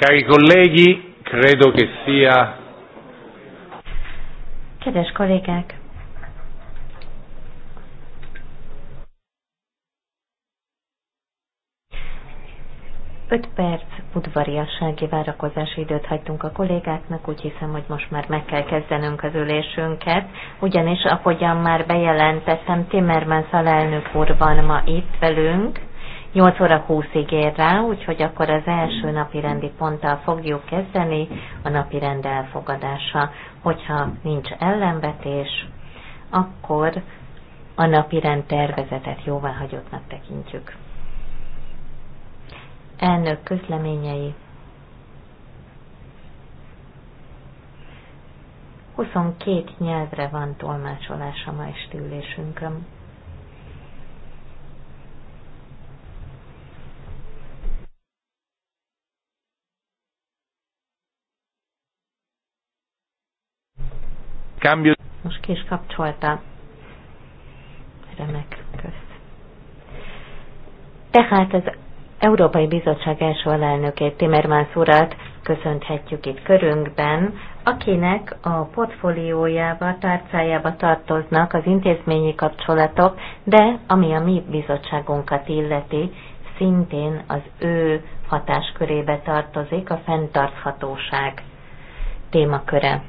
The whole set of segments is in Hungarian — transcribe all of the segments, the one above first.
Cari colleghi, credo che sia. Kedves kollégák! Öt perc udvariassági várakozási időt hagytunk a kollégáknak, úgy hiszem, hogy most már meg kell kezdenünk az ülésünket, ugyanis ahogyan már bejelentettem, Timmermans alelnök úr van ma itt velünk, 8 óra 20-ig ér rá, úgyhogy akkor az első mm. napi rendi ponttal fogjuk kezdeni, a napi rend elfogadása. Hogyha nincs ellenvetés, akkor a napi rend tervezetet jóváhagyottnak tekintjük. Elnök közleményei 22 nyelvre van tolmácsolása ma esti ülésünkön. Cambio. Most ki is kapcsolta. Remek, kösz. Tehát az Európai Bizottság első alelnökét, Timmermans urat köszönthetjük itt körünkben, akinek a portfóliójába, tárcájába tartoznak az intézményi kapcsolatok, de ami a mi bizottságunkat illeti, szintén az ő hatáskörébe tartozik a fenntarthatóság témaköre.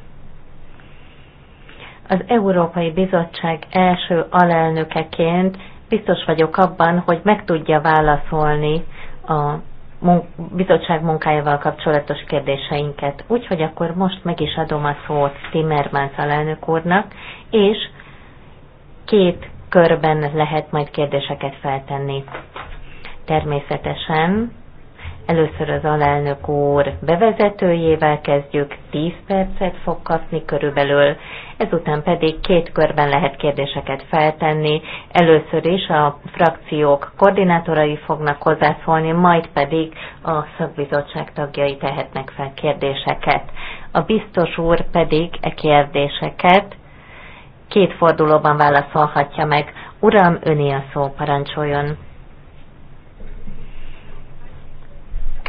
Az Európai Bizottság első alelnökeként biztos vagyok abban, hogy meg tudja válaszolni a bizottság munkájával kapcsolatos kérdéseinket. Úgyhogy akkor most meg is adom a szót Timmermans alelnök úrnak, és két körben lehet majd kérdéseket feltenni. Természetesen Először az alelnök úr bevezetőjével kezdjük, 10 percet fog kapni körülbelül, ezután pedig két körben lehet kérdéseket feltenni. Először is a frakciók koordinátorai fognak hozzászólni, majd pedig a szakbizottság tagjai tehetnek fel kérdéseket. A biztos úr pedig e kérdéseket két fordulóban válaszolhatja meg. Uram, öné a szó, parancsoljon!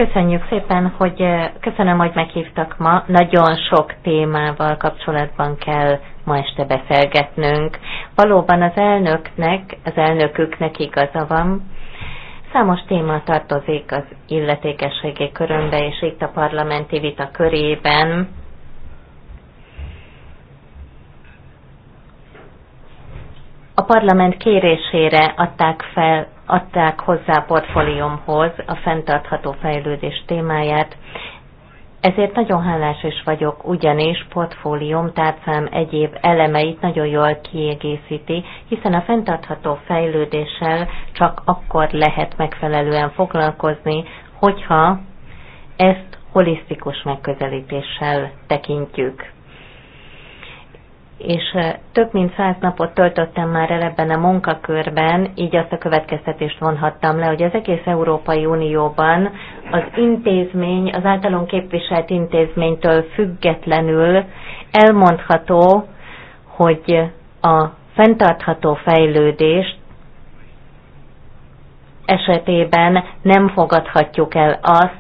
Köszönjük szépen, hogy eh, köszönöm, hogy meghívtak ma. Nagyon sok témával kapcsolatban kell ma este beszélgetnünk. Valóban az elnöknek, az elnöküknek igaza van. Számos téma tartozik az illetékességi körönbe és itt a parlamenti vita körében. A parlament kérésére adták fel adták hozzá a portfóliómhoz a fenntartható fejlődés témáját. Ezért nagyon hálás is vagyok, ugyanis portfólióm tárcám egyéb elemeit nagyon jól kiegészíti, hiszen a fenntartható fejlődéssel csak akkor lehet megfelelően foglalkozni, hogyha ezt holisztikus megközelítéssel tekintjük és eh, több mint száz napot töltöttem már el ebben a munkakörben, így azt a következtetést vonhattam le, hogy az egész Európai Unióban az intézmény, az általunk képviselt intézménytől függetlenül elmondható, hogy a fenntartható fejlődést esetében nem fogadhatjuk el azt,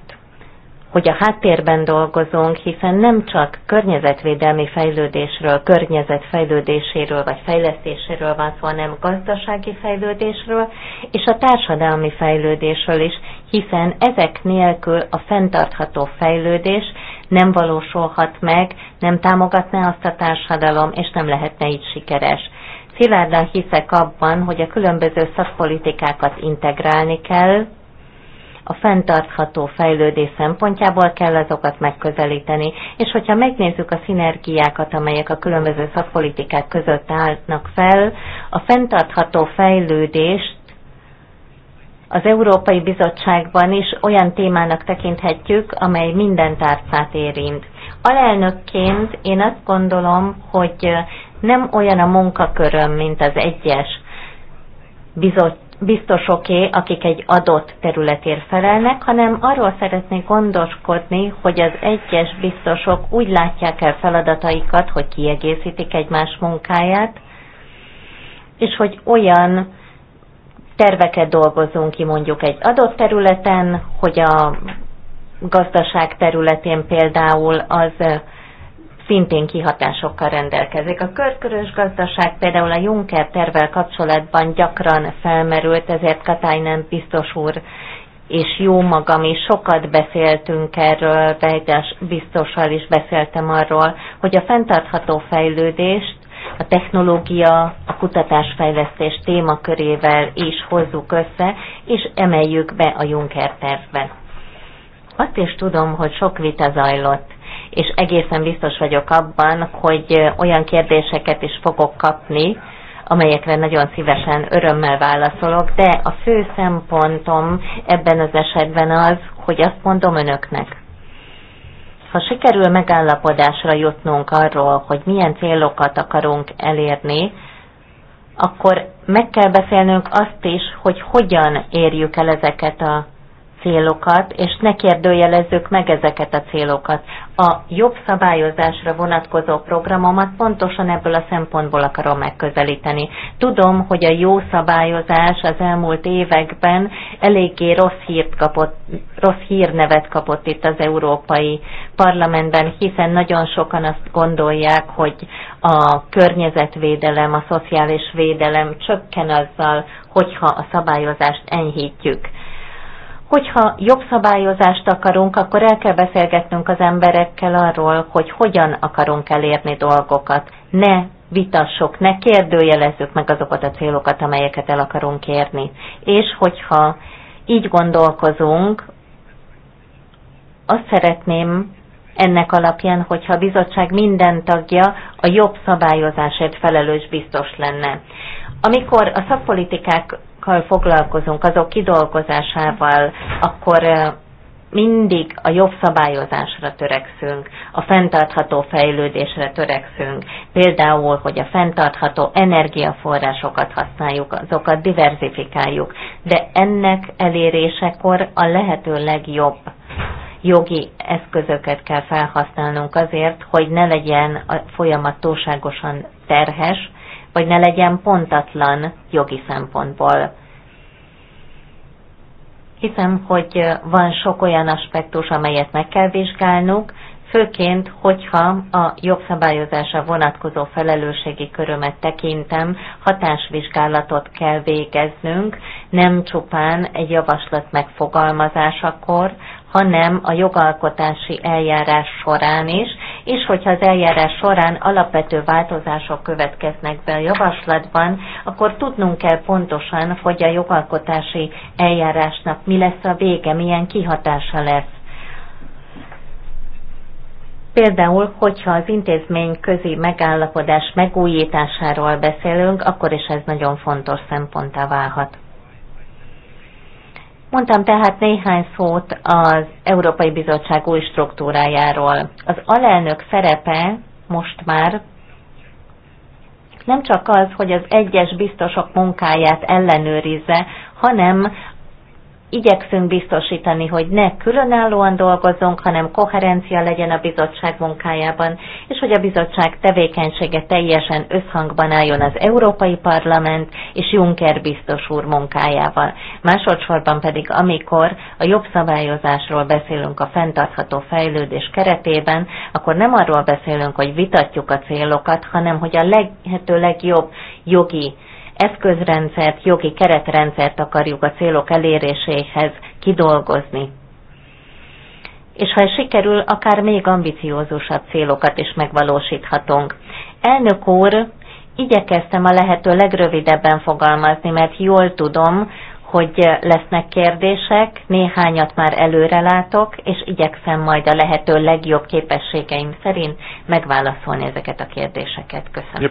hogy a háttérben dolgozunk, hiszen nem csak környezetvédelmi fejlődésről, környezetfejlődéséről vagy fejlesztéséről van szó, hanem gazdasági fejlődésről és a társadalmi fejlődésről is, hiszen ezek nélkül a fenntartható fejlődés nem valósulhat meg, nem támogatná azt a társadalom, és nem lehetne így sikeres. Szilárdan hiszek abban, hogy a különböző szakpolitikákat integrálni kell, a fenntartható fejlődés szempontjából kell azokat megközelíteni, és hogyha megnézzük a szinergiákat, amelyek a különböző szakpolitikák között állnak fel, a fenntartható fejlődést az Európai Bizottságban is olyan témának tekinthetjük, amely minden tárcát érint. Alelnökként én azt gondolom, hogy nem olyan a munkaköröm, mint az egyes bizottság, biztosoké, akik egy adott területért felelnek, hanem arról szeretnék gondoskodni, hogy az egyes biztosok úgy látják el feladataikat, hogy kiegészítik egymás munkáját, és hogy olyan terveket dolgozunk ki mondjuk egy adott területen, hogy a gazdaság területén például az szintén kihatásokkal rendelkezik. A körkörös gazdaság például a Juncker tervel kapcsolatban gyakran felmerült, ezért nem biztos úr és jó magam is sokat beszéltünk erről, Vejdes biztossal is beszéltem arról, hogy a fenntartható fejlődést a technológia, a kutatásfejlesztés témakörével is hozzuk össze, és emeljük be a Juncker tervbe. Azt is tudom, hogy sok vita zajlott és egészen biztos vagyok abban, hogy olyan kérdéseket is fogok kapni, amelyekre nagyon szívesen örömmel válaszolok, de a fő szempontom ebben az esetben az, hogy azt mondom önöknek. Ha sikerül megállapodásra jutnunk arról, hogy milyen célokat akarunk elérni, akkor meg kell beszélnünk azt is, hogy hogyan érjük el ezeket a célokat, és ne kérdőjelezzük meg ezeket a célokat. A jobb szabályozásra vonatkozó programomat pontosan ebből a szempontból akarom megközelíteni. Tudom, hogy a jó szabályozás az elmúlt években eléggé rossz, hírt kapott, rossz hírnevet kapott itt az Európai Parlamentben, hiszen nagyon sokan azt gondolják, hogy a környezetvédelem, a szociális védelem csökken azzal, hogyha a szabályozást enyhítjük. Hogyha jobb szabályozást akarunk, akkor el kell beszélgetnünk az emberekkel arról, hogy hogyan akarunk elérni dolgokat. Ne vitassuk, ne kérdőjelezzük meg azokat a célokat, amelyeket el akarunk érni. És hogyha így gondolkozunk, azt szeretném ennek alapján, hogyha a bizottság minden tagja a jobb szabályozásért felelős biztos lenne. Amikor a szakpolitikák foglalkozunk, azok kidolgozásával, akkor eh, mindig a jobb szabályozásra törekszünk, a fenntartható fejlődésre törekszünk. Például, hogy a fenntartható energiaforrásokat használjuk, azokat diversifikáljuk, de ennek elérésekor a lehető legjobb jogi eszközöket kell felhasználnunk azért, hogy ne legyen a folyamat túlságosan terhes, vagy ne legyen pontatlan jogi szempontból. Hiszem, hogy van sok olyan aspektus, amelyet meg kell vizsgálnunk, főként, hogyha a jogszabályozásra vonatkozó felelősségi körömet tekintem, hatásvizsgálatot kell végeznünk, nem csupán egy javaslat megfogalmazásakor, hanem a jogalkotási eljárás során is, és hogyha az eljárás során alapvető változások következnek be a javaslatban, akkor tudnunk kell pontosan, hogy a jogalkotási eljárásnak mi lesz a vége, milyen kihatása lesz Például, hogyha az intézmény közi megállapodás megújításáról beszélünk, akkor is ez nagyon fontos szemponttá válhat. Mondtam tehát néhány szót az Európai Bizottság új struktúrájáról. Az alelnök szerepe most már nem csak az, hogy az egyes biztosok munkáját ellenőrizze, hanem igyekszünk biztosítani, hogy ne különállóan dolgozzunk, hanem koherencia legyen a bizottság munkájában, és hogy a bizottság tevékenysége teljesen összhangban álljon az Európai Parlament és Juncker biztos úr munkájával. Másodszorban pedig, amikor a jobb szabályozásról beszélünk a fenntartható fejlődés keretében, akkor nem arról beszélünk, hogy vitatjuk a célokat, hanem hogy a lehető legjobb jogi eszközrendszert, jogi keretrendszert akarjuk a célok eléréséhez kidolgozni. És ha ez sikerül, akár még ambiciózusabb célokat is megvalósíthatunk. Elnök úr, igyekeztem a lehető legrövidebben fogalmazni, mert jól tudom, hogy eh, lesznek kérdések, néhányat már előre látok, és igyekszem majd a lehető legjobb képességeim szerint megválaszolni ezeket a kérdéseket. Köszönöm.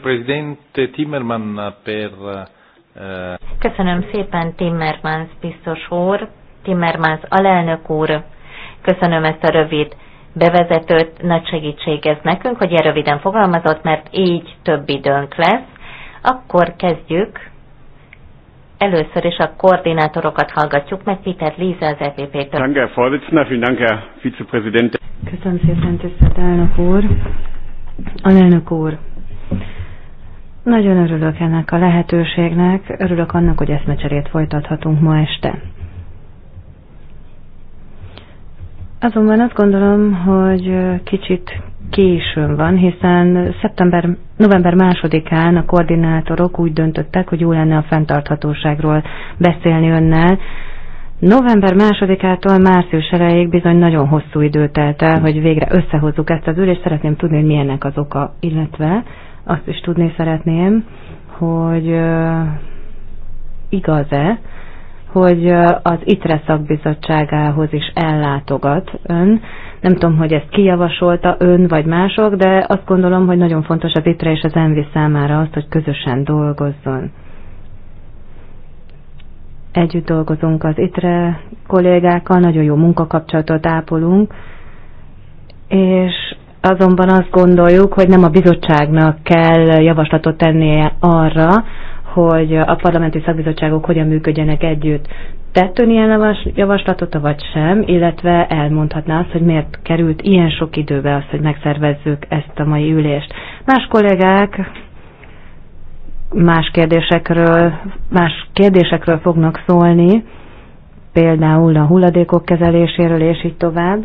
Eh, köszönöm szépen Timmermans biztos úr, Timmermans alelnök úr, köszönöm ezt a rövid bevezetőt, nagy segítség ez nekünk, hogy ilyen röviden fogalmazott, mert így több időnk lesz. Akkor kezdjük Először is a koordinátorokat hallgatjuk meg, Peter Líze az EPP-től. Danke, Vorsitzender, vielen Dank, Herr Vizepräsident. Köszönöm szépen, tisztelt elnök úr. Alelnök úr, nagyon örülök ennek a lehetőségnek, örülök annak, hogy eszmecserét folytathatunk ma este. Azonban azt gondolom, hogy kicsit későn van, hiszen szeptember, november másodikán a koordinátorok úgy döntöttek, hogy jó lenne a fenntarthatóságról beszélni önnel. November másodikától március elejéig bizony nagyon hosszú idő telt el, hogy végre összehozzuk ezt az ülést. Szeretném tudni, hogy milyennek az oka, illetve azt is tudni szeretném, hogy igaz-e, hogy az ITRE szakbizottságához is ellátogat ön. Nem tudom, hogy ezt kijavasolta ön vagy mások, de azt gondolom, hogy nagyon fontos az ITRE és az ENVI számára azt, hogy közösen dolgozzon. Együtt dolgozunk az ITRE kollégákkal, nagyon jó munkakapcsolatot ápolunk, és azonban azt gondoljuk, hogy nem a bizottságnak kell javaslatot tennie arra, hogy a parlamenti szakbizottságok hogyan működjenek együtt. Tett ön ilyen javaslatot, vagy sem, illetve elmondhatná azt, hogy miért került ilyen sok időbe az, hogy megszervezzük ezt a mai ülést. Más kollégák más kérdésekről, más kérdésekről fognak szólni, például a hulladékok kezeléséről, és így tovább.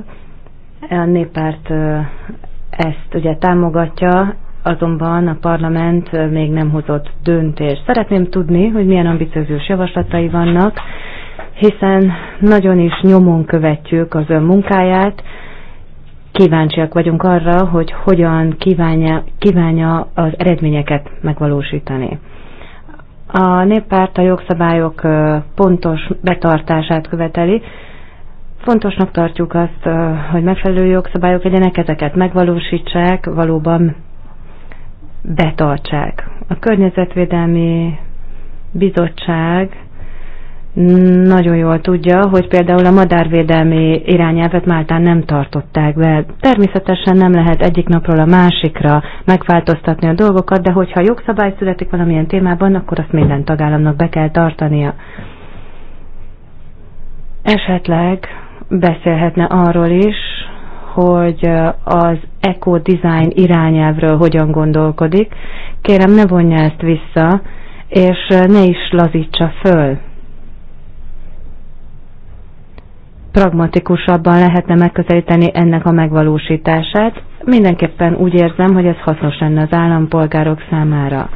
A néppárt ezt ugye támogatja, azonban a parlament még nem hozott döntést. Szeretném tudni, hogy milyen ambiciózus javaslatai vannak, hiszen nagyon is nyomon követjük az ön munkáját, kíváncsiak vagyunk arra, hogy hogyan kívánja, kívánja az eredményeket megvalósítani. A néppárt a jogszabályok pontos betartását követeli. Fontosnak tartjuk azt, hogy megfelelő jogszabályok legyenek, ezeket megvalósítsák, valóban betartsák. A Környezetvédelmi Bizottság nagyon jól tudja, hogy például a madárvédelmi irányelvet Máltán nem tartották be. Természetesen nem lehet egyik napról a másikra megváltoztatni a dolgokat, de hogyha jogszabály születik valamilyen témában, akkor azt minden tagállamnak be kell tartania. Esetleg beszélhetne arról is, hogy az eco-design irányelvről hogyan gondolkodik. Kérem, ne vonja ezt vissza, és ne is lazítsa föl. Pragmatikusabban lehetne megközelíteni ennek a megvalósítását. Mindenképpen úgy érzem, hogy ez hasznos lenne az állampolgárok számára.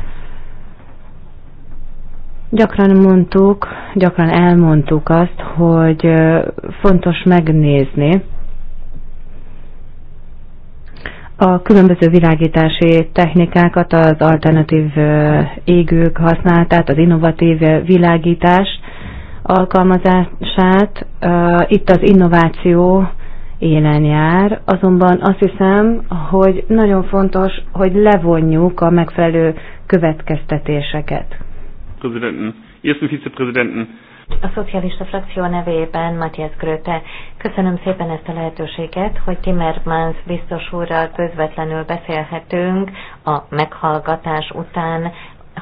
Gyakran mondtuk, gyakran elmondtuk azt, hogy fontos megnézni, a különböző világítási technikákat, az alternatív égők használatát, az innovatív világítás alkalmazását. Itt az innováció élen jár, azonban azt hiszem, hogy nagyon fontos, hogy levonjuk a megfelelő következtetéseket. Präsidenten, ersten Vizepräsidenten a szocialista frakció nevében Matthias Gröte. Köszönöm szépen ezt a lehetőséget, hogy Timmermans biztos úrral közvetlenül beszélhetünk a meghallgatás után.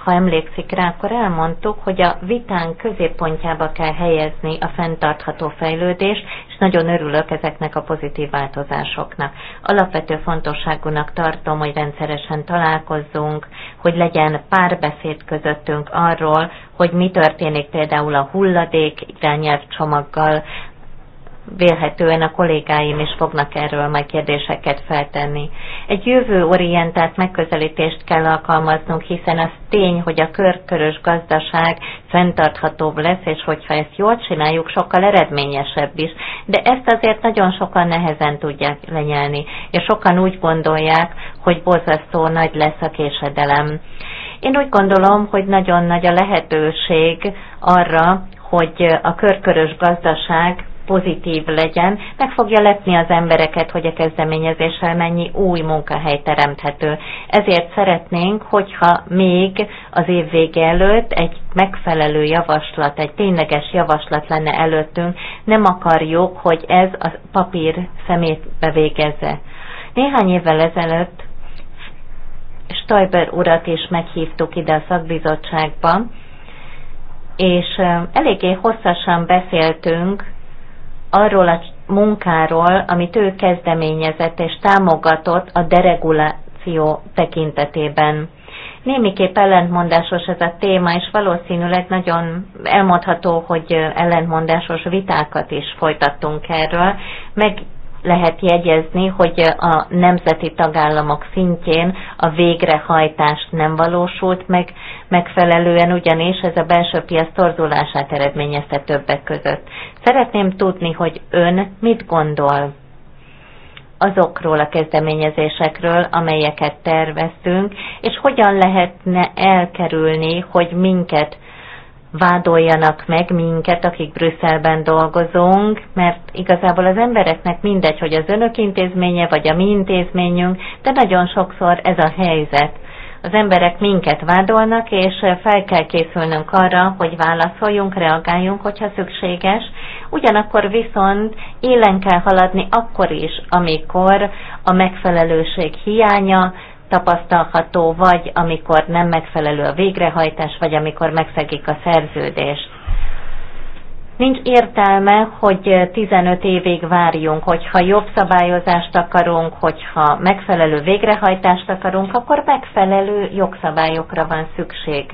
Ha emlékszik rá, akkor elmondtuk, hogy a vitán középpontjába kell helyezni a fenntartható fejlődést, és nagyon örülök ezeknek a pozitív változásoknak. Alapvető fontosságúnak tartom, hogy rendszeresen találkozzunk, hogy legyen pár beszéd közöttünk arról, hogy mi történik például a hulladék irányelv csomaggal, vélhetően a kollégáim is fognak erről majd kérdéseket feltenni. Egy jövőorientált megközelítést kell alkalmaznunk, hiszen az tény, hogy a körkörös gazdaság fenntarthatóbb lesz, és hogyha ezt jól csináljuk, sokkal eredményesebb is. De ezt azért nagyon sokan nehezen tudják lenyelni, és sokan úgy gondolják, hogy borzasztó nagy lesz a késedelem. Én úgy gondolom, hogy nagyon nagy a lehetőség arra, hogy a körkörös gazdaság pozitív legyen, meg fogja lepni az embereket, hogy a kezdeményezéssel mennyi új munkahely teremthető. Ezért szeretnénk, hogyha még az év vége előtt egy megfelelő javaslat, egy tényleges javaslat lenne előttünk, nem akarjuk, hogy ez a papír szemétbe végezze. Néhány évvel ezelőtt Stoiber urat is meghívtuk ide a szakbizottságba, és eléggé hosszasan beszéltünk arról a munkáról, amit ő kezdeményezett és támogatott a dereguláció tekintetében. Némiképp ellentmondásos ez a téma, és valószínűleg nagyon elmondható, hogy ellentmondásos vitákat is folytattunk erről. Meg lehet jegyezni, hogy a nemzeti tagállamok szintjén a végrehajtás nem valósult meg megfelelően, ugyanis ez a belső piac torzulását eredményezte többek között. Szeretném tudni, hogy ön mit gondol azokról a kezdeményezésekről, amelyeket terveztünk, és hogyan lehetne elkerülni, hogy minket vádoljanak meg minket, akik Brüsszelben dolgozunk, mert igazából az embereknek mindegy, hogy az önök intézménye vagy a mi intézményünk, de nagyon sokszor ez a helyzet. Az emberek minket vádolnak, és fel kell készülnünk arra, hogy válaszoljunk, reagáljunk, hogyha szükséges. Ugyanakkor viszont élen kell haladni akkor is, amikor a megfelelőség hiánya tapasztalható, vagy amikor nem megfelelő a végrehajtás, vagy amikor megszegik a szerződést. Nincs értelme, hogy 15 évig várjunk, hogyha jobb szabályozást akarunk, hogyha megfelelő végrehajtást akarunk, akkor megfelelő jogszabályokra van szükség.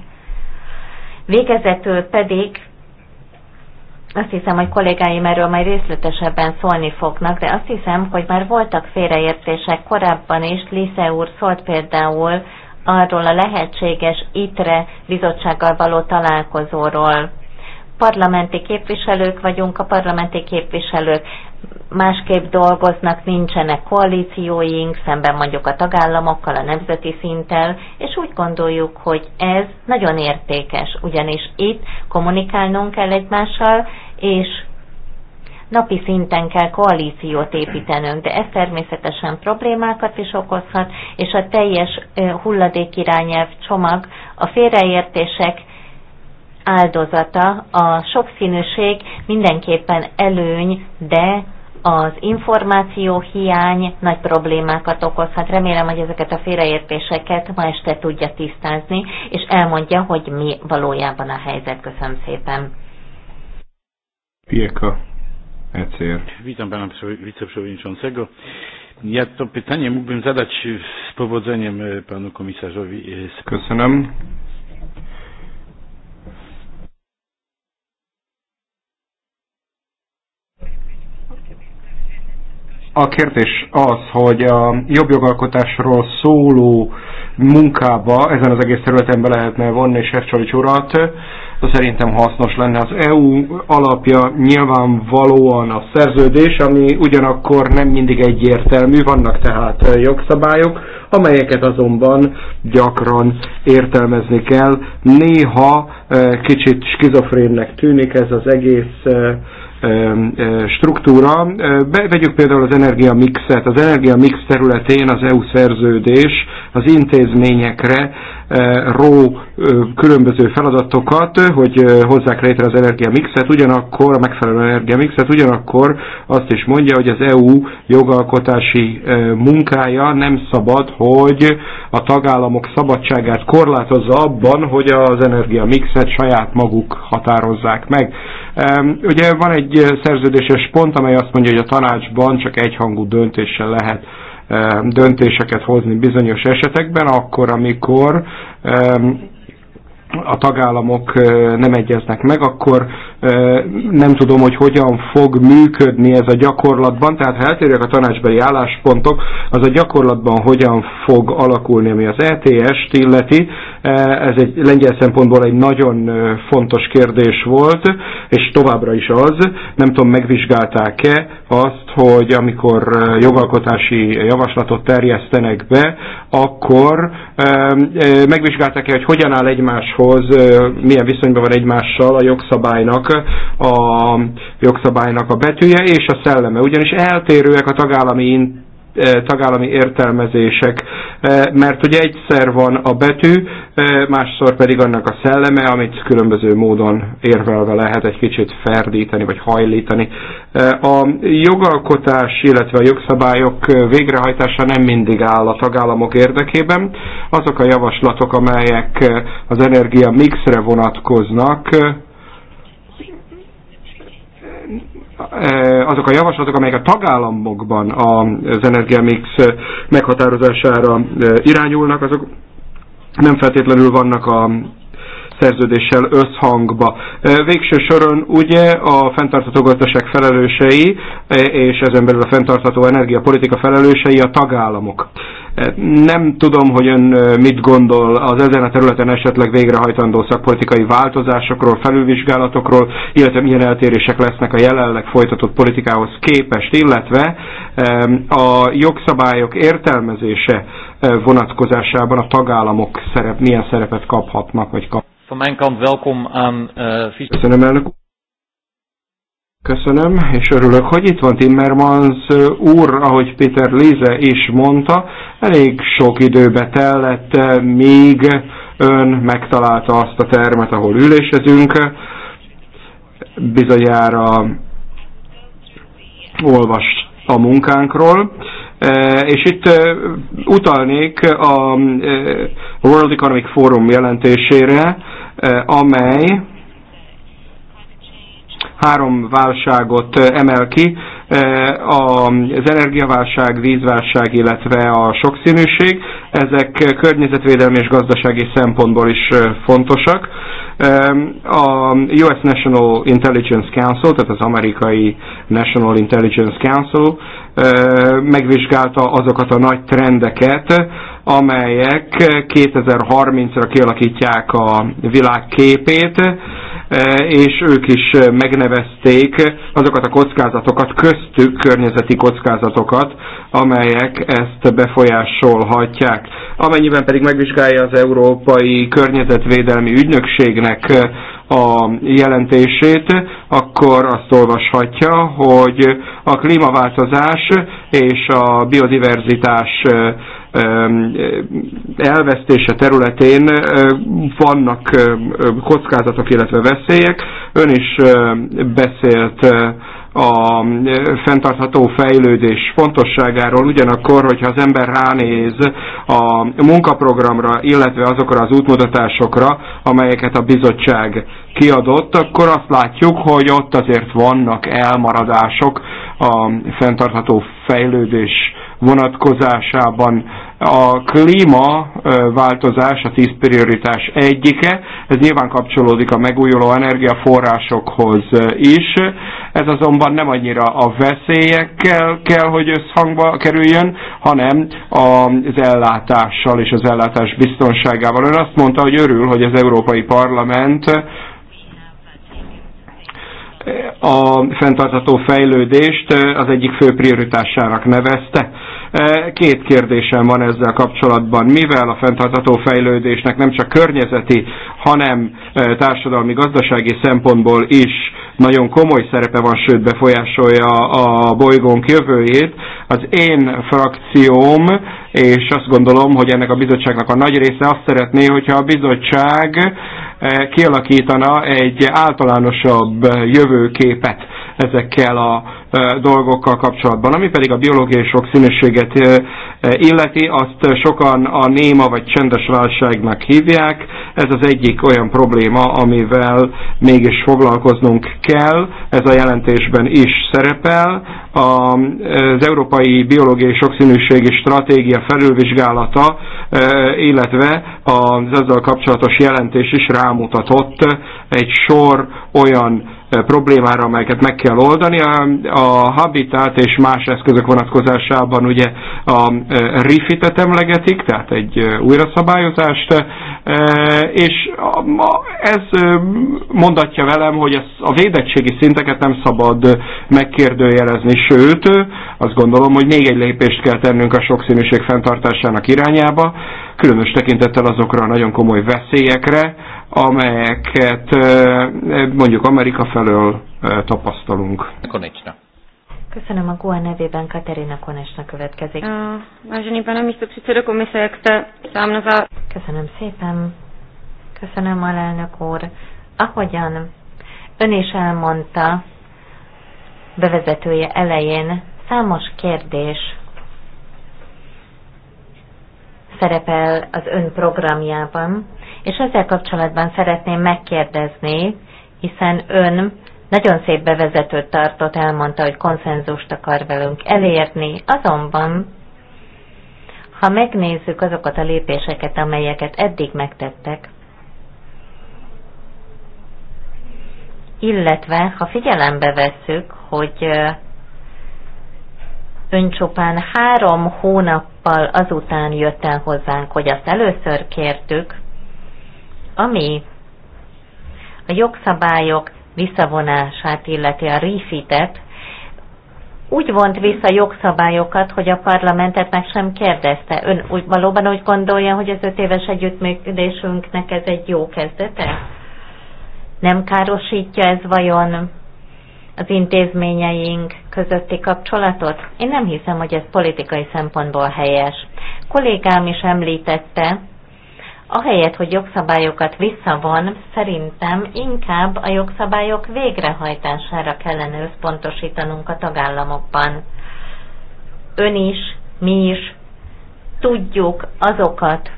Végezetül pedig azt hiszem, hogy kollégáim erről majd részletesebben szólni fognak, de azt hiszem, hogy már voltak félreértések korábban is. Lisze úr szólt például arról a lehetséges ITRE bizottsággal való találkozóról parlamenti képviselők vagyunk, a parlamenti képviselők másképp dolgoznak, nincsenek koalícióink, szemben mondjuk a tagállamokkal, a nemzeti szinttel, és úgy gondoljuk, hogy ez nagyon értékes, ugyanis itt kommunikálnunk kell egymással, és napi szinten kell koalíciót építenünk, de ez természetesen problémákat is okozhat, és a teljes hulladékirányelv csomag a félreértések áldozata. A sokszínűség mindenképpen előny, de az információ hiány nagy problémákat okozhat. Remélem, hogy ezeket a félreértéseket ma este tudja tisztázni, és elmondja, hogy mi valójában a helyzet. Köszönöm szépen. Pieka, ECR. Witam pana wiceprzewodniczącego. Ja to pytanie mógłbym zadać z powodzeniem e, panu komisarzowi. E, Köszönöm. a kérdés az, hogy a jobb jogalkotásról szóló munkába ezen az egész területen be lehetne vonni Sercsolics urat, szerintem hasznos lenne. Az EU alapja nyilvánvalóan a szerződés, ami ugyanakkor nem mindig egyértelmű, vannak tehát jogszabályok, amelyeket azonban gyakran értelmezni kell. Néha eh, kicsit skizofrénnek tűnik ez az egész eh, struktúra. Vegyük például az energiamixet. Az energiamix területén az EU szerződés az intézményekre ró különböző feladatokat, hogy hozzák létre az energiamixet, ugyanakkor, a megfelelő energiamixet, ugyanakkor azt is mondja, hogy az EU jogalkotási munkája nem szabad, hogy a tagállamok szabadságát korlátozza abban, hogy az energiamixet saját maguk határozzák meg. Ugye van egy eh, szerződéses pont, amely azt mondja, hogy a tanácsban csak egyhangú döntéssel lehet döntéseket hozni bizonyos esetekben, akkor, amikor a tagállamok eh, nem egyeznek meg, akkor nem tudom, hogy hogyan fog működni ez a gyakorlatban, tehát ha eltérjek a tanácsbeli álláspontok, az a gyakorlatban hogyan fog alakulni, ami az ETS-t illeti. Ez egy lengyel szempontból egy nagyon fontos kérdés volt, és továbbra is az. Nem tudom, megvizsgálták-e azt, hogy amikor jogalkotási javaslatot terjesztenek be, akkor megvizsgálták-e, hogy hogyan áll egymáshoz, milyen viszonyban van egymással a jogszabálynak a jogszabálynak a betűje és a szelleme, ugyanis eltérőek a tagállami tagállami értelmezések, mert ugye egyszer van a betű, másszor pedig annak a szelleme, amit különböző módon érvelve lehet egy kicsit ferdíteni vagy hajlítani. A jogalkotás, illetve a jogszabályok végrehajtása nem mindig áll a tagállamok érdekében. Azok a javaslatok, amelyek az energia mixre vonatkoznak, azok a javaslatok, amelyek a tagállamokban az energiamix meghatározására irányulnak, azok nem feltétlenül vannak a szerződéssel összhangba. Végső soron ugye a fenntartató gazdaság felelősei, és ezen belül a fenntartható energiapolitika felelősei a tagállamok. Nem tudom, hogy ön mit gondol az ezen a területen esetleg végrehajtandó szakpolitikai változásokról, felülvizsgálatokról, illetve milyen eltérések lesznek a jelenleg folytatott politikához képest, illetve a jogszabályok értelmezése vonatkozásában a tagállamok szerep, milyen szerepet kaphatnak, vagy kap. Van mijn kant welkom aan uh, Köszönöm, elnök Köszönöm, és örülök, hogy itt van Timmermans úr, ahogy Péter Léze is mondta, elég sok időbe tellett, még ön megtalálta azt a termet, ahol ülésezünk. Bizonyára olvast a munkánkról. És itt utalnék a World Economic Forum jelentésére, amely három válságot emel ki, az energiaválság, vízválság, illetve a sokszínűség. Ezek környezetvédelmi és gazdasági szempontból is fontosak. A US National Intelligence Council, tehát az amerikai National Intelligence Council megvizsgálta azokat a nagy trendeket, amelyek 2030-ra kialakítják a világ képét, E, és ők is e, megnevezték azokat a kockázatokat, köztük környezeti kockázatokat, amelyek ezt befolyásolhatják. Amennyiben pedig megvizsgálja az Európai Környezetvédelmi Ügynökségnek e, a jelentését, akkor azt olvashatja, hogy a klímaváltozás és a biodiverzitás elvesztése területén vannak kockázatok, illetve veszélyek. Ön is beszélt a fenntartható fejlődés fontosságáról, ugyanakkor, hogyha az ember ránéz a munkaprogramra, illetve azokra az útmutatásokra, amelyeket a bizottság kiadott, akkor azt látjuk, hogy ott azért vannak elmaradások a fenntartható fejlődés vonatkozásában. A klímaváltozás a tíz prioritás egyike, ez nyilván kapcsolódik a megújuló energiaforrásokhoz is, ez azonban nem annyira a veszélyekkel kell, hogy összhangba kerüljön, hanem az ellátással és az ellátás biztonságával. Ön azt mondta, hogy örül, hogy az Európai Parlament a fenntartható fejlődést eh, az egyik fő prioritásának nevezte. Eh, két kérdésem van ezzel kapcsolatban. Mivel a fenntartható fejlődésnek nem csak környezeti, hanem eh, társadalmi, gazdasági szempontból is nagyon komoly szerepe van, sőt befolyásolja a bolygónk jövőjét, az én frakcióm, és azt gondolom, hogy ennek a bizottságnak a nagy része azt szeretné, hogyha a bizottság kialakítana egy általánosabb jövőképet ezekkel a dolgokkal kapcsolatban. Ami pedig a biológiai színűséget illeti, azt sokan a néma vagy csendes válságnak hívják. Ez az egyik olyan probléma, amivel mégis foglalkoznunk kell. Ez a jelentésben is szerepel. Az Európai Biológiai Sokszínűségi Stratégia felülvizsgálata, illetve az ezzel kapcsolatos jelentés is rámutatott egy sor olyan problémára, amelyeket meg kell oldani. A, a habitat és más eszközök vonatkozásában ugye a rifitet emlegetik, tehát egy újra szabályozást, és ez mondatja velem, hogy ez a védettségi szinteket nem szabad megkérdőjelezni, sőt, azt gondolom, hogy még egy lépést kell tennünk a sokszínűség fenntartásának irányába, különös tekintettel azokra a nagyon komoly veszélyekre, amelyeket mondjuk Amerika felől tapasztalunk. Konecsna. Köszönöm a GUA nevében, Katerina Konesna következik. Vážený pane místo komise, jak jste sám Köszönöm szépen. Köszönöm, alelnök úr. Ahogyan ön is elmondta bevezetője elején, számos kérdés szerepel az ön programjában, és ezzel kapcsolatban szeretném megkérdezni, hiszen ön nagyon szép bevezetőt tartott, elmondta, hogy konszenzust akar velünk elérni, azonban ha megnézzük azokat a lépéseket, amelyeket eddig megtettek, illetve ha figyelembe vesszük, hogy ön csupán három hónappal azután jött el hozzánk, hogy azt először kértük, ami a jogszabályok visszavonását illeti a rifitet, úgy vont vissza jogszabályokat, hogy a parlamentet meg sem kérdezte. Ön úgy, valóban úgy gondolja, hogy az öt éves együttműködésünknek ez egy jó kezdete? Nem károsítja ez vajon az intézményeink közötti kapcsolatot? Én nem hiszem, hogy ez politikai szempontból helyes. A kollégám is említette, ahelyett, hogy jogszabályokat visszavon, szerintem inkább a jogszabályok végrehajtására kellene összpontosítanunk a tagállamokban. Ön is, mi is tudjuk azokat,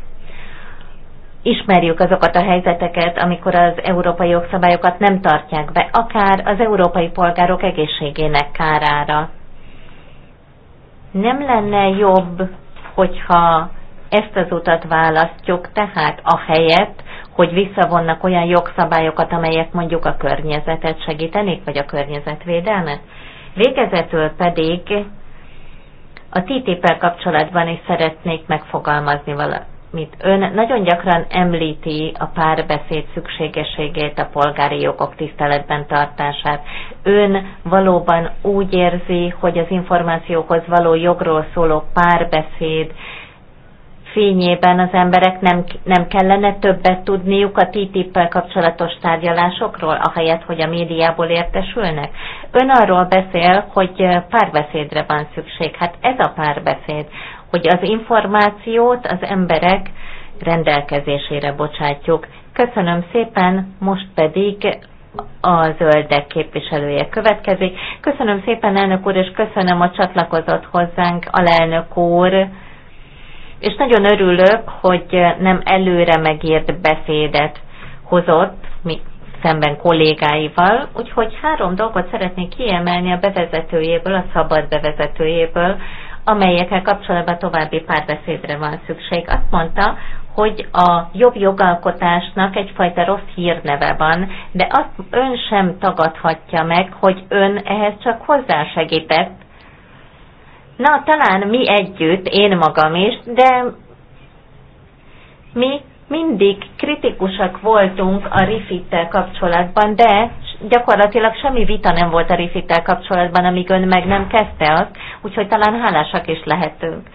ismerjük azokat a helyzeteket, amikor az európai jogszabályokat nem tartják be, akár az európai polgárok egészségének kárára. Nem lenne jobb, hogyha ezt az utat választjuk, tehát a helyet, hogy visszavonnak olyan jogszabályokat, amelyek mondjuk a környezetet segítenék, vagy a környezetvédelmet. Végezetül pedig a TTIP-el kapcsolatban is szeretnék megfogalmazni valamit. Ön nagyon gyakran említi a párbeszéd szükségességét, a polgári jogok tiszteletben tartását. Ön valóban úgy érzi, hogy az információkhoz való jogról szóló párbeszéd fényében az emberek nem, nem kellene többet tudniuk a TTIP-pel kapcsolatos tárgyalásokról, ahelyett, hogy a médiából értesülnek? Ön arról beszél, hogy párbeszédre van szükség. Hát ez a párbeszéd, hogy az információt az emberek rendelkezésére bocsátjuk. Köszönöm szépen, most pedig a zöldek képviselője következik. Köszönöm szépen, elnök úr, és köszönöm a csatlakozott hozzánk alelnök úr és nagyon örülök, hogy eh, nem előre megírt beszédet hozott, mi szemben kollégáival, úgyhogy három dolgot szeretnék kiemelni a bevezetőjéből, a szabad bevezetőjéből, amelyekkel kapcsolatban további párbeszédre van szükség. Azt mondta, hogy a jobb jogalkotásnak egyfajta rossz hírneve van, de azt ön sem tagadhatja meg, hogy ön ehhez csak hozzásegített, Na, talán mi együtt, én magam is, de mi mindig kritikusak voltunk a rifittel kapcsolatban, de gyakorlatilag semmi vita nem volt a rifittel kapcsolatban, amíg ön meg nem kezdte azt, úgyhogy talán hálásak is lehetünk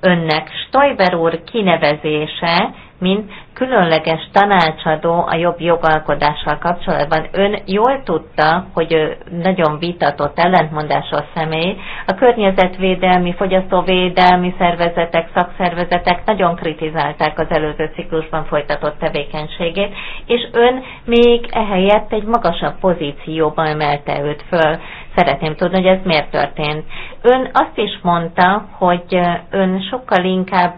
önnek. Stoiber úr kinevezése mint különleges tanácsadó a jobb jogalkodással kapcsolatban. Ön jól tudta, hogy ő nagyon vitatott ellentmondásos személy. A környezetvédelmi, fogyasztóvédelmi szervezetek, szakszervezetek nagyon kritizálták az előző ciklusban folytatott tevékenységét, és ön még ehelyett egy magasabb pozícióba emelte őt föl. Szeretném tudni, hogy ez miért történt. Ön azt is mondta, hogy ön sokkal inkább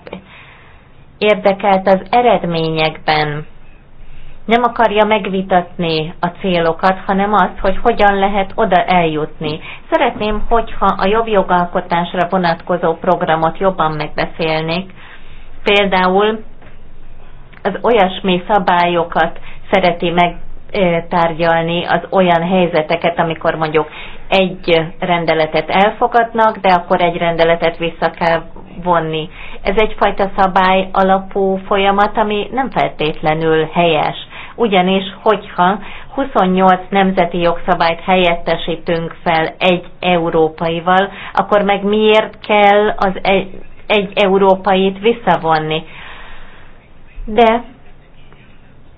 érdekelt az eredményekben. Nem akarja megvitatni a célokat, hanem azt, hogy hogyan lehet oda eljutni. Szeretném, hogyha a jobb jogalkotásra vonatkozó programot jobban megbeszélnék, például az olyasmi szabályokat szereti megtárgyalni az olyan helyzeteket, amikor mondjuk egy rendeletet elfogadnak, de akkor egy rendeletet vissza kell vonni. Ez egyfajta szabály alapú folyamat, ami nem feltétlenül helyes. Ugyanis, hogyha 28 nemzeti jogszabályt helyettesítünk fel egy európaival, akkor meg miért kell az egy, egy európait visszavonni? De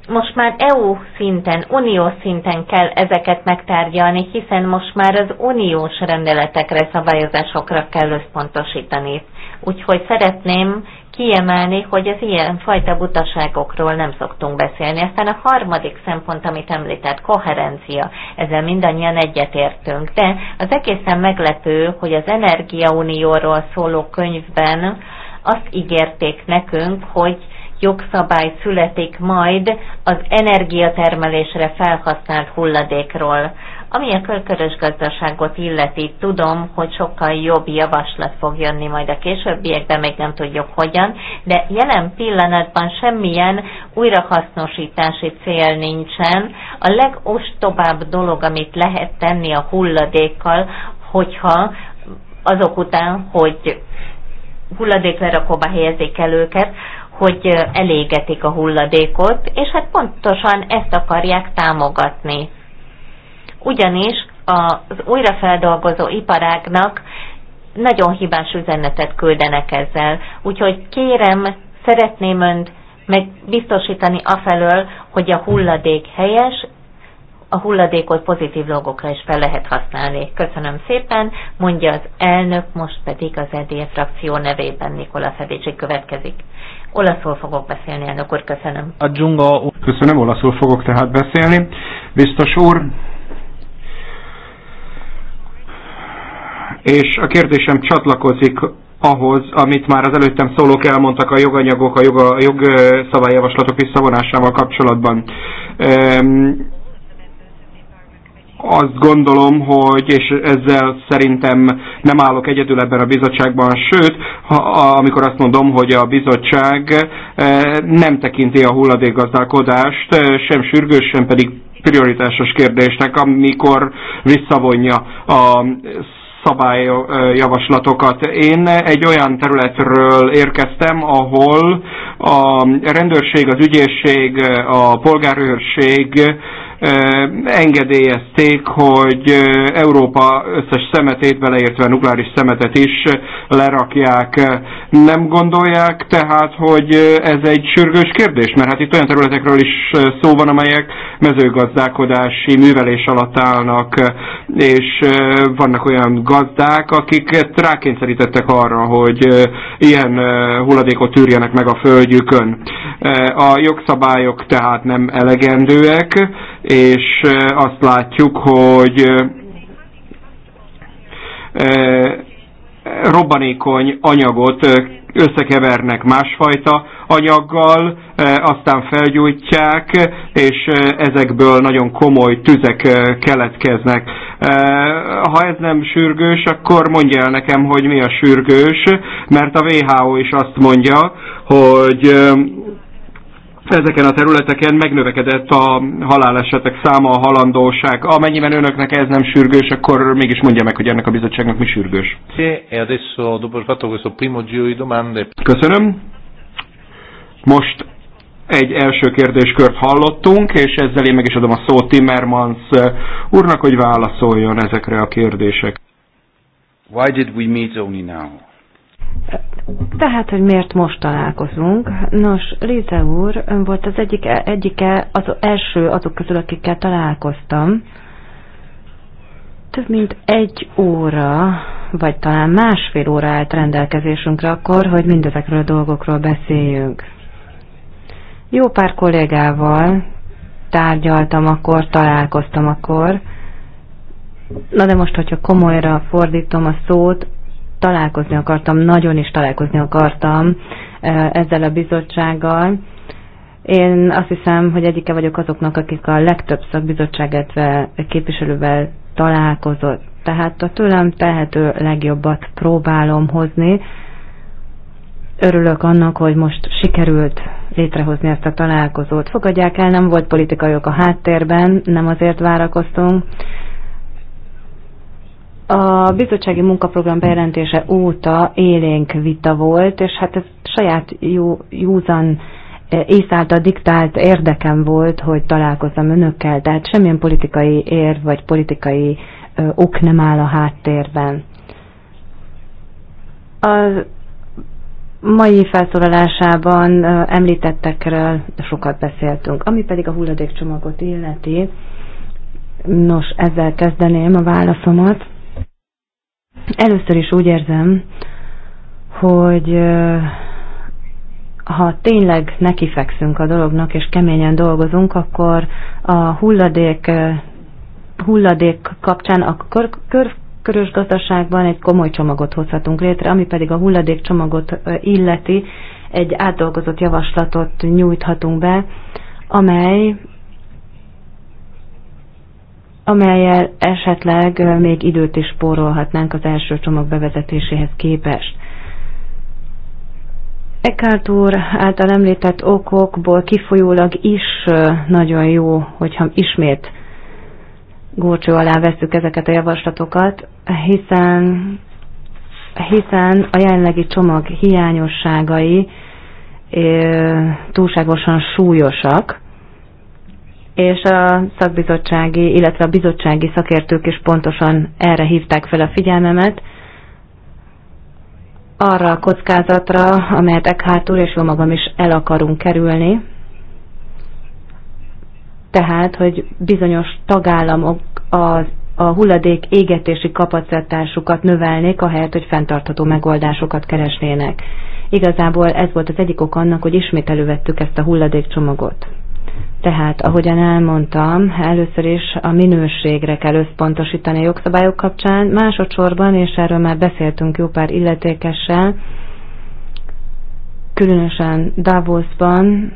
most már EU szinten, uniós szinten kell ezeket megtárgyalni, hiszen most már az uniós rendeletekre, szabályozásokra kell összpontosítani. Úgyhogy szeretném kiemelni, hogy az ilyen fajta butaságokról nem szoktunk beszélni. Aztán a harmadik szempont, amit említett, koherencia. Ezzel mindannyian egyetértünk. De az egészen meglepő, hogy az Energiaunióról szóló könyvben azt ígérték nekünk, hogy jogszabály születik majd az energiatermelésre felhasznált hulladékról. Ami a körkörös gazdaságot illeti, tudom, hogy sokkal jobb javaslat fog jönni majd a későbbiekben, még nem tudjuk hogyan, de jelen pillanatban semmilyen újrahasznosítási cél nincsen. A legostobább dolog, amit lehet tenni a hulladékkal, hogyha azok után, hogy hulladéklerakóba helyezik el őket, hogy elégetik a hulladékot, és hát pontosan ezt akarják támogatni. Ugyanis az újrafeldolgozó iparágnak nagyon hibás üzenetet küldenek ezzel. Úgyhogy kérem, szeretném önt megbiztosítani afelől, hogy a hulladék helyes, a hulladékot pozitív logokra is fel lehet használni. Köszönöm szépen, mondja az elnök, most pedig az EDF frakció nevében Nikola Fedicsi következik. Olaszul fogok beszélni, elnök úr, köszönöm. A dzsunga... Köszönöm, olaszul fogok tehát beszélni. Biztos úr, és a kérdésem csatlakozik ahhoz, amit már az előttem szólók elmondtak a joganyagok, a, joga, a jogszabályjavaslatok visszavonásával kapcsolatban. Ehm, azt gondolom, hogy, és ezzel szerintem nem állok egyedül ebben a bizottságban, sőt, ha, amikor azt mondom, hogy a bizottság e, nem tekinti a hulladékgazdálkodást e, sem sürgős, sem pedig prioritásos kérdésnek, amikor visszavonja a szabályjavaslatokat. Én egy olyan területről érkeztem, ahol a rendőrség, az ügyészség, a polgárőrség engedélyezték, hogy Európa összes szemetét, beleértve a nukleáris szemetet is lerakják. Nem gondolják tehát, hogy ez egy sürgős kérdés? Mert hát itt olyan területekről is szó van, amelyek mezőgazdálkodási művelés alatt állnak, és vannak olyan gazdák, akiket rákényszerítettek arra, hogy ilyen hulladékot tűrjenek meg a földjükön. A jogszabályok tehát nem elegendőek, és azt látjuk, hogy robbanékony anyagot összekevernek másfajta anyaggal, aztán felgyújtják, és ezekből nagyon komoly tüzek keletkeznek. Ha ez nem sürgős, akkor mondja el nekem, hogy mi a sürgős, mert a WHO is azt mondja, hogy ezeken a területeken megnövekedett a halálesetek száma, a halandóság. Amennyiben önöknek ez nem sürgős, akkor mégis mondja meg, hogy ennek a bizottságnak mi sürgős. E Köszönöm. Most egy első kérdéskört hallottunk, és ezzel én meg is adom a szót Timmermans eh, úrnak, hogy válaszoljon ezekre a kérdések. Why did we meet only now? Tehát, hogy miért most találkozunk? Nos, Lize úr, ön volt az egyik, egyike az első azok közül, akikkel találkoztam. Több mint egy óra, vagy talán másfél óra állt rendelkezésünkre akkor, hogy mindezekről a dolgokról beszéljünk. Jó pár kollégával tárgyaltam akkor, találkoztam akkor, Na de most, hogyha komolyra fordítom a szót, találkozni akartam, nagyon is találkozni akartam e, ezzel a bizottsággal. Én azt hiszem, hogy egyike vagyok azoknak, akik a legtöbb szakbizottságát képviselővel találkozott. Tehát a tőlem tehető legjobbat próbálom hozni. Örülök annak, hogy most sikerült létrehozni ezt a találkozót. Fogadják el, nem volt politikai ok a háttérben, nem azért várakoztunk, a bizottsági munkaprogram bejelentése óta élénk vita volt, és hát ez saját jó, józan eh, észáltal diktált érdekem volt, hogy találkozzam önökkel, tehát semmilyen politikai ér vagy politikai ö, eh, ok nem áll a háttérben. A mai felszólalásában ö, eh, említettekről sokat beszéltünk, ami pedig a hulladékcsomagot illeti. Nos, ezzel kezdeném a válaszomat. Először is úgy érzem, hogy ha tényleg nekifekszünk a dolognak, és keményen dolgozunk, akkor a hulladék, hulladék kapcsán a kör, kör, körös gazdaságban egy komoly csomagot hozhatunk létre, ami pedig a hulladék csomagot illeti, egy átdolgozott javaslatot nyújthatunk be, amely amelyel esetleg még időt is spórolhatnánk az első csomag bevezetéséhez képest. Eckhart úr által említett okokból kifolyólag is nagyon jó, hogyha ismét górcső alá veszük ezeket a javaslatokat, hiszen, hiszen a jelenlegi csomag hiányosságai túlságosan súlyosak, és a szakbizottsági, illetve a bizottsági szakértők is pontosan erre hívták fel a figyelmemet, arra a kockázatra, amelyet Eckhart és jó magam is el akarunk kerülni, tehát, hogy bizonyos tagállamok a, a hulladék égetési kapacitásukat növelnék, ahelyett, hogy fenntartható megoldásokat keresnének. Igazából ez volt az egyik ok annak, hogy ismét elővettük ezt a hulladékcsomagot. Tehát, ahogyan elmondtam, először is a minőségre kell összpontosítani a jogszabályok kapcsán, másodszorban, és erről már beszéltünk jó pár illetékessel, különösen Davosban,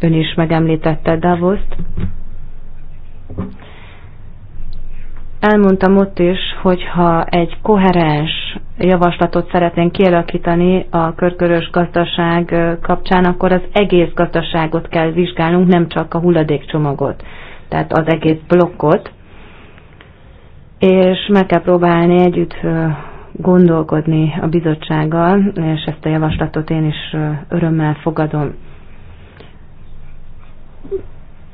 ön is megemlítette Davost, Elmondtam ott is, hogyha egy koherens javaslatot szeretnénk kialakítani a körkörös gazdaság kapcsán, akkor az egész gazdaságot kell vizsgálnunk, nem csak a hulladékcsomagot, tehát az egész blokkot, és meg kell próbálni együtt gondolkodni a bizottsággal, és ezt a javaslatot én is örömmel fogadom.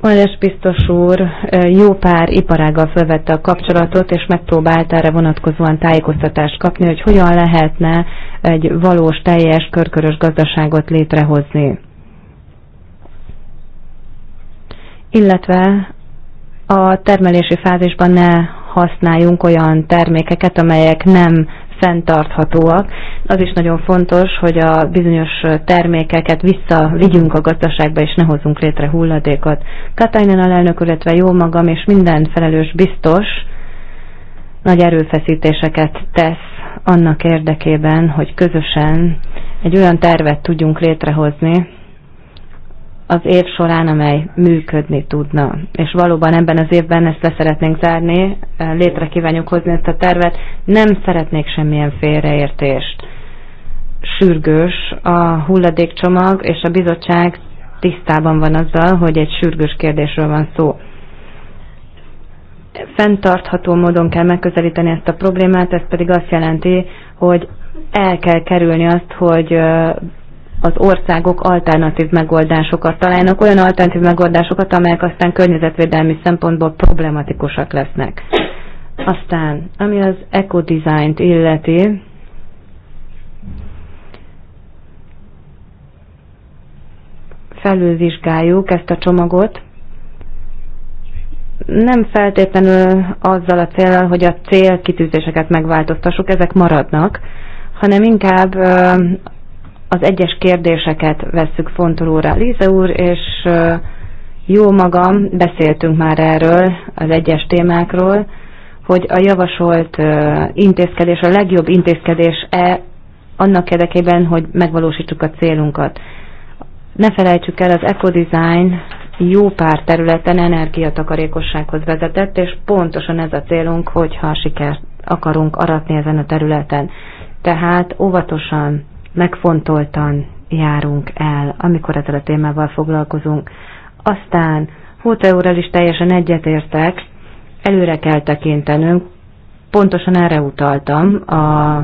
Vajdes biztos úr jó pár iparággal felvette a kapcsolatot, és megpróbált erre vonatkozóan tájékoztatást kapni, hogy hogyan lehetne egy valós, teljes, körkörös gazdaságot létrehozni. Illetve a termelési fázisban ne használjunk olyan termékeket, amelyek nem fenntarthatóak. Az is nagyon fontos, hogy a bizonyos termékeket visszavigyünk a gazdaságba, és ne hozzunk létre hulladékot. Katainen alelnök, illetve jó magam, és minden felelős biztos nagy erőfeszítéseket tesz annak érdekében, hogy közösen egy olyan tervet tudjunk létrehozni, az év során, amely működni tudna. És valóban ebben az évben ezt le szeretnénk zárni, létre kívánjuk hozni ezt a tervet. Nem szeretnék semmilyen félreértést. Sürgős a hulladékcsomag, és a bizottság tisztában van azzal, hogy egy sürgős kérdésről van szó. Fenntartható módon kell megközelíteni ezt a problémát, ez pedig azt jelenti, hogy el kell kerülni azt, hogy az országok alternatív megoldásokat találnak, olyan alternatív megoldásokat, amelyek aztán környezetvédelmi szempontból problematikusak lesznek. Aztán, ami az eco-designt illeti, felülvizsgáljuk ezt a csomagot, nem feltétlenül azzal a célral, hogy a célkitűzéseket megváltoztassuk, ezek maradnak, hanem inkább az egyes kérdéseket vesszük fontolóra. Líze úr és jó magam, beszéltünk már erről, az egyes témákról, hogy a javasolt intézkedés, a legjobb intézkedés-e annak érdekében, hogy megvalósítsuk a célunkat. Ne felejtsük el, az ecodesign jó pár területen energiatakarékossághoz vezetett, és pontosan ez a célunk, hogyha sikert akarunk aratni ezen a területen. Tehát óvatosan megfontoltan járunk el, amikor ezzel a témával foglalkozunk. Aztán Hóteóral is teljesen egyetértek, előre kell tekintenünk, pontosan erre utaltam a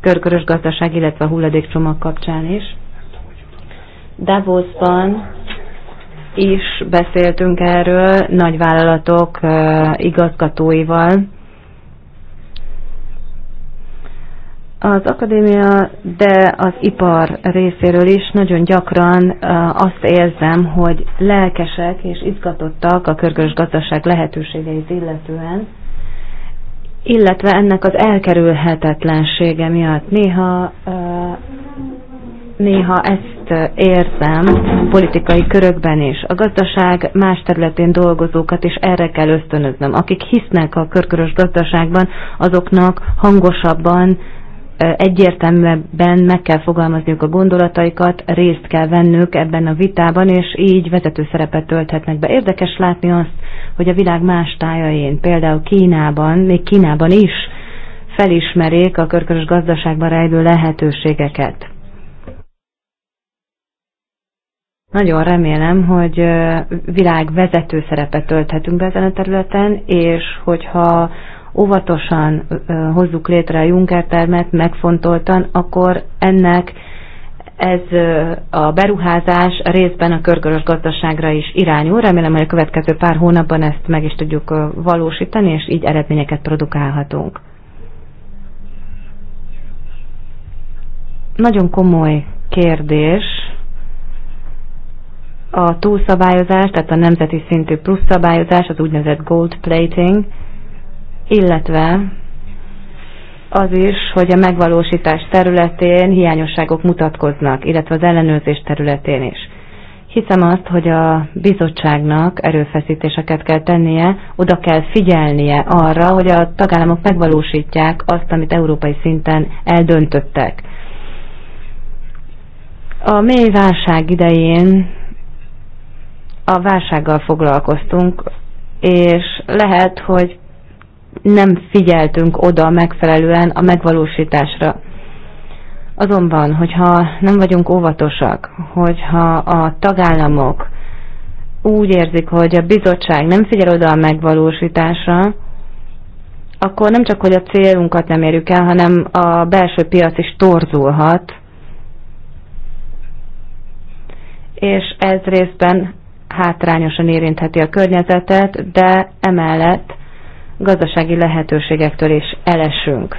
körkörös gazdaság, illetve a hulladékcsomag kapcsán is. Davosban is beszéltünk erről nagyvállalatok igazgatóival, az akadémia, de az ipar részéről is nagyon gyakran azt érzem, hogy lelkesek és izgatottak a körgős gazdaság lehetőségeit illetően, illetve ennek az elkerülhetetlensége miatt néha, néha ezt érzem politikai körökben is. A gazdaság más területén dolgozókat is erre kell ösztönöznöm. Akik hisznek a körkörös gazdaságban, azoknak hangosabban egyértelműbben meg kell fogalmazniuk a gondolataikat, részt kell vennük ebben a vitában, és így vezető szerepet tölthetnek be. Érdekes látni azt, hogy a világ más tájain, például Kínában, még Kínában is felismerik a körkörös gazdaságban rejlő lehetőségeket. Nagyon remélem, hogy világ vezető szerepet tölthetünk be ezen a területen, és hogyha óvatosan hozzuk létre a Juncker termet megfontoltan, akkor ennek ez a beruházás részben a körkörös gazdaságra is irányul. Remélem, hogy a következő pár hónapban ezt meg is tudjuk valósítani, és így eredményeket produkálhatunk. Nagyon komoly kérdés a túlszabályozás, tehát a nemzeti szintű plusz szabályozás, az úgynevezett gold plating – illetve az is, hogy a megvalósítás területén hiányosságok mutatkoznak, illetve az ellenőrzés területén is. Hiszem azt, hogy a bizottságnak erőfeszítéseket kell tennie, oda kell figyelnie arra, hogy a tagállamok megvalósítják azt, amit európai szinten eldöntöttek. A mély válság idején a válsággal foglalkoztunk, és lehet, hogy nem figyeltünk oda megfelelően a megvalósításra. Azonban, hogyha nem vagyunk óvatosak, hogyha a tagállamok úgy érzik, hogy a bizottság nem figyel oda a megvalósításra, akkor nem csak, hogy a célunkat nem érjük el, hanem a belső piac is torzulhat, és ez részben hátrányosan érintheti a környezetet, de emellett gazdasági lehetőségektől is elesünk.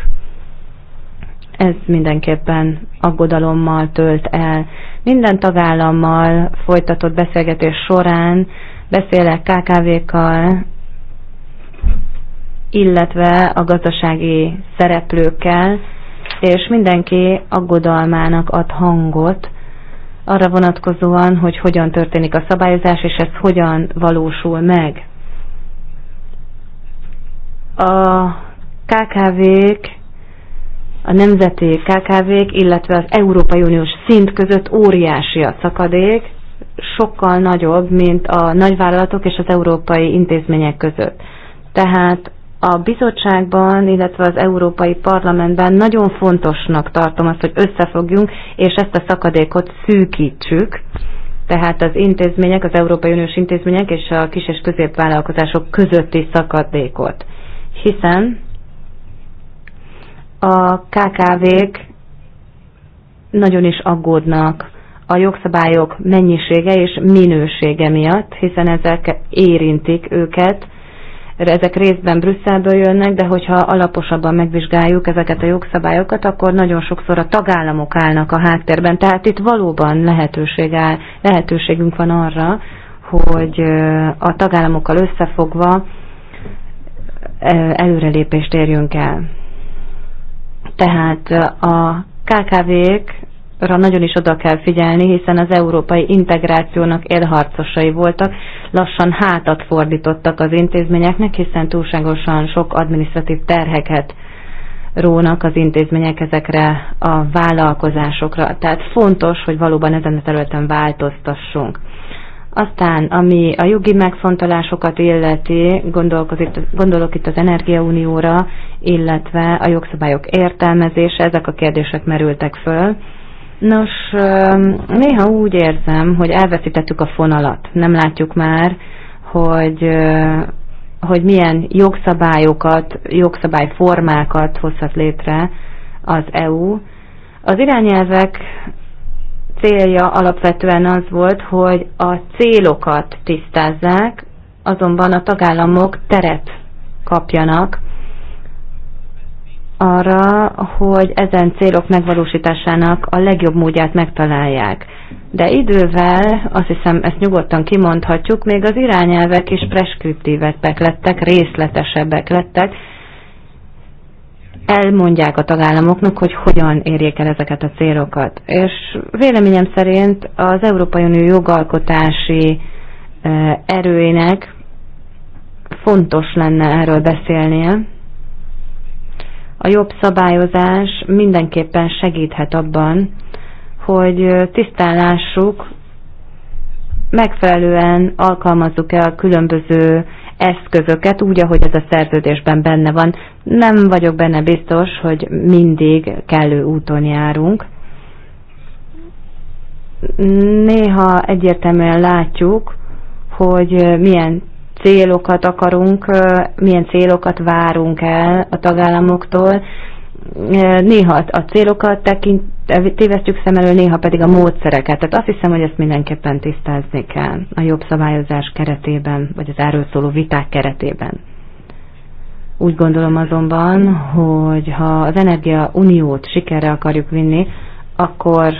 Ez mindenképpen aggodalommal tölt el. Minden tagállammal folytatott beszélgetés során beszélek KKV-kkal, illetve a gazdasági szereplőkkel, és mindenki aggodalmának ad hangot arra vonatkozóan, hogy hogyan történik a szabályozás, és ez hogyan valósul meg a KKV-k, a nemzeti KKV-k, illetve az Európai Uniós szint között óriási a szakadék, sokkal nagyobb, mint a nagyvállalatok és az európai intézmények között. Tehát a bizottságban, illetve az Európai Parlamentben nagyon fontosnak tartom azt, hogy összefogjunk, és ezt a szakadékot szűkítsük. Tehát az intézmények, az Európai Uniós intézmények és a kis- és középvállalkozások közötti szakadékot hiszen a KKV-k nagyon is aggódnak a jogszabályok mennyisége és minősége miatt, hiszen ezek érintik őket, ezek részben Brüsszelből jönnek, de hogyha alaposabban megvizsgáljuk ezeket a jogszabályokat, akkor nagyon sokszor a tagállamok állnak a háttérben. Tehát itt valóban lehetőség áll, lehetőségünk van arra, hogy a tagállamokkal összefogva E, előrelépést érjünk el. Tehát a KKV-kra nagyon is oda kell figyelni, hiszen az európai integrációnak élharcosai voltak, lassan hátat fordítottak az intézményeknek, hiszen túlságosan sok administratív terheket rónak az intézmények ezekre a vállalkozásokra. Tehát fontos, hogy valóban ezen a területen változtassunk. Aztán, ami a jogi megfontolásokat illeti, gondolok itt az Energiaunióra, illetve a jogszabályok értelmezése, ezek a kérdések merültek föl. Nos, néha úgy érzem, hogy elveszítettük a fonalat. Nem látjuk már, hogy, hogy milyen jogszabályokat, jogszabályformákat hozhat létre az EU. Az irányelvek célja alapvetően az volt, hogy a célokat tisztázzák, azonban a tagállamok teret kapjanak arra, hogy ezen célok megvalósításának a legjobb módját megtalálják. De idővel, azt hiszem ezt nyugodtan kimondhatjuk, még az irányelvek is preskriptívebbek lettek, részletesebbek lettek, elmondják a tagállamoknak, hogy hogyan érjék el ezeket a célokat. És véleményem szerint az Európai Unió jogalkotási erőinek fontos lenne erről beszélnie. A jobb szabályozás mindenképpen segíthet abban, hogy tisztán lássuk, megfelelően alkalmazzuk-e a különböző eszközöket, úgy, ahogy ez a szerződésben benne van. Nem vagyok benne biztos, hogy mindig kellő úton járunk. Néha egyértelműen látjuk, hogy milyen célokat akarunk, milyen célokat várunk el a tagállamoktól, néha a célokat tekint, tévesztjük szem elől, néha pedig a módszereket. Tehát azt hiszem, hogy ezt mindenképpen tisztázni kell a jobb szabályozás keretében, vagy az erről szóló viták keretében. Úgy gondolom azonban, hogy ha az Energia Uniót sikerre akarjuk vinni, akkor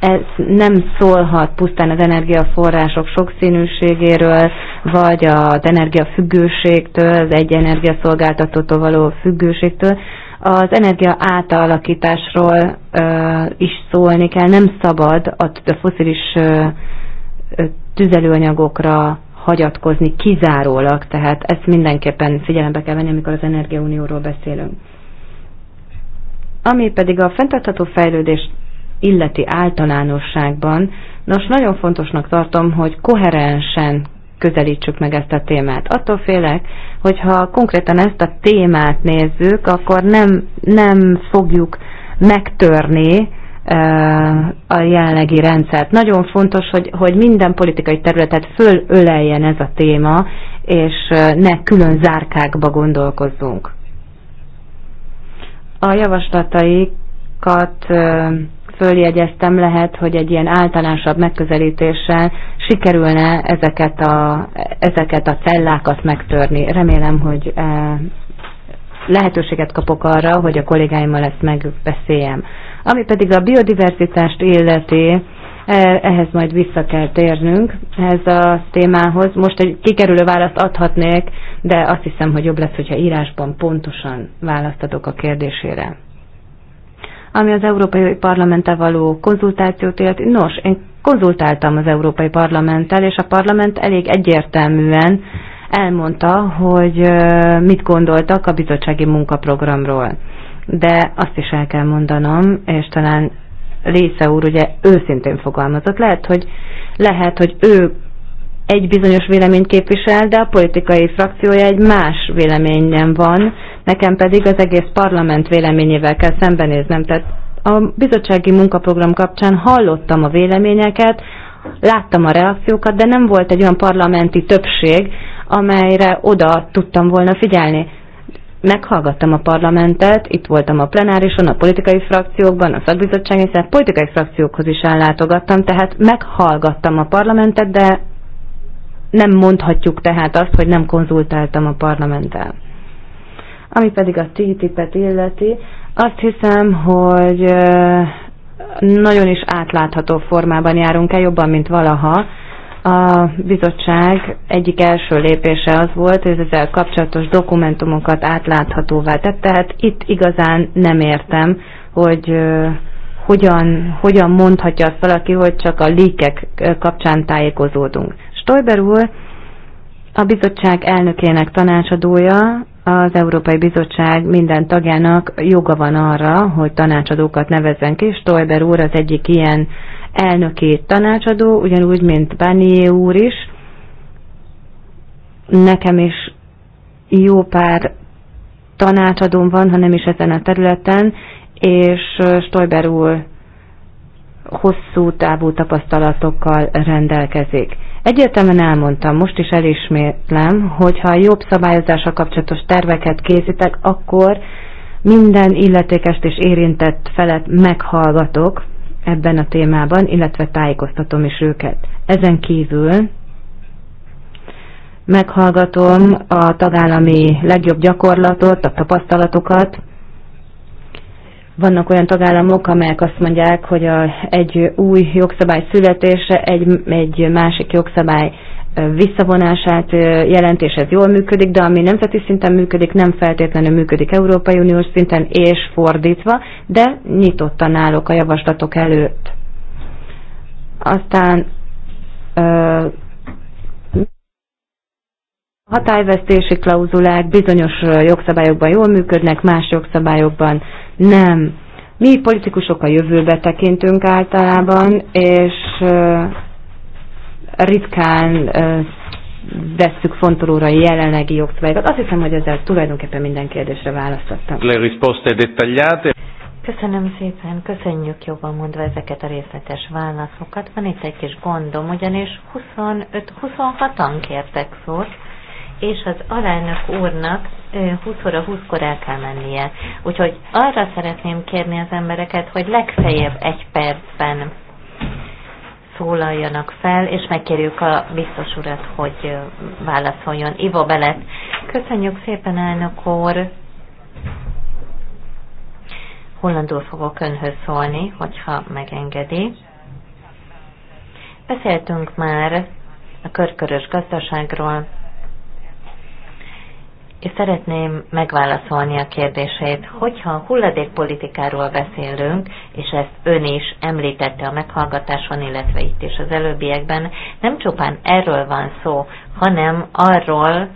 ez nem szólhat pusztán az energiaforrások sokszínűségéről, vagy az energiafüggőségtől, az egy energiaszolgáltatótól való függőségtől. Az energia átalakításról ö, is szólni kell, nem szabad a, a foszilis ö, tüzelőanyagokra hagyatkozni kizárólag, tehát ezt mindenképpen figyelembe kell venni, amikor az Energiaunióról beszélünk. Ami pedig a fenntartható fejlődést illeti általánosságban. Nos, nagyon fontosnak tartom, hogy koherensen közelítsük meg ezt a témát. Attól félek, hogyha konkrétan ezt a témát nézzük, akkor nem, nem fogjuk megtörni a jelenlegi rendszert. Nagyon fontos, hogy, hogy minden politikai területet fölöleljen ez a téma, és ne külön zárkákba gondolkozzunk. A javaslataikat följegyeztem, lehet, hogy egy ilyen általánosabb megközelítéssel sikerülne ezeket a, ezeket a cellákat megtörni. Remélem, hogy eh, lehetőséget kapok arra, hogy a kollégáimmal ezt megbeszéljem. Ami pedig a biodiverzitást illeti, eh, ehhez majd vissza kell térnünk ehhez a témához. Most egy kikerülő választ adhatnék, de azt hiszem, hogy jobb lesz, hogyha írásban pontosan választatok a kérdésére ami az Európai Parlamenttel való konzultációt illeti. Nos, én konzultáltam az Európai Parlamenttel, és a parlament elég egyértelműen elmondta, hogy mit gondoltak a bizottsági munkaprogramról. De azt is el kell mondanom, és talán része úr ugye őszintén fogalmazott, lehet, hogy lehet, hogy ő egy bizonyos véleményt képvisel, de a politikai frakciója egy más véleményen van, nekem pedig az egész parlament véleményével kell szembenéznem. Tehát a bizottsági munkaprogram kapcsán hallottam a véleményeket, láttam a reakciókat, de nem volt egy olyan parlamenti többség, amelyre oda tudtam volna figyelni. Meghallgattam a parlamentet, itt voltam a plenárison, a politikai frakciókban, a szakbizottságon, hiszen a politikai frakciókhoz is ellátogattam, tehát meghallgattam a parlamentet, de nem mondhatjuk tehát azt, hogy nem konzultáltam a parlamenttel. Ami pedig a TTIP-et illeti, azt hiszem, hogy nagyon is átlátható formában járunk el, jobban, mint valaha. A bizottság egyik első lépése az volt, hogy ezzel kapcsolatos dokumentumokat átláthatóvá tett, tehát itt igazán nem értem, hogy hogyan, hogyan mondhatja azt valaki, hogy csak a líkek kapcsán tájékozódunk. Stoiber úr a bizottság elnökének tanácsadója, az Európai Bizottság minden tagjának joga van arra, hogy tanácsadókat nevezzen ki. Stoiber úr az egyik ilyen elnöki tanácsadó, ugyanúgy, mint Banié úr is. Nekem is jó pár tanácsadóm van, ha nem is ezen a területen, és Stoiber úr hosszú távú tapasztalatokkal rendelkezik. Egyértelműen elmondtam, most is elismétlem, hogyha a jobb szabályozásra kapcsolatos terveket készítek, akkor minden illetékest és érintett felet meghallgatok ebben a témában, illetve tájékoztatom is őket. Ezen kívül meghallgatom a tagállami legjobb gyakorlatot, a tapasztalatokat, vannak olyan tagállamok, amelyek azt mondják, hogy a, egy új jogszabály születése egy, egy másik jogszabály visszavonását jelentés, ez jól működik, de ami nemzeti szinten működik, nem feltétlenül működik Európai Uniós szinten, és fordítva, de nyitottan állok a javaslatok előtt. Aztán hatályvesztési klauzulák bizonyos jogszabályokban jól működnek, más jogszabályokban nem. Mi politikusok a jövőbe tekintünk általában, és ritkán vesszük fontolóra a jelenlegi jogszabályokat. Azt hiszem, hogy ezzel tulajdonképpen minden kérdésre választottam. Le risposte dettagliate. Köszönöm szépen, köszönjük jobban mondva ezeket a részletes válaszokat. Van itt egy kis gondom, ugyanis 25-26-an kértek szót, és az alelnök úrnak 20 óra 20-kor el kell mennie. Úgyhogy arra szeretném kérni az embereket, hogy legfeljebb egy percben szólaljanak fel, és megkérjük a biztos urat, hogy válaszoljon. Ivo Belet, köszönjük szépen, elnök úr! Hollandul fogok önhöz szólni, hogyha megengedi. Beszéltünk már a körkörös gazdaságról, és szeretném megválaszolni a kérdését, hogyha hulladékpolitikáról beszélünk, és ezt ön is említette a meghallgatáson, illetve itt is az előbbiekben, nem csupán erről van szó, hanem arról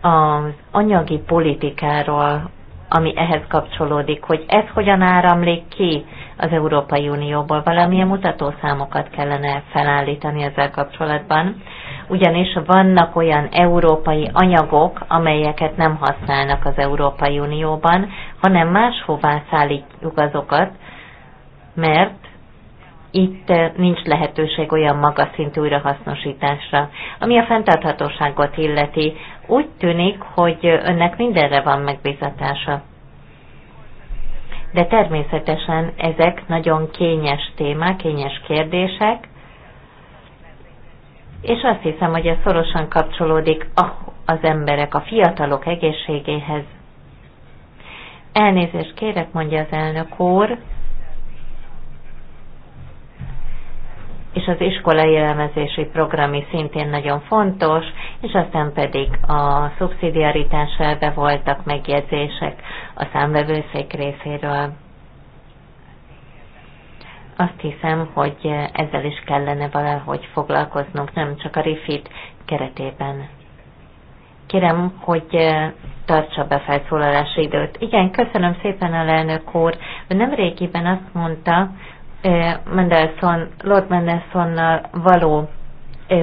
az anyagi politikáról, ami ehhez kapcsolódik, hogy ez hogyan áramlik ki az Európai Unióból. Valamilyen mutatószámokat kellene felállítani ezzel kapcsolatban ugyanis vannak olyan európai anyagok, amelyeket nem használnak az Európai Unióban, hanem máshová szállítjuk azokat, mert itt eh, nincs lehetőség olyan magas szintű újrahasznosításra. Ami a fenntarthatóságot illeti, úgy tűnik, hogy önnek mindenre van megbízatása. De természetesen ezek nagyon kényes témák, kényes kérdések, és azt hiszem, hogy ez szorosan kapcsolódik az emberek, a fiatalok egészségéhez. Elnézést kérek, mondja az elnök úr, és az iskola élemezési program is szintén nagyon fontos, és aztán pedig a szubszidiaritás elbe voltak megjegyzések a számvevőszék részéről. Azt hiszem, hogy ezzel is kellene valahogy foglalkoznunk, nem csak a RIFIT keretében. Kérem, hogy tartsa be felszólalási időt. Igen, köszönöm szépen a lelnök úr. Nemrégiben azt mondta, Mendelszon, Lord Mendelssonnal való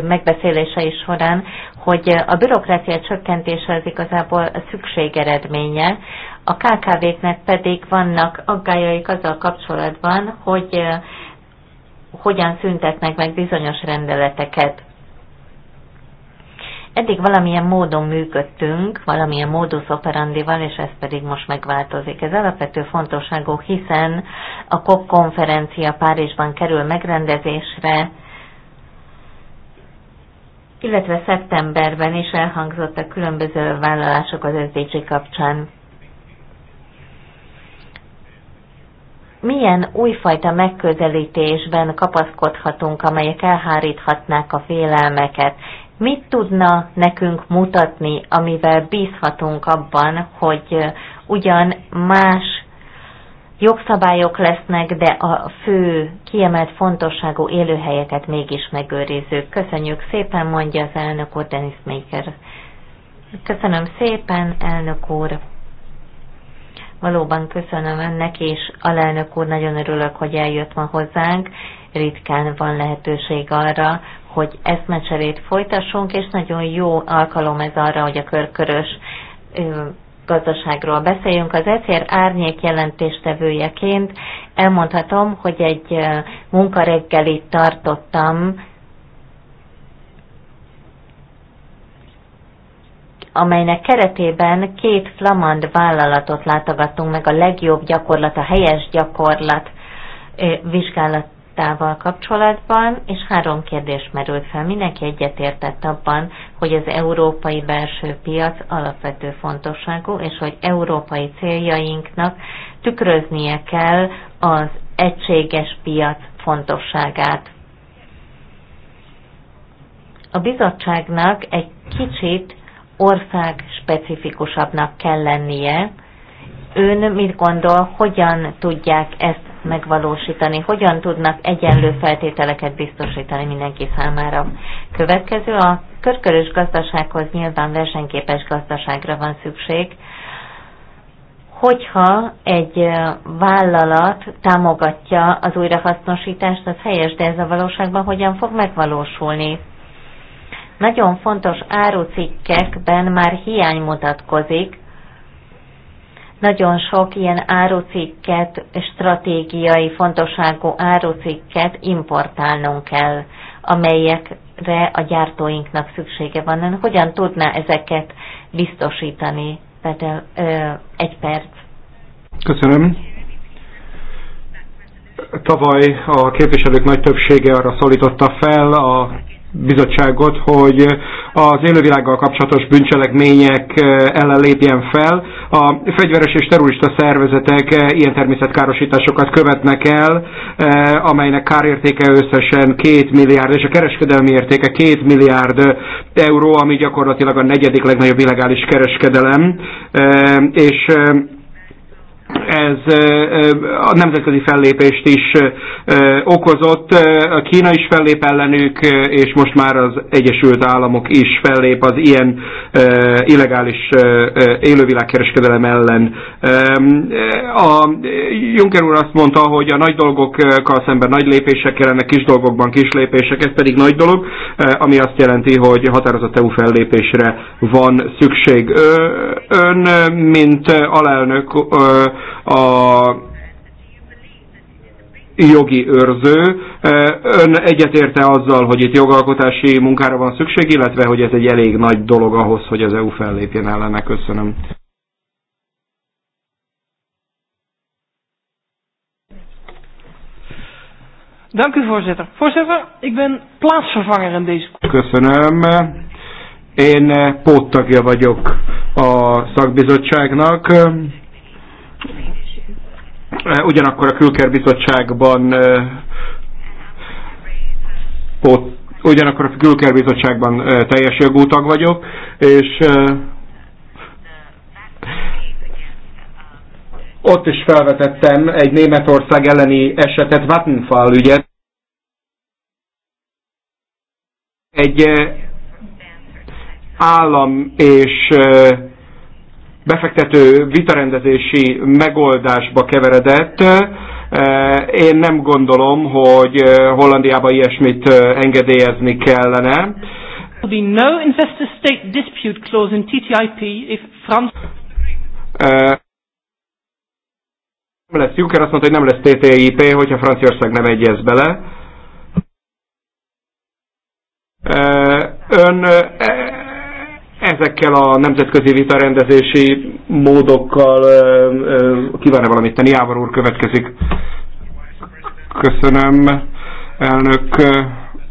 megbeszélései során, hogy a bürokrácia csökkentése az igazából a szükség eredménye, a KKV-knek pedig vannak aggájaik azzal kapcsolatban, hogy hogyan szüntetnek meg bizonyos rendeleteket. Eddig valamilyen módon működtünk, valamilyen módus operandival, és ez pedig most megváltozik. Ez alapvető fontosságú, hiszen a COP konferencia Párizsban kerül megrendezésre, illetve szeptemberben is elhangzottak különböző vállalások az SDG kapcsán. milyen újfajta megközelítésben kapaszkodhatunk, amelyek elháríthatnák a félelmeket. Mit tudna nekünk mutatni, amivel bízhatunk abban, hogy ugyan más jogszabályok lesznek, de a fő kiemelt fontosságú élőhelyeket mégis megőrizzük. Köszönjük szépen, mondja az elnök úr Dennis Maker. Köszönöm szépen, elnök úr. Valóban köszönöm ennek és alelnök úr, nagyon örülök, hogy eljött ma hozzánk. Ritkán van lehetőség arra, hogy eszmecserét folytassunk, és nagyon jó alkalom ez arra, hogy a körkörös gazdaságról beszéljünk. Az ECR árnyék jelentéstevőjeként elmondhatom, hogy egy munkareggelit tartottam amelynek keretében két flamand vállalatot látogattunk meg a legjobb gyakorlat, a helyes gyakorlat vizsgálatával kapcsolatban, és három kérdés merült fel. Mindenki egyetértett abban, hogy az európai belső piac alapvető fontosságú, és hogy európai céljainknak tükröznie kell az egységes piac fontosságát. A bizottságnak egy kicsit ország specifikusabbnak kell lennie. Ön mit gondol, hogyan tudják ezt megvalósítani, hogyan tudnak egyenlő feltételeket biztosítani mindenki számára. Következő a körkörös gazdasághoz nyilván versenyképes gazdaságra van szükség, hogyha egy vállalat támogatja az újrahasznosítást, az helyes, de ez a valóságban hogyan fog megvalósulni? Nagyon fontos árucikkekben már hiány mutatkozik. Nagyon sok ilyen árucikket, stratégiai fontosságú árucikket importálnunk kell, amelyekre a gyártóinknak szüksége van. Ön hogyan tudná ezeket biztosítani? Például egy perc. Köszönöm. Tavaly a képviselők nagy többsége arra szólította fel a bizottságot, hogy az élővilággal kapcsolatos bűncselekmények eh, ellen lépjen fel. A fegyveres és terrorista szervezetek eh, ilyen természetkárosításokat követnek el, eh, amelynek kárértéke összesen 2 milliárd, és a kereskedelmi értéke 2 milliárd euró, ami gyakorlatilag a negyedik legnagyobb illegális kereskedelem. És ez a nemzetközi fellépést is okozott. A Kína is fellép ellenük, és most már az Egyesült Államok is fellép az ilyen illegális élővilágkereskedelem ellen. A Juncker úr azt mondta, hogy a nagy dolgokkal szemben nagy lépések kellene, kis dolgokban kis lépések, ez pedig nagy dolog, ami azt jelenti, hogy határozott EU fellépésre van szükség. Ön, mint alelnök, a jogi őrző. E, ön egyetérte azzal, hogy itt jogalkotási munkára van szükség, illetve hogy ez egy elég nagy dolog ahhoz, hogy az EU fellépjen ellene. Köszönöm. Dank u voorzitter. Voorzitter, ik ben plaatsvervanger in deze... Köszönöm. Én póttagja vagyok a szakbizottságnak. Eh, ugyanakkor a külkerbizottságban eh, ugyanakkor a külkerbizottságban eh, teljes jogú tag vagyok, és ott is felvetettem egy Németország elleni esetet, Vattenfall ügyet. Egy állam és befektető vitarendezési megoldásba keveredett. Én nem gondolom, hogy Hollandiában ilyesmit engedélyezni kellene. No investor state dispute clause in TTIP if France nem lesz Juncker, azt mondta, hogy nem lesz TTIP, hogyha Franciaország nem egyez bele. Ön ezekkel a nemzetközi vita rendezési módokkal kívánna valamit tenni. Ávar úr következik. Köszönöm, elnök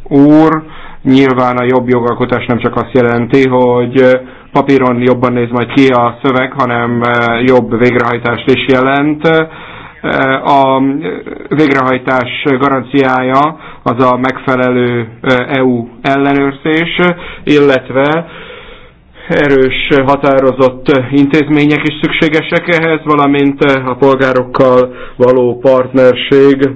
úr. Nyilván a jobb jogalkotás nem csak azt jelenti, hogy papíron jobban néz majd ki a szöveg, hanem jobb végrehajtást is jelent. A végrehajtás garanciája az a megfelelő EU ellenőrzés, illetve erős, határozott intézmények is szükségesek ehhez, valamint a polgárokkal való partnerség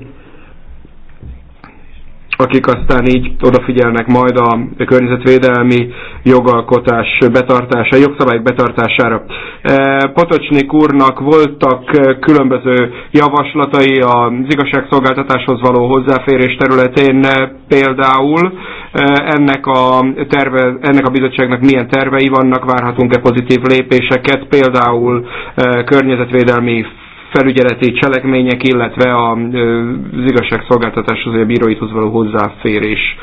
akik aztán így odafigyelnek majd a környezetvédelmi jogalkotás betartása, jogszabályok betartására. E, Potocsnik úrnak voltak e, különböző javaslatai az igazságszolgáltatáshoz való hozzáférés területén e, például. Ennek a, terve, ennek a bizottságnak milyen tervei vannak, várhatunk-e pozitív lépéseket, például környezetvédelmi felügyeleti cselekmények, illetve az igazságszolgáltatáshoz, a bíróithoz való hozzáférés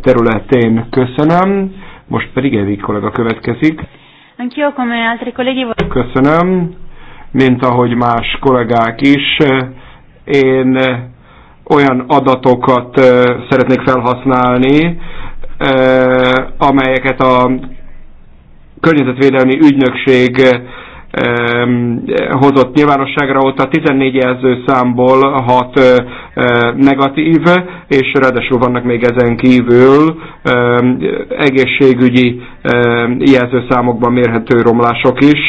területén. Köszönöm. Most pedig Evi kollega következik. Köszönöm. Mint ahogy más kollégák is, én olyan adatokat szeretnék felhasználni, amelyeket a környezetvédelmi ügynökség Ehm, hozott nyilvánosságra, ott a 14 jelző számból 6 negatív, és ráadásul vannak még ezen kívül ehm, egészségügyi ehm, jelzőszámokban mérhető romlások is.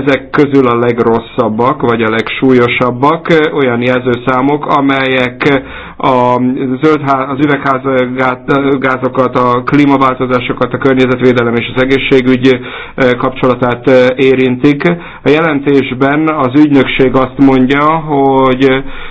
Ezek közül a legrosszabbak, vagy a legsúlyosabbak olyan jelzőszámok, amelyek a zöld ház, az üvegházgázokat, a klímaváltozásokat, a környezetvédelem és az egészségügy kapcsolatát érintik. A jelentésben az ügynökség azt mondja, hogy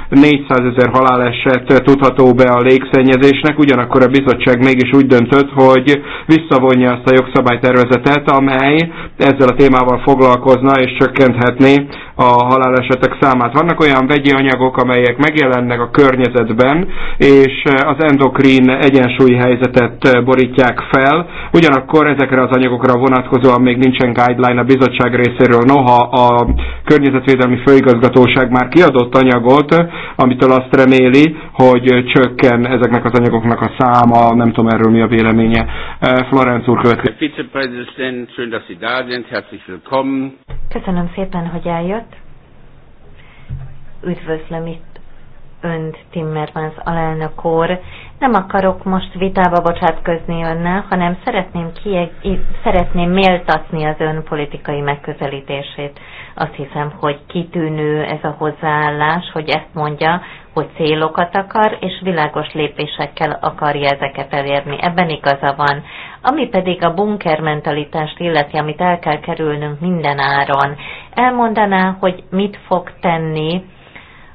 400 ezer haláleset tudható be a légszennyezésnek, ugyanakkor a bizottság mégis úgy döntött, hogy visszavonja azt a jogszabálytervezetet, amely ezzel a témával foglalkozna, volna és csökkenthetné a halálesetek számát. Vannak olyan vegyi anyagok, amelyek megjelennek a környezetben, és az endokrin helyzetet borítják fel, ugyanakkor ezekre az anyagokra vonatkozóan még nincsen guideline a bizottság részéről. Noha a környezetvédelmi főigazgatóság már kiadott anyagot, amitől azt reméli, hogy csökken ezeknek az anyagoknak a száma, nem tudom erről mi a véleménye. Florenc úr következik. Köszönöm szépen, hogy eljött. Üdvözlöm itt önt, Timmermans alelnök úr. Nem akarok most vitába bocsátkozni önnel, hanem szeretném, kieg- szeretném méltatni az ön politikai megközelítését. Azt hiszem, hogy kitűnő ez a hozzáállás, hogy ezt mondja, hogy célokat akar, és világos lépésekkel akarja ezeket elérni. Ebben igaza van. Ami pedig a bunker mentalitást illeti, amit el kell kerülnünk minden áron, elmondaná, hogy mit fog tenni,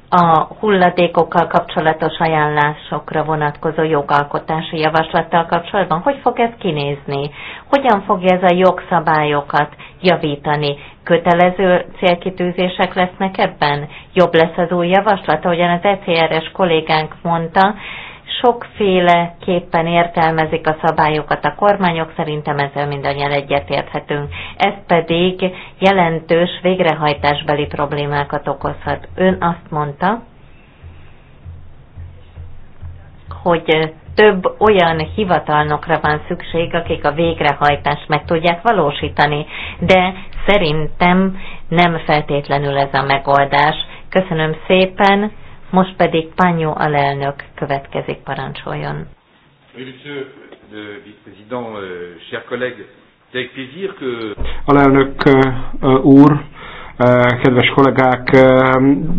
a hulladékokkal kapcsolatos ajánlásokra vonatkozó jogalkotási javaslattal kapcsolatban? Hogy fog ez kinézni? Hogyan fogja ez a jogszabályokat javítani? Kötelező célkitűzések lesznek ebben? Jobb lesz az új javaslat, ahogyan az ECRS kollégánk mondta, sokféleképpen értelmezik a szabályokat a kormányok, szerintem ezzel mindannyian egyetérthetünk. Ez pedig jelentős végrehajtásbeli problémákat okozhat. Ön azt mondta, hogy több olyan hivatalnokra van szükség, akik a végrehajtást meg tudják valósítani, de szerintem nem feltétlenül ez a megoldás. Köszönöm szépen! Most pedig Pányó alelnök következik, parancsoljon. Euh, alelnök euh, euh, úr, kedves kollégák,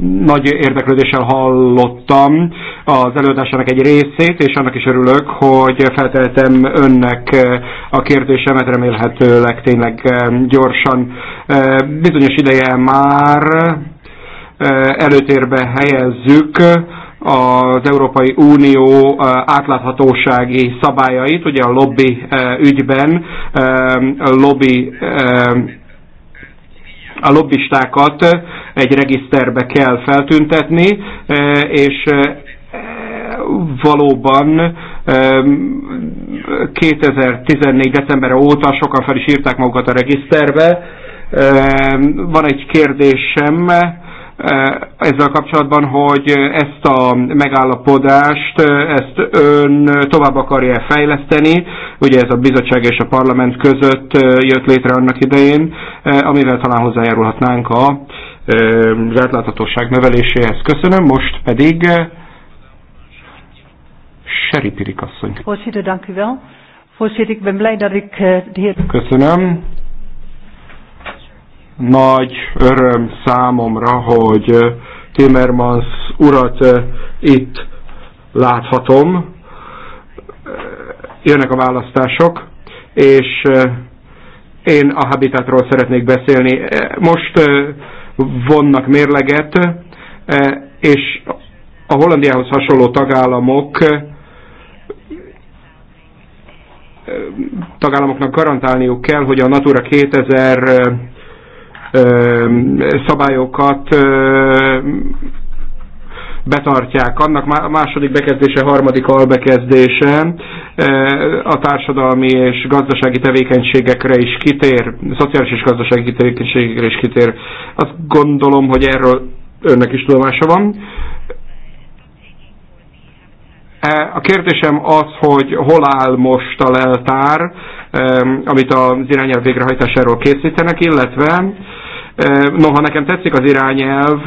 nagy érdeklődéssel hallottam az előadásának egy részét, és annak is örülök, hogy felteltem önnek a kérdésemet, remélhetőleg tényleg gyorsan. Bizonyos ideje már Eh, előtérbe helyezzük az Európai Unió eh, átláthatósági szabályait, ugye a lobby eh, ügyben, lobby a lobbistákat egy regiszterbe kell feltüntetni, és valóban 2014. december óta sokan fel is írták magukat a regiszterbe. Van egy kérdésem, Eh, ezzel kapcsolatban, hogy ezt a megállapodást, eh, ezt ön tovább akarja fejleszteni, ugye ez a bizottság és a parlament között eh, jött létre annak idején, amivel talán hozzájárulhatnánk a zártláthatóság növeléséhez. Köszönöm, most pedig Seri Pirik asszony. Köszönöm nagy öröm számomra, hogy Timmermans urat itt láthatom. Jönnek a választások, és én a habitatról szeretnék beszélni. Most vonnak mérleget, és a Hollandiához hasonló tagállamok tagállamoknak garantálniuk kell, hogy a Natura 2000 szabályokat betartják. Annak második bekezdése, harmadik albekezdése a társadalmi és gazdasági tevékenységekre is kitér, szociális és gazdasági tevékenységekre is kitér. Azt gondolom, hogy erről önnek is tudomása van. E, a kérdésem az, hogy hol áll most a leltár, amit az irányelv végrehajtásáról készítenek, illetve Noha nekem tetszik az irányelv,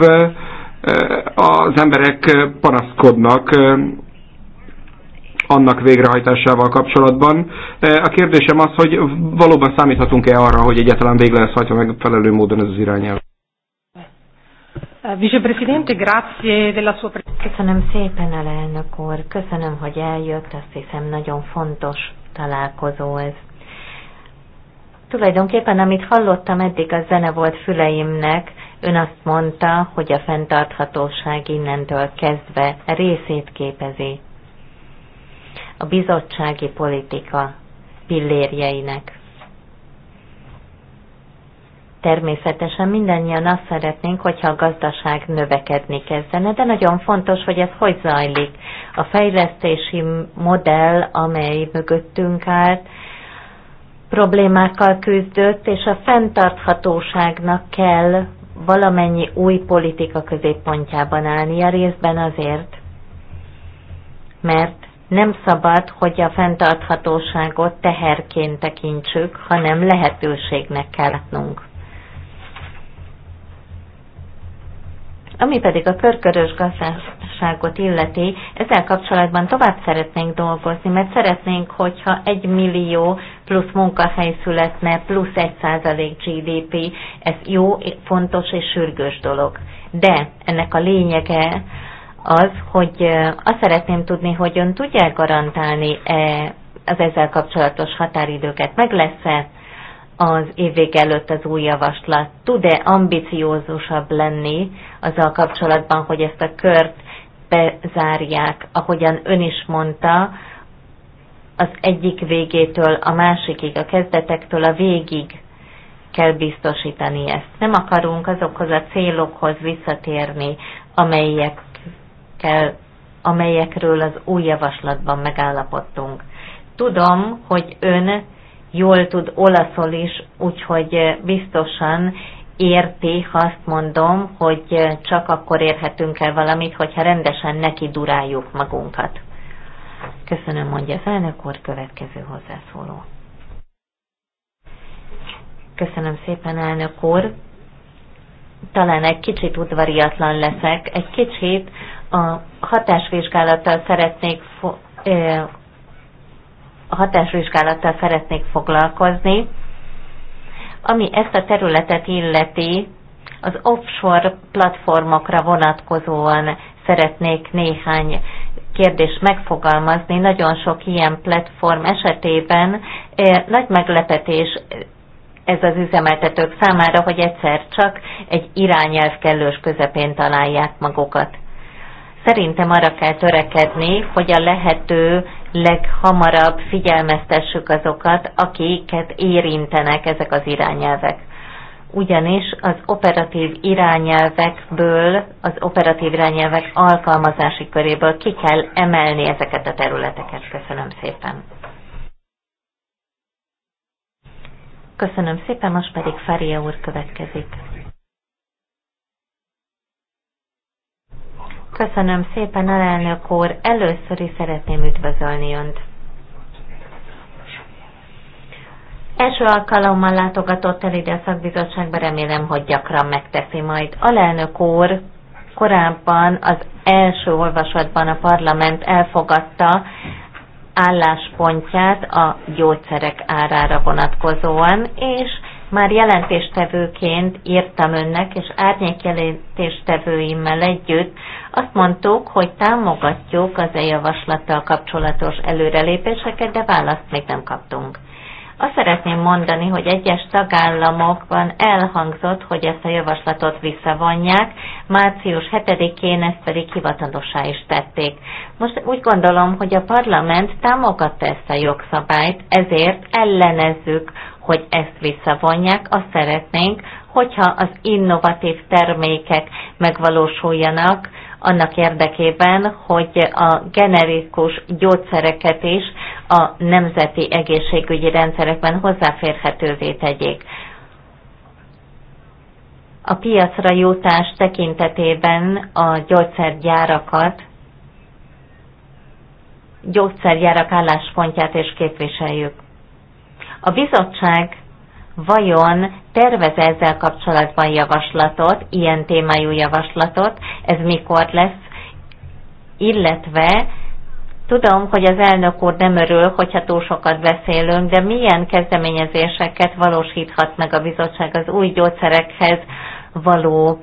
az emberek panaszkodnak annak végrehajtásával kapcsolatban. A kérdésem az, hogy valóban számíthatunk-e arra, hogy egyáltalán végre lesz hajtva megfelelő módon ez az irányelv? Vicepresidente, grazie della sua presenza. Köszönöm szépen, elnök úr. Köszönöm, hogy eljött. Azt hiszem, nagyon fontos találkozó ez. Tulajdonképpen, amit hallottam eddig, a zene volt füleimnek. Ön azt mondta, hogy a fenntarthatóság innentől kezdve részét képezi a bizottsági politika pillérjeinek. Természetesen mindannyian azt szeretnénk, hogyha a gazdaság növekedni kezdene, de nagyon fontos, hogy ez hogy zajlik. A fejlesztési modell, amely mögöttünk állt, problémákkal küzdött, és a fenntarthatóságnak kell valamennyi új politika középpontjában A részben azért, mert nem szabad, hogy a fenntarthatóságot teherként tekintsük, hanem lehetőségnek kell látnunk. Ami pedig a körkörös gazdaságot illeti, ezzel kapcsolatban tovább szeretnénk dolgozni, mert szeretnénk, hogyha egy millió plusz munkahely születne, plusz egy százalék GDP, ez jó, fontos és sürgős dolog. De ennek a lényege az, hogy azt szeretném tudni, hogy ön tudja garantálni -e az ezzel kapcsolatos határidőket. Meg lesz-e az évvég előtt az új javaslat? Tud-e ambiciózusabb lenni azzal kapcsolatban, hogy ezt a kört bezárják, ahogyan ön is mondta, az egyik végétől a másikig, a kezdetektől a végig kell biztosítani ezt. Nem akarunk azokhoz a célokhoz visszatérni, amelyek kell, amelyekről az új javaslatban megállapodtunk. Tudom, hogy ön jól tud olaszol is, úgyhogy biztosan érti, ha azt mondom, hogy csak akkor érhetünk el valamit, hogyha rendesen neki duráljuk magunkat. Köszönöm, mondja az elnök úr, következő hozzászóló. Köszönöm szépen, elnök úr. Talán egy kicsit udvariatlan leszek, egy kicsit a hatásvizsgálattal szeretnék a hatásvizsgálattal szeretnék foglalkozni. Ami ezt a területet illeti, az offshore platformokra vonatkozóan szeretnék néhány kérdést megfogalmazni. Nagyon sok ilyen platform esetében eh, nagy meglepetés ez az üzemeltetők számára, hogy egyszer csak egy irányelv kellős közepén találják magukat. Szerintem arra kell törekedni, hogy a lehető leghamarabb figyelmeztessük azokat, akiket érintenek ezek az irányelvek ugyanis az operatív irányelvekből, az operatív irányelvek alkalmazási köréből ki kell emelni ezeket a területeket. Köszönöm szépen. Köszönöm szépen, most pedig Faria úr következik. Köszönöm szépen, alelnök úr. Először is szeretném üdvözölni Önt. Első alkalommal látogatott el ide a szakbizottságba, remélem, hogy gyakran megteszi majd. lelnök úr korábban az első olvasatban a parlament elfogadta álláspontját a gyógyszerek árára vonatkozóan, és már jelentéstevőként írtam önnek, és árnyék együtt azt mondtuk, hogy támogatjuk az e javaslattal kapcsolatos előrelépéseket, de választ még nem kaptunk. Azt szeretném mondani, hogy egyes tagállamokban elhangzott, hogy ezt a javaslatot visszavonják, március 7-én ezt pedig hivatalosá is tették. Most úgy gondolom, hogy a parlament támogatta ezt a jogszabályt, ezért ellenezzük, hogy ezt visszavonják. Azt szeretnénk, hogyha az innovatív termékek megvalósuljanak, annak érdekében, hogy a generikus gyógyszereket is a nemzeti egészségügyi rendszerekben hozzáférhetővé tegyék. A piacra jutás tekintetében a gyógyszergyárakat, gyógyszergyárak álláspontját is képviseljük. A bizottság vajon tervez ezzel kapcsolatban javaslatot, ilyen témájú javaslatot, ez mikor lesz, illetve Tudom, hogy az elnök úr nem örül, hogyha túl sokat beszélünk, de milyen kezdeményezéseket valósíthat meg a bizottság az új gyógyszerekhez való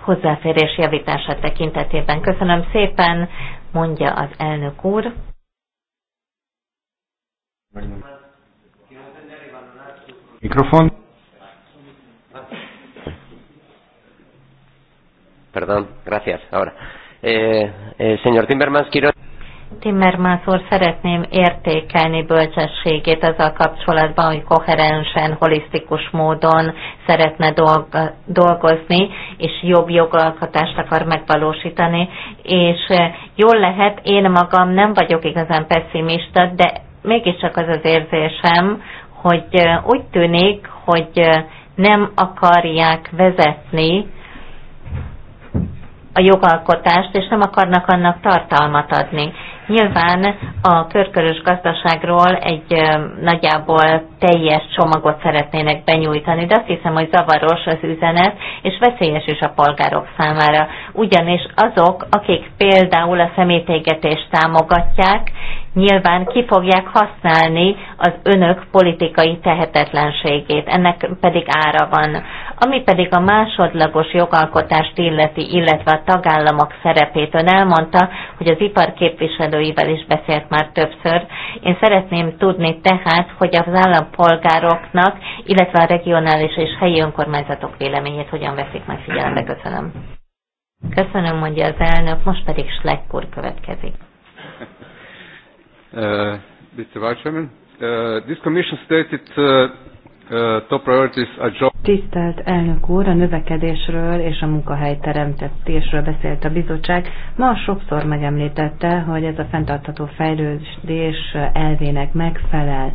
hozzáférés javítása tekintetében. Köszönöm szépen, mondja az elnök úr. Mikrofon. Perdón, gracias. Ahora. Eh, eh, señor Timmermans, quiero. Timmermans úr, szeretném értékelni bölcsességét azzal kapcsolatban, hogy koherensen, holisztikus módon szeretne dolgozni, és jobb jogalkotást akar megvalósítani, és eh, jól lehet, én magam nem vagyok igazán pessimista, de mégiscsak az az érzésem, hogy eh, úgy tűnik, hogy eh, nem akarják vezetni a jogalkotást, és nem akarnak annak tartalmat adni. Nyilván a körkörös gazdaságról egy nagyjából teljes csomagot szeretnének benyújtani, de azt hiszem, hogy zavaros az üzenet, és veszélyes is a polgárok számára. Ugyanis azok, akik például a szemétégetést támogatják, nyilván ki fogják használni az önök politikai tehetetlenségét, ennek pedig ára van. Ami pedig a másodlagos jogalkotást illeti, illetve a tagállamok szerepét, ön elmondta, hogy az ipar képviselőivel is beszélt már többször. Én szeretném tudni tehát, hogy az állampolgároknak, illetve a regionális és helyi önkormányzatok véleményét hogyan veszik meg figyelembe. Köszönöm. Köszönöm, mondja az elnök, most pedig Schleck úr következik. Uh, Mr. Vice Chairman. Uh, this Commission stated uh, uh, top priorities are job. Tisztelt elnök úr, a növekedésről és a munkahelyteremtésről beszélt a bizottság. Ma sokszor megemlítette, hogy ez a fenntartható fejlődés elvének megfelel.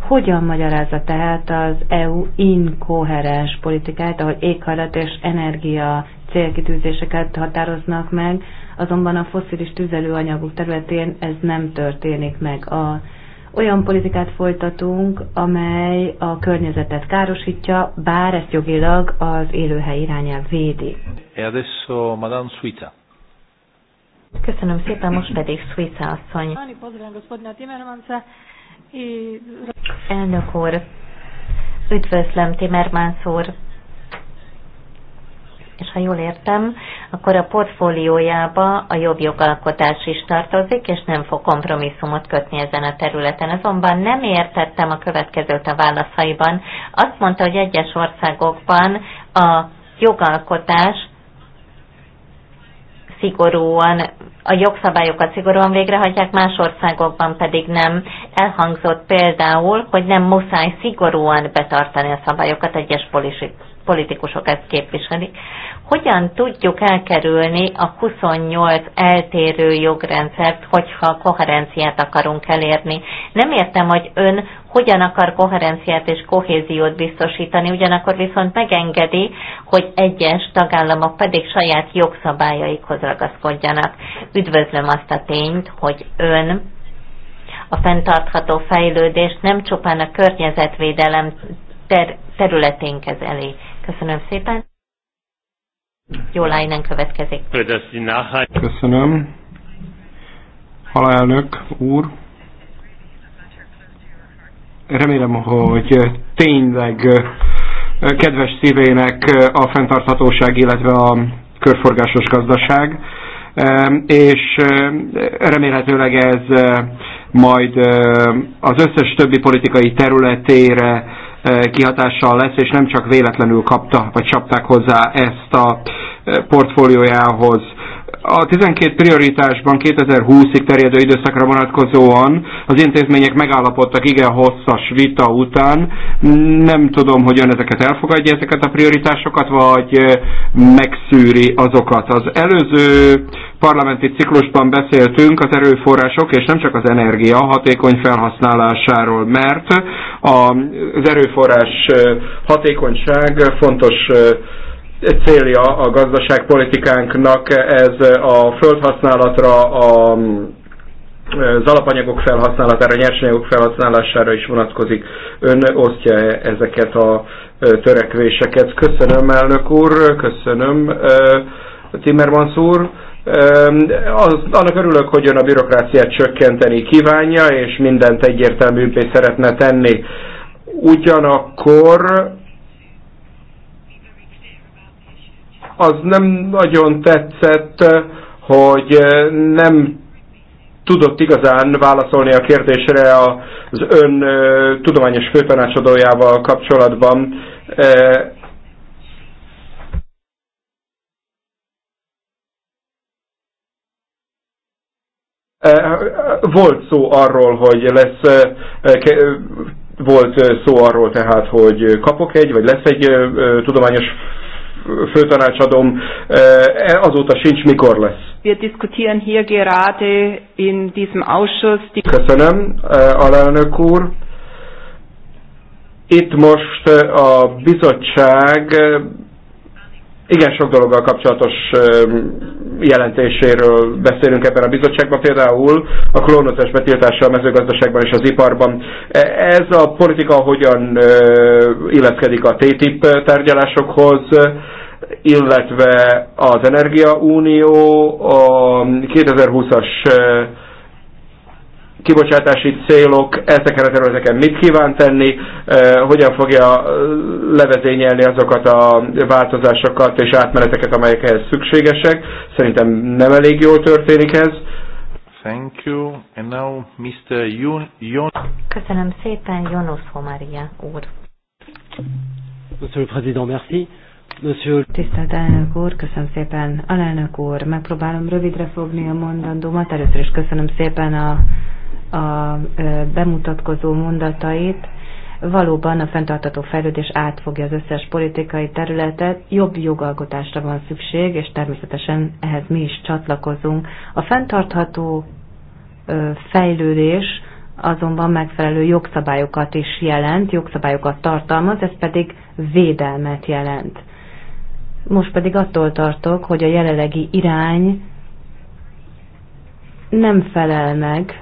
Hogyan magyarázza tehát az EU inkoherens politikát, ahogy éghajlat és energia célkitűzéseket határoznak meg, azonban a foszilis tüzelőanyagok területén ez nem történik meg. A, olyan politikát folytatunk, amely a környezetet károsítja, bár ezt jogilag az élőhely irányelv védi. E Köszönöm szépen, most pedig Suica asszony. Elnök úr, üdvözlöm Timmermans úr és ha jól értem, akkor a portfóliójába a jobb jogalkotás is tartozik, és nem fog kompromisszumot kötni ezen a területen. Azonban nem értettem a következőt a válaszaiban. Azt mondta, hogy egyes országokban a jogalkotás szigorúan, a jogszabályokat szigorúan végrehajtják, más országokban pedig nem. Elhangzott például, hogy nem muszáj szigorúan betartani a szabályokat, egyes politikusok ezt képviselik hogyan tudjuk elkerülni a 28 eltérő jogrendszert, hogyha koherenciát akarunk elérni. Nem értem, hogy ön hogyan akar koherenciát és kohéziót biztosítani, ugyanakkor viszont megengedi, hogy egyes tagállamok pedig saját jogszabályaikhoz ragaszkodjanak. Üdvözlöm azt a tényt, hogy ön a fenntartható fejlődést nem csupán a környezetvédelem ter- területén kezeli. Köszönöm szépen! Jó Lájnen következik. Köszönöm. Halálnök úr, remélem, hogy tényleg eh, kedves szívének eh, a fenntarthatóság, illetve a körforgásos gazdaság, eh, és remélhetőleg ez majd az összes többi politikai területére kihatással lesz, és nem csak véletlenül kapta, vagy csapták hozzá ezt a portfóliójához. A 12 prioritásban 2020-ig terjedő időszakra vonatkozóan az intézmények megállapodtak igen hosszas vita után. Nem tudom, hogy ön ezeket elfogadja, ezeket a prioritásokat, vagy megszűri azokat. Az előző parlamenti ciklusban beszéltünk az erőforrások, és nem csak az energia hatékony felhasználásáról, mert az erőforrás hatékonyság fontos célja a gazdaságpolitikánknak ez a földhasználatra, a, az alapanyagok felhasználatára, nyersanyagok felhasználására is vonatkozik. Ön osztja ezeket a törekvéseket. Köszönöm, elnök úr, köszönöm, Timmermans úr. Az, annak örülök, hogy ön a bürokráciát csökkenteni kívánja, és mindent egyértelműbbé szeretne tenni. Ugyanakkor az nem nagyon tetszett, eh, hogy eh, nem tudott igazán válaszolni a kérdésre az ön eh, tudományos főtanácsadójával kapcsolatban. Volt szó arról, hogy lesz, volt szó arról tehát, hogy kapok egy, vagy lesz egy tudományos főtanácsadom eh, azóta sincs mikor lesz. Wir diskutieren hier gerade in diesem Ausschuss. Die Köszönöm, eh, alelnök úr. Itt most eh, a bizottság igen sok dologgal kapcsolatos jelentéséről beszélünk ebben a bizottságban, például a klónozás betiltása a mezőgazdaságban és az iparban. E, ez a politika hogyan illeszkedik a TTIP tárgyalásokhoz, illetve az Energiaunió, a 2020-as kibocsátási célok, ezeken a területeken mit kíván tenni, eh, hogyan fogja eh, levezényelni azokat a változásokat és átmeneteket, amelyekhez szükségesek. Szerintem nem elég jól történik ez. Thank you. And now Mr. Jun, Jun. Köszönöm szépen, Jonas Homaria úr. Monsieur le Président, merci. Monsieur... Tisztelt elnök úr, köszönöm szépen. Alelnök úr, megpróbálom rövidre fogni a mondandómat. Először is köszönöm szépen a a bemutatkozó mondatait valóban a fenntartató fejlődés átfogja az összes politikai területet, jobb jogalkotásra van szükség, és természetesen ehhez mi is csatlakozunk. A fenntartható fejlődés azonban megfelelő jogszabályokat is jelent, jogszabályokat tartalmaz, ez pedig védelmet jelent. Most pedig attól tartok, hogy a jelenlegi irány nem felel meg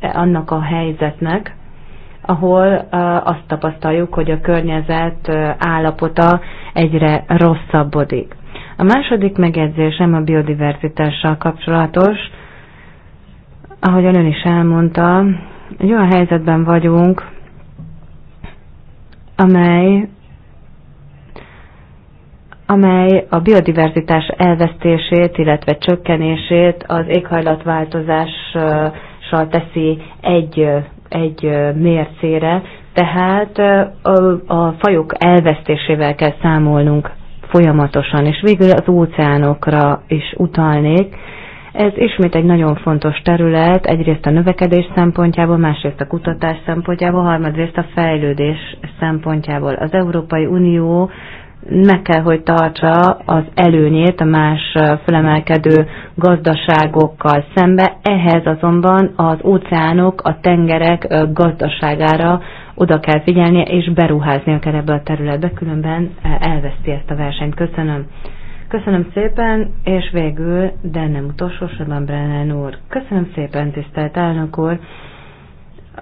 E, annak a helyzetnek, ahol e, azt tapasztaljuk, hogy a környezet e, állapota egyre rosszabbodik. A második megjegyzésem a biodiverzitással kapcsolatos. Ahogy ön is elmondta, egy olyan helyzetben vagyunk, amely amely a biodiverzitás elvesztését, illetve csökkenését az éghajlatváltozás hatással teszi egy, egy mércére, tehát a fajok elvesztésével kell számolnunk folyamatosan, és végül az óceánokra is utalnék. Ez ismét egy nagyon fontos terület, egyrészt a növekedés szempontjából, másrészt a kutatás szempontjából, harmadrészt a fejlődés szempontjából. Az Európai Unió meg kell, hogy tartsa az előnyét a más fölemelkedő gazdaságokkal szembe, ehhez azonban az óceánok, a tengerek gazdaságára oda kell figyelnie, és beruháznia kell ebbe a területbe, különben elveszti ezt a versenyt. Köszönöm. Köszönöm szépen, és végül, de nem utolsó sorban Brennan úr. Köszönöm szépen, tisztelt elnök úr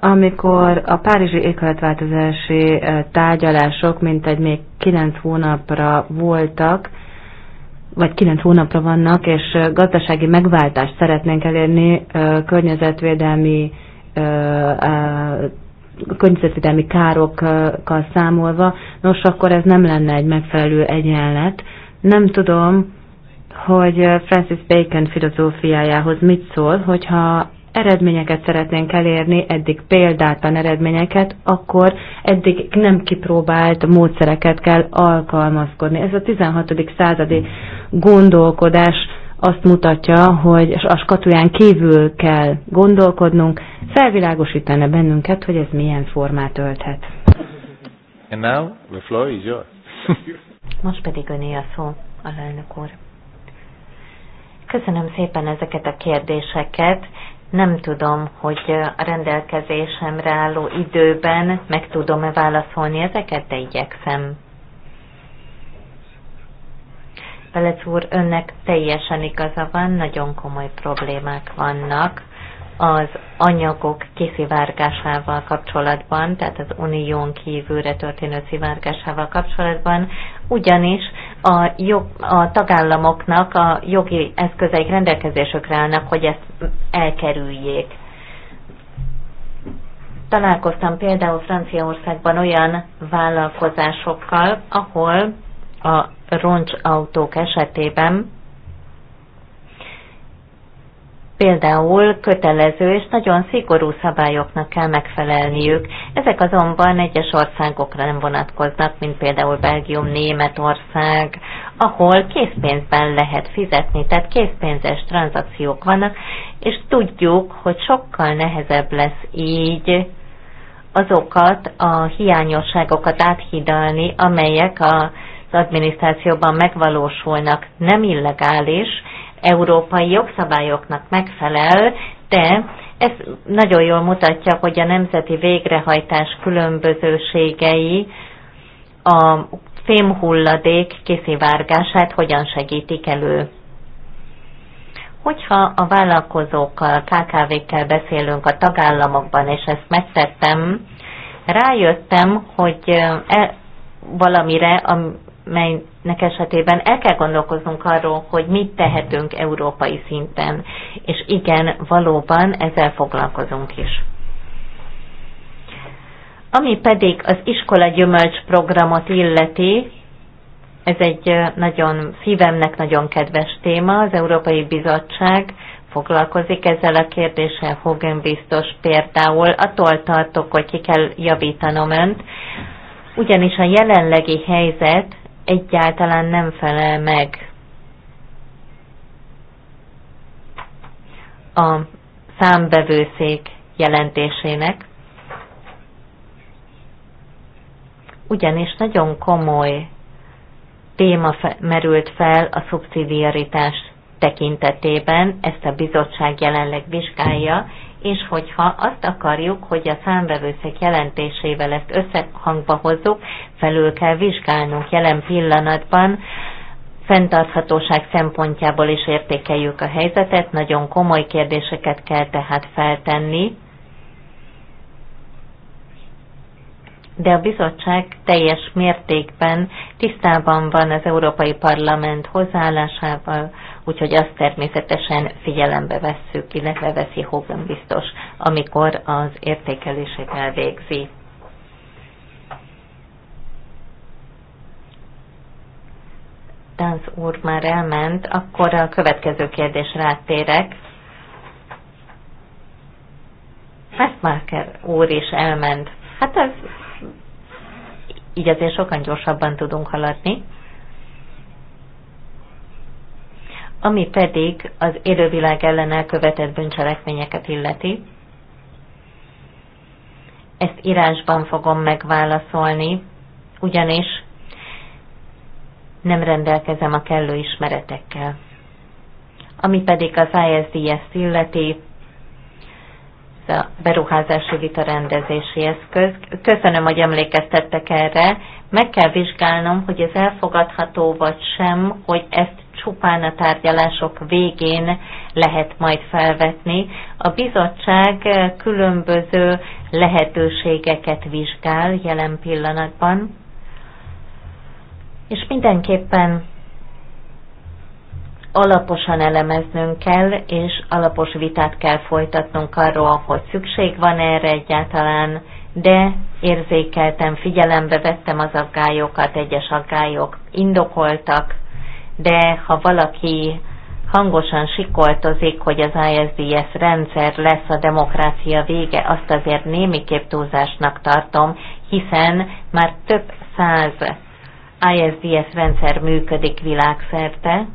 amikor a párizsi éghajlatváltozási eh, tárgyalások mintegy még 9 hónapra voltak, vagy 9 hónapra vannak, és eh, gazdasági megváltást szeretnénk elérni eh, környezetvédelmi környezetvédelmi károkkal számolva, nos, akkor ez nem lenne egy megfelelő egyenlet. Nem tudom, hogy Francis Bacon filozófiájához mit szól, hogyha eredményeket szeretnénk elérni, eddig példátlan eredményeket, akkor eddig nem kipróbált módszereket kell alkalmazkodni. Ez a 16. századi gondolkodás azt mutatja, hogy a skatuján kívül kell gondolkodnunk, felvilágosítana bennünket, hogy ez milyen formát ölthet. And now the floor is yours. Most pedig öné a szó, alelnök úr. Köszönöm szépen ezeket a kérdéseket. Nem tudom, hogy a rendelkezésemre álló időben meg tudom-e válaszolni ezeket, de igyekszem. Pelec úr, önnek teljesen igaza van, nagyon komoly problémák vannak az anyagok kiszivárgásával kapcsolatban, tehát az unión kívülre történő szivárgásával kapcsolatban, ugyanis a, jog, a tagállamoknak a jogi eszközeik rendelkezésükre állnak, hogy ezt elkerüljék. Találkoztam például Franciaországban olyan vállalkozásokkal, ahol a roncsautók esetében Például kötelező és nagyon szigorú szabályoknak kell megfelelniük. Ezek azonban egyes országokra nem vonatkoznak, mint például Belgium, Németország, ahol készpénzben lehet fizetni, tehát készpénzes tranzakciók vannak, és tudjuk, hogy sokkal nehezebb lesz így azokat a hiányosságokat áthidalni, amelyek a az adminisztrációban megvalósulnak, nem illegális, európai jogszabályoknak megfelel, de ez nagyon jól mutatja, hogy a nemzeti végrehajtás különbözőségei a fémhulladék kiszivárgását hogyan segítik elő. Hogyha a vállalkozókkal, KKV-kkel beszélünk a tagállamokban, és ezt megtettem, rájöttem, hogy e, valamire, amely nek esetében el kell gondolkoznunk arról, hogy mit tehetünk európai szinten. És igen, valóban ezzel foglalkozunk is. Ami pedig az iskola gyümölcs programot illeti, ez egy nagyon szívemnek nagyon kedves téma, az Európai Bizottság foglalkozik ezzel a kérdéssel, Hogan biztos például, attól tartok, hogy ki kell javítanom önt, ugyanis a jelenlegi helyzet egyáltalán nem felel meg a számbevőszék jelentésének, ugyanis nagyon komoly téma merült fel a szubszidiaritás tekintetében, ezt a bizottság jelenleg vizsgálja, és hogyha azt akarjuk, hogy a számbevőszék jelentésével ezt összehangba hozzuk, felül kell vizsgálnunk jelen pillanatban. Fenntarthatóság szempontjából is értékeljük a helyzetet, nagyon komoly kérdéseket kell tehát feltenni. de a bizottság teljes mértékben tisztában van az Európai Parlament hozzáállásával, úgyhogy azt természetesen figyelembe vesszük, illetve veszi Hogan biztos, amikor az értékelését elvégzi. Danz úr már elment, akkor a következő kérdésre áttérek. Westmarker úr is elment. Hát ez így azért sokan gyorsabban tudunk haladni. Ami pedig az élővilág ellen elkövetett bűncselekményeket illeti, ezt írásban fogom megválaszolni, ugyanis nem rendelkezem a kellő ismeretekkel. Ami pedig az ISDS illeti, ez a beruházási vita rendezési eszköz. Köszönöm, hogy emlékeztettek erre. Meg kell vizsgálnom, hogy ez elfogadható vagy sem, hogy ezt csupán a tárgyalások végén lehet majd felvetni. A bizottság különböző lehetőségeket vizsgál jelen pillanatban, és mindenképpen alaposan elemeznünk kell, és alapos vitát kell folytatnunk arról, hogy szükség van erre egyáltalán, de érzékeltem, figyelembe vettem az aggályokat, egyes aggályok indokoltak, de ha valaki hangosan sikoltozik, hogy az ISDS rendszer lesz a demokrácia vége, azt azért némiképp túlzásnak tartom, hiszen már több száz ISDS rendszer működik világszerte.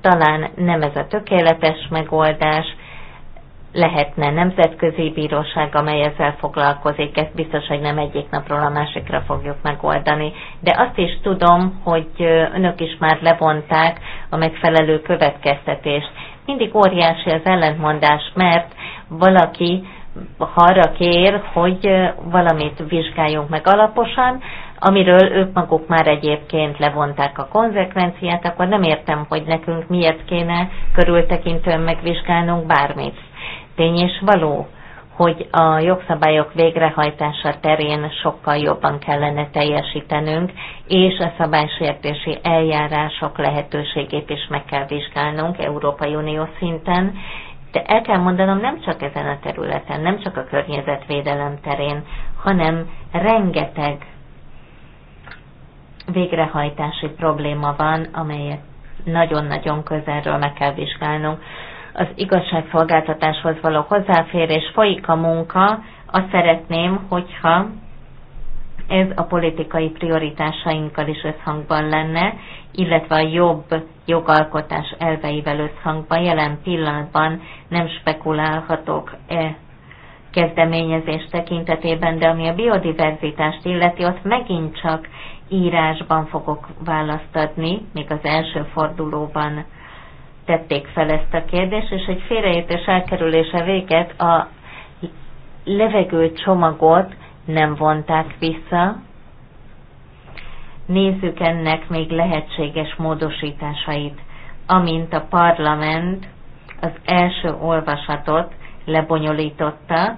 Talán nem ez a tökéletes megoldás, lehetne nemzetközi bíróság, amely ezzel foglalkozik, ezt biztos, hogy nem egyik napról a másikra fogjuk megoldani. De azt is tudom, hogy önök is már levonták a megfelelő következtetést. Mindig óriási az ellentmondás, mert valaki ha arra kér, hogy valamit vizsgáljunk meg alaposan, amiről ők maguk már egyébként levonták a konzekvenciát, akkor nem értem, hogy nekünk miért kéne körültekintően megvizsgálnunk bármit. Tény és való, hogy a jogszabályok végrehajtása terén sokkal jobban kellene teljesítenünk, és a szabálysértési eljárások lehetőségét is meg kell vizsgálnunk Európai Unió szinten, de el kell mondanom, nem csak ezen a területen, nem csak a környezetvédelem terén, hanem rengeteg végrehajtási probléma van, amelyet nagyon-nagyon közelről meg kell vizsgálnunk. Az igazságszolgáltatáshoz való hozzáférés, folyik a munka, azt szeretném, hogyha ez a politikai prioritásainkkal is összhangban lenne, illetve a jobb jogalkotás elveivel összhangban. Jelen pillanatban nem spekulálhatok e kezdeményezés tekintetében, de ami a biodiverzitást illeti, ott megint csak írásban fogok választ adni, még az első fordulóban tették fel ezt a kérdést, és egy félreértés elkerülése véget a levegő csomagot nem vonták vissza. Nézzük ennek még lehetséges módosításait, amint a parlament az első olvasatot lebonyolította,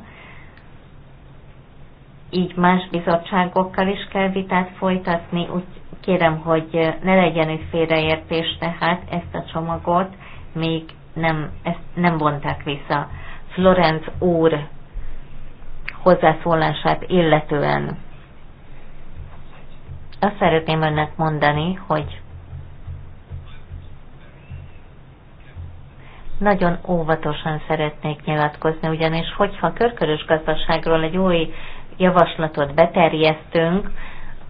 így más bizottságokkal is kell vitát folytatni, úgy kérem, hogy ne legyen egy félreértés, tehát ezt a csomagot még nem, ezt nem vonták vissza. Florenc úr hozzászólását illetően azt szeretném önnek mondani, hogy nagyon óvatosan szeretnék nyilatkozni, ugyanis hogyha körkörös gazdaságról egy új javaslatot beterjesztünk,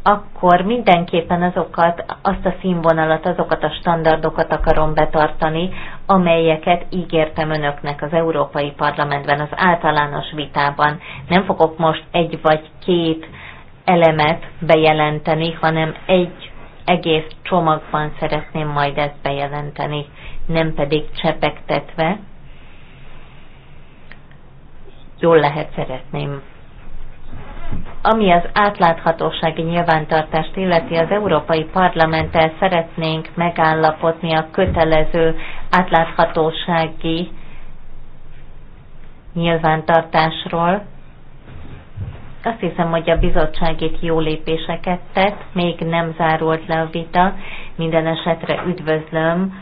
akkor mindenképpen azokat, azt a színvonalat, azokat a standardokat akarom betartani, amelyeket ígértem önöknek az Európai Parlamentben, az általános vitában. Nem fogok most egy vagy két elemet bejelenteni, hanem egy egész csomagban szeretném majd ezt bejelenteni, nem pedig csepegtetve. Jól lehet, szeretném ami az átláthatósági nyilvántartást illeti, az Európai Parlamenttel szeretnénk megállapodni a kötelező átláthatósági nyilvántartásról. Azt hiszem, hogy a bizottság itt jó lépéseket tett, még nem zárult le a vita. Minden esetre üdvözlöm,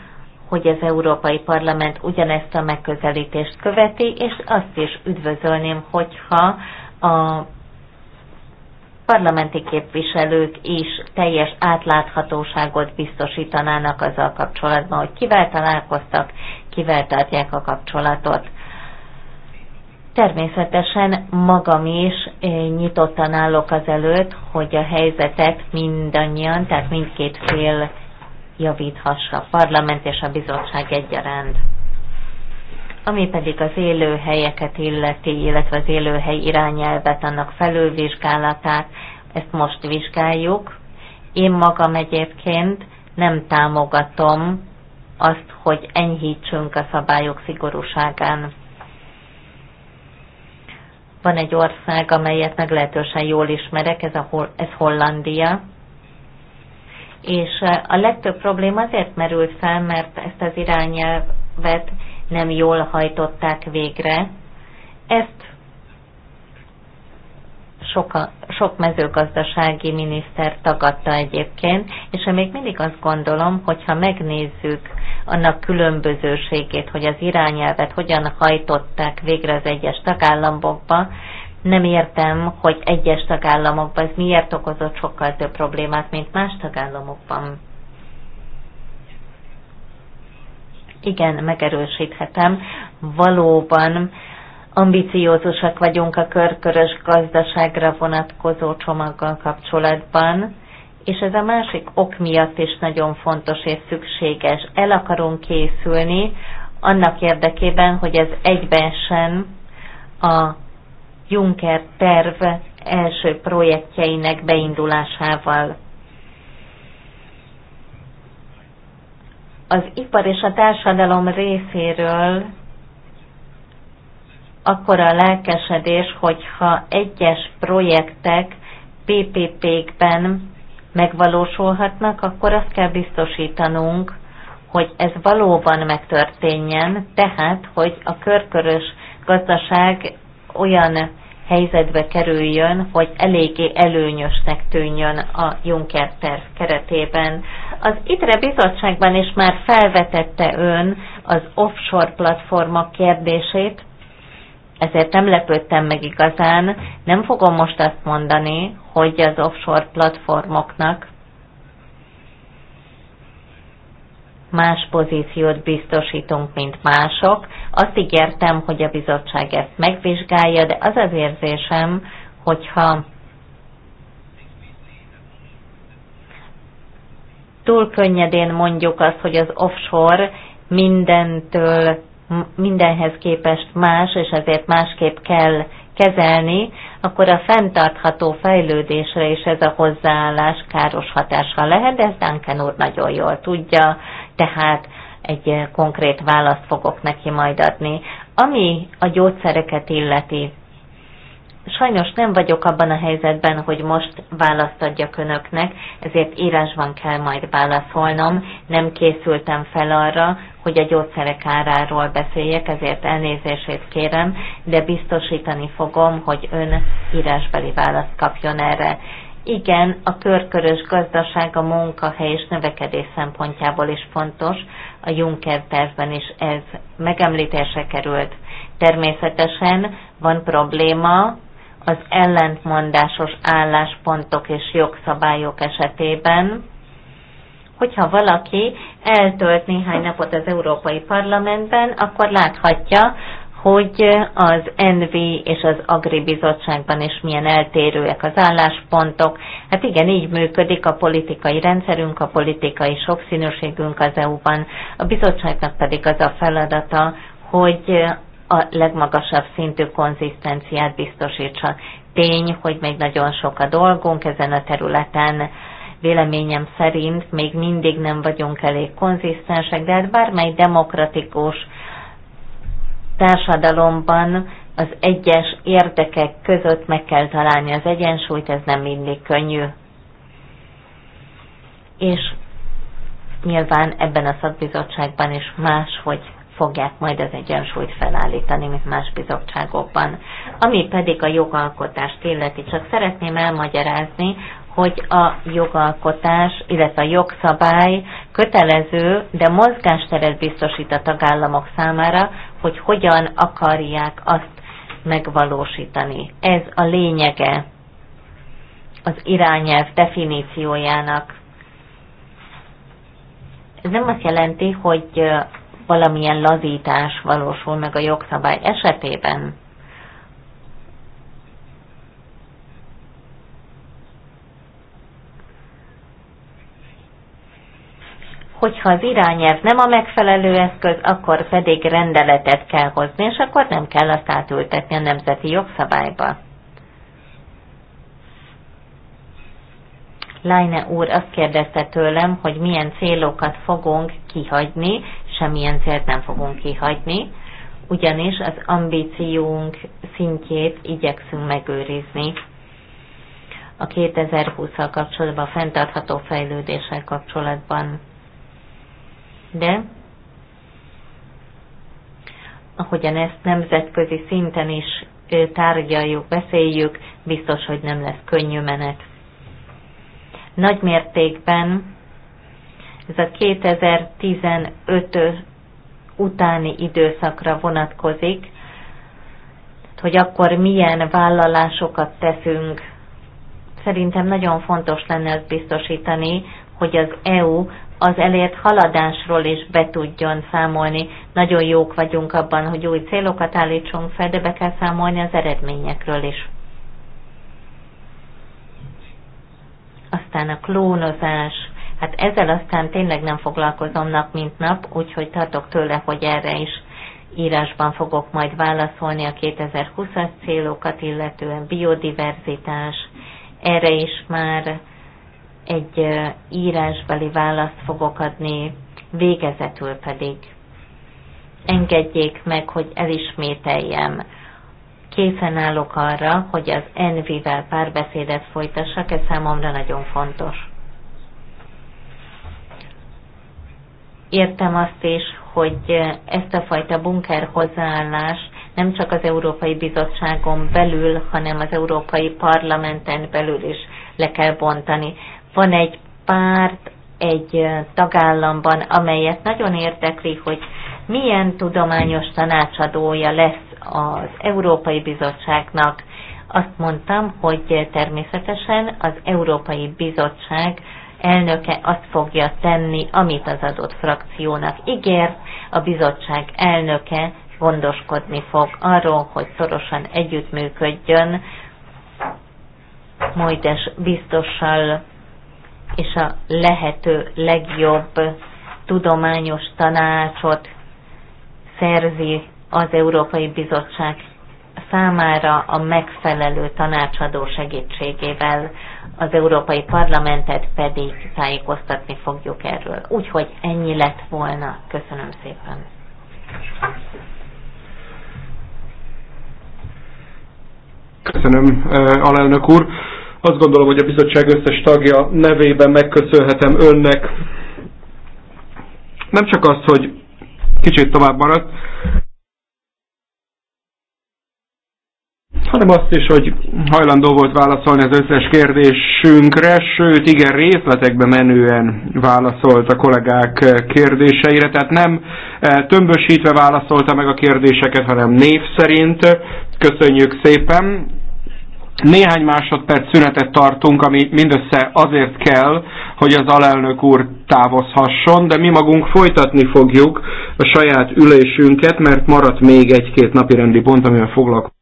hogy az Európai Parlament ugyanezt a megközelítést követi, és azt is üdvözölném, hogyha a parlamenti képviselők is teljes átláthatóságot biztosítanának azzal kapcsolatban, hogy kivel találkoztak, kivel tartják a kapcsolatot. Természetesen magam is eh, nyitottan állok előtt, hogy a helyzetet mindannyian, tehát mindkét fél javíthassa a parlament és a bizottság egyaránt ami pedig az élőhelyeket illeti, illetve az élőhely irányelvet, annak felülvizsgálatát, ezt most vizsgáljuk. Én magam egyébként nem támogatom azt, hogy enyhítsünk a szabályok szigorúságán. Van egy ország, amelyet meglehetősen jól ismerek, ez, a, ez Hollandia, és a legtöbb probléma azért merült fel, mert ezt az irányelvet nem jól hajtották végre. Ezt soka, sok mezőgazdasági miniszter tagadta egyébként, és én még mindig azt gondolom, hogyha megnézzük annak különbözőségét, hogy az irányelvet hogyan hajtották végre az egyes tagállamokba, nem értem, hogy egyes tagállamokban ez miért okozott sokkal több problémát, mint más tagállamokban. igen, megerősíthetem, valóban ambiciózusak vagyunk a körkörös gazdaságra vonatkozó csomaggal kapcsolatban, és ez a másik ok miatt is nagyon fontos és szükséges. El akarunk készülni annak érdekében, hogy ez egybeesen a Juncker terv első projektjeinek beindulásával. az ipar és a társadalom részéről akkor a lelkesedés, hogyha egyes projektek PPP-kben megvalósulhatnak, akkor azt kell biztosítanunk, hogy ez valóban megtörténjen, tehát, hogy a körkörös gazdaság olyan helyzetbe kerüljön, hogy eléggé előnyösnek tűnjön a Juncker terv keretében. Az ITRE bizottságban is már felvetette ön az offshore platformok kérdését, ezért nem lepődtem meg igazán. Nem fogom most azt mondani, hogy az offshore platformoknak más pozíciót biztosítunk, mint mások. Azt ígértem, hogy a bizottság ezt megvizsgálja, de az az érzésem, hogyha túl könnyedén mondjuk azt, hogy az offshore mindentől, mindenhez képest más, és ezért másképp kell kezelni, akkor a fenntartható fejlődésre is ez a hozzáállás káros hatással lehet, de ezt Duncan úr nagyon jól tudja, tehát egy konkrét választ fogok neki majd adni. Ami a gyógyszereket illeti, sajnos nem vagyok abban a helyzetben, hogy most választ adjak önöknek, ezért írásban kell majd válaszolnom. Nem készültem fel arra, hogy a gyógyszerek áráról beszéljek, ezért elnézését kérem, de biztosítani fogom, hogy ön írásbeli választ kapjon erre. Igen, a körkörös gazdaság a munkahely és növekedés szempontjából is fontos, a Juncker tervben is ez megemlítése került. Természetesen van probléma az ellentmondásos álláspontok és jogszabályok esetében, hogyha valaki eltölt néhány napot az Európai Parlamentben, akkor láthatja, hogy az NV és az Agri Bizottságban is milyen eltérőek az álláspontok. Hát igen, így működik a politikai rendszerünk, a politikai sokszínűségünk az EU-ban. A bizottságnak pedig az a feladata, hogy a legmagasabb szintű konzisztenciát biztosítsa. Tény, hogy még nagyon sok a dolgunk ezen a területen, véleményem szerint még mindig nem vagyunk elég konzisztensek, de hát bármely demokratikus társadalomban az egyes érdekek között meg kell találni az egyensúlyt, ez nem mindig könnyű. És nyilván ebben a szakbizottságban is máshogy fogják majd az egyensúlyt felállítani, mint más bizottságokban. Ami pedig a jogalkotást illeti, csak szeretném elmagyarázni, hogy a jogalkotás, illetve a jogszabály kötelező, de mozgásteret biztosít a tagállamok számára, hogy hogyan akarják azt megvalósítani. Ez a lényege az irányelv definíciójának. Ez nem azt jelenti, hogy valamilyen lazítás valósul meg a jogszabály esetében, hogyha az irányelv nem a megfelelő eszköz, akkor pedig rendeletet kell hozni, és akkor nem kell azt átültetni a nemzeti jogszabályba. Leine úr azt kérdezte tőlem, hogy milyen célokat fogunk kihagyni, semmilyen célt nem fogunk kihagyni, ugyanis az ambíciónk szintjét igyekszünk megőrizni a 2020-al kapcsolatban, a fenntartható fejlődéssel kapcsolatban. De ahogyan ezt nemzetközi szinten is tárgyaljuk, beszéljük, biztos, hogy nem lesz könnyű menet. Nagy mértékben ez a 2015 utáni időszakra vonatkozik, hogy akkor milyen vállalásokat teszünk. Szerintem nagyon fontos lenne ezt biztosítani, hogy az EU az elért haladásról is be tudjon számolni. Nagyon jók vagyunk abban, hogy új célokat állítsunk fel, de be kell számolni az eredményekről is. Aztán a klónozás, Hát ezzel aztán tényleg nem foglalkozom nap mint nap, úgyhogy tartok tőle, hogy erre is írásban fogok majd válaszolni a 2020-as célokat, illetően biodiverzitás. Erre is már egy írásbeli választ fogok adni, végezetül pedig engedjék meg, hogy elismételjem. Készen állok arra, hogy az Envivel párbeszédet folytassak, ez számomra nagyon fontos. értem azt is, hogy ezt a fajta bunker hozzáállás nem csak az Európai Bizottságon belül, hanem az Európai Parlamenten belül is le kell bontani. Van egy párt egy tagállamban, amelyet nagyon érdekli, hogy milyen tudományos tanácsadója lesz az Európai Bizottságnak. Azt mondtam, hogy természetesen az Európai Bizottság elnöke azt fogja tenni, amit az adott frakciónak ígér, a bizottság elnöke gondoskodni fog arról, hogy szorosan együttműködjön Mojdes biztossal és a lehető legjobb tudományos tanácsot szerzi az Európai Bizottság számára a megfelelő tanácsadó segítségével az Európai Parlamentet pedig tájékoztatni fogjuk erről. Úgyhogy ennyi lett volna. Köszönöm szépen. Köszönöm, eh, alelnök úr. Azt gondolom, hogy a bizottság összes tagja nevében megköszönhetem önnek nem csak azt, hogy kicsit tovább maradt, hanem azt is, hogy hajlandó volt válaszolni az összes kérdésünkre, sőt igen részletekbe menően válaszolt a kollégák kérdéseire, tehát nem eh, tömbösítve válaszolta meg a kérdéseket, hanem név szerint. Köszönjük szépen! Néhány másodperc szünetet tartunk, ami mindössze azért kell, hogy az alelnök úr távozhasson, de mi magunk folytatni fogjuk a saját ülésünket, mert maradt még egy-két napi rendi pont, amivel foglalkozunk.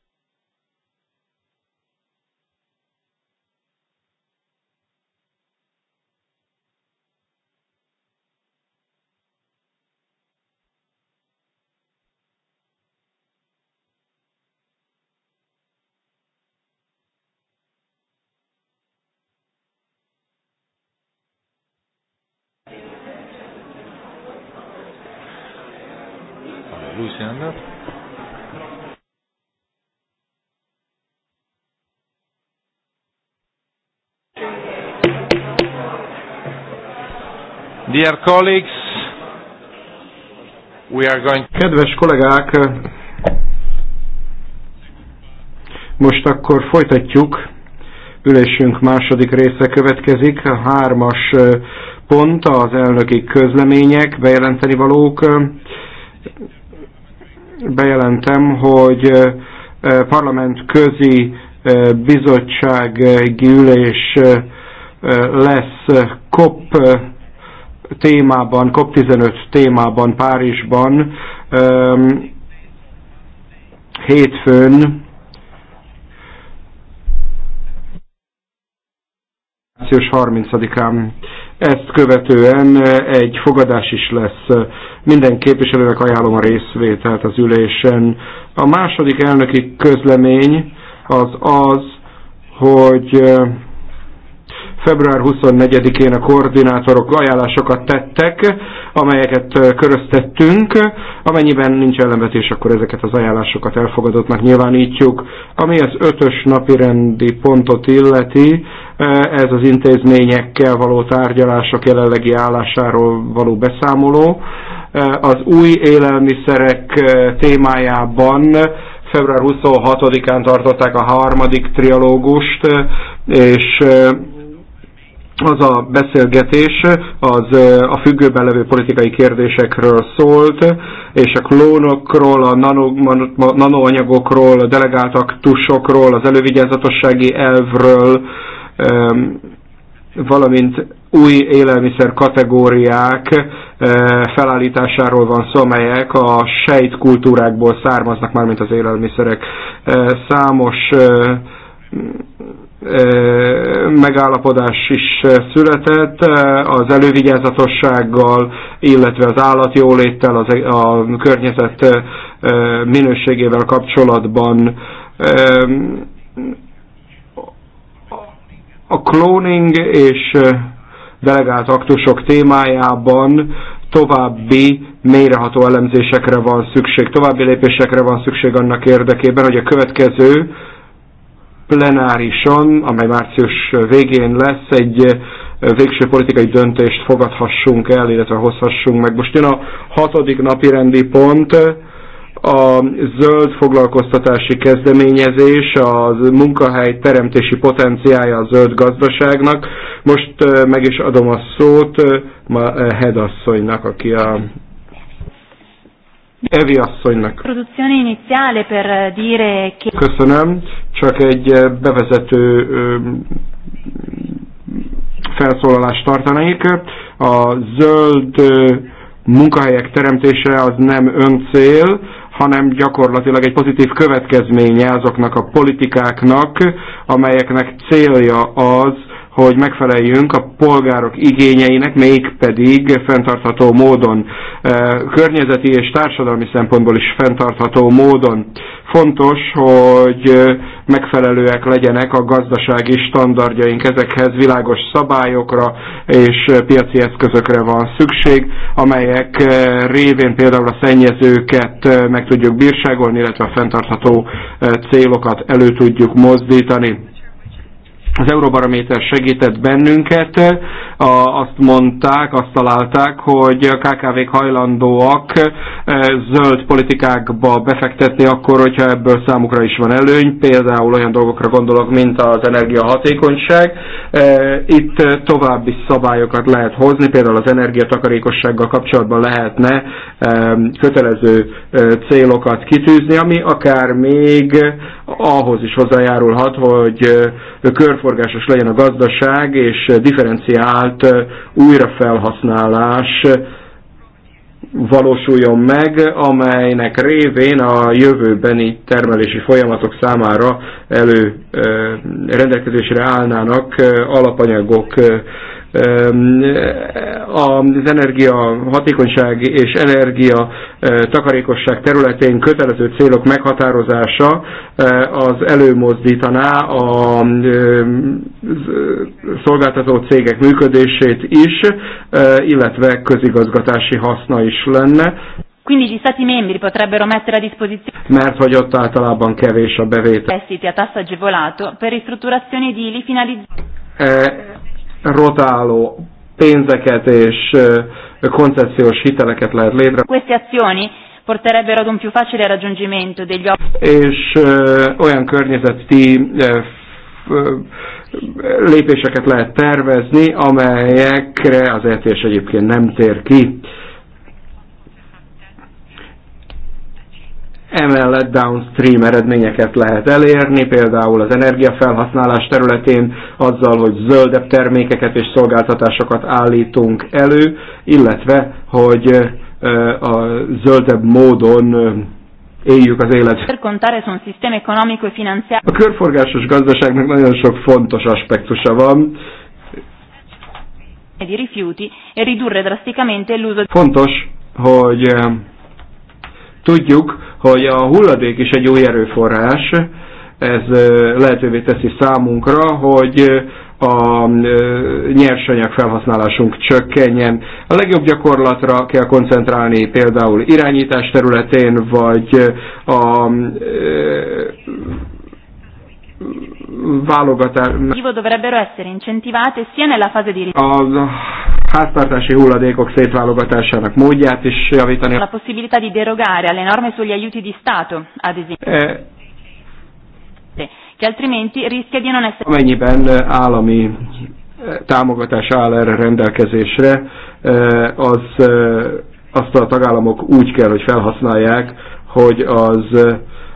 Dear colleagues, we are going... Kedves kollégák, most akkor folytatjuk. Ülésünk második része következik. A hármas pont az elnöki közlemények, bejelenteni valók. Bejelentem, hogy parlament közi bizottsági ülés lesz COP témában, COP15 témában Párizsban hétfőn március 30-án. Ezt követően egy fogadás is lesz. Minden képviselőnek ajánlom a részvételt az ülésen. A második elnöki közlemény az az, hogy február 24-én a koordinátorok ajánlásokat tettek, amelyeket köröztettünk. Amennyiben nincs ellenvetés, akkor ezeket az ajánlásokat elfogadottnak nyilvánítjuk. Ami az ötös napi rendi pontot illeti, ez az intézményekkel való tárgyalások jelenlegi állásáról való beszámoló. Az új élelmiszerek témájában február 26-án tartották a harmadik trialógust, és az a beszélgetés az a függőben levő politikai kérdésekről szólt, és a klónokról, a nano, nanoanyagokról, a delegált aktusokról, az elővigyázatossági elvről, valamint új élelmiszer kategóriák felállításáról van szó, amelyek a sejtkultúrákból származnak, mármint az élelmiszerek. Számos megállapodás is született az elővigyázatossággal, illetve az állatjóléttel, az, a környezet minőségével kapcsolatban. A cloning és delegált aktusok témájában további mélyreható elemzésekre van szükség, további lépésekre van szükség annak érdekében, hogy a következő plenárison, amely március végén lesz, egy eh, végső politikai döntést fogadhassunk el, illetve hozhassunk meg. Most jön a hatodik napi rendi pont, a zöld foglalkoztatási kezdeményezés, a munkahely teremtési potenciája a zöld gazdaságnak. Most eh, meg is adom a szót eh, ma Hedasszonynak, aki a Evi asszonynak. Köszönöm, csak egy eh, bevezető felszólalást tartanék. A zöld munkahelyek teremtése az nem öncél, hanem gyakorlatilag egy pozitív következménye azoknak a politikáknak, amelyeknek célja az, hogy megfeleljünk a polgárok igényeinek, mégpedig fenntartható módon, e, környezeti és társadalmi szempontból is fenntartható módon. Fontos, hogy megfelelőek legyenek a gazdasági standardjaink, ezekhez világos szabályokra és piaci eszközökre van szükség, amelyek révén például a szennyezőket meg tudjuk bírságolni, illetve a fenntartható célokat elő tudjuk mozdítani az Euróbarométer segített bennünket, a, azt mondták, azt találták, hogy a KKV-k hajlandóak e, zöld politikákba befektetni akkor, hogyha ebből számukra is van előny, például olyan dolgokra gondolok, mint az energiahatékonyság. E, itt további szabályokat lehet hozni, például az energiatakarékossággal kapcsolatban lehetne e, kötelező célokat kitűzni, ami akár még ahhoz is hozzájárulhat, hogy körforgásos legyen a gazdaság, és differenciál tehát újrafelhasználás valósuljon meg, amelynek révén a jövőbeni termelési folyamatok számára elő rendelkezésre állnának alapanyagok az energia hatékonyság és energia takarékosság területén kötelező célok meghatározása az előmozdítaná a szolgáltató cégek működését is, illetve közigazgatási haszna is lenne. Quindi gli Stati membri potrebbero mettere a disposizione Mert hogy ott általában kevés a bevétel. Prestiti a tassa agevolato per ristrutturazioni edili finalizzate rotáló pénzeket és koncepciós hiteleket lehet létre. Queste azioni porterebbero ad un più facile raggiungimento degli És olyan környezeti lépéseket lehet tervezni, amelyekre az ETS egyébként nem tér ki. Emellett downstream eredményeket lehet elérni, például az energiafelhasználás területén azzal, hogy zöldebb termékeket és szolgáltatásokat állítunk elő, illetve, hogy a zöldebb módon éljük az életet. A körforgásos gazdaságnak nagyon sok fontos aspektusa van. E fontos, hogy tudjuk, hogy a hulladék is egy új erőforrás, ez lehetővé teszi számunkra, hogy a nyersanyag felhasználásunk csökkenjen. A legjobb gyakorlatra kell koncentrálni például irányítás területén, vagy a válogatás. dovrebbero essere incentivate sia nella fase di A háztartási hulladékok szétválogatásának módját is javítani. La possibilità di derogare alle norme sugli aiuti di Stato, ad esempio. Eh, che altrimenti rischia di non essere... Amennyiben eh, állami eh, támogatás áll erre rendelkezésre, az azt a tagállamok úgy kell, hogy felhasználják, hogy az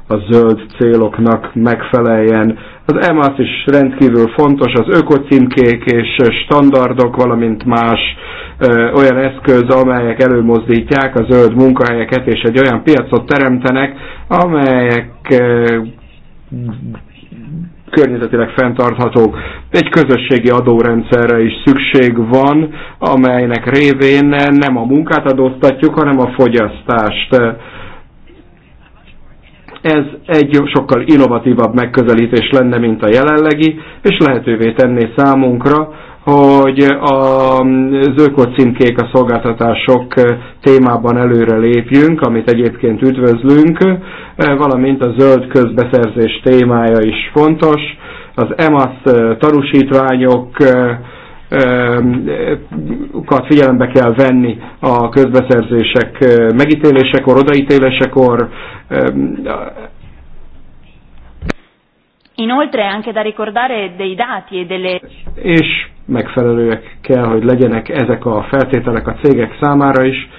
a zöld céloknak megfeleljen. Az EMAS is rendkívül fontos, az ökocímkék és standardok, valamint más ö, olyan eszköz, amelyek előmozdítják a zöld munkahelyeket, és egy olyan piacot teremtenek, amelyek ö, környezetileg fenntarthatók. Egy közösségi adórendszerre is szükség van, amelynek révén nem a munkát adóztatjuk, hanem a fogyasztást. Ez egy sokkal innovatívabb megközelítés lenne, mint a jelenlegi, és lehetővé tenné számunkra, hogy a zöld címkék a szolgáltatások témában előre lépjünk, amit egyébként üdvözlünk, valamint a zöld közbeszerzés témája is fontos. Az EMAS eh, tanúsítványok eh, kat figyelembe kell venni a közbeszerzések megítélésekor, odaítélésekor. Inoltre anche da ricordare dei dati e delle... És megfelelőek kell, hogy legyenek ezek a feltételek a cégek számára is.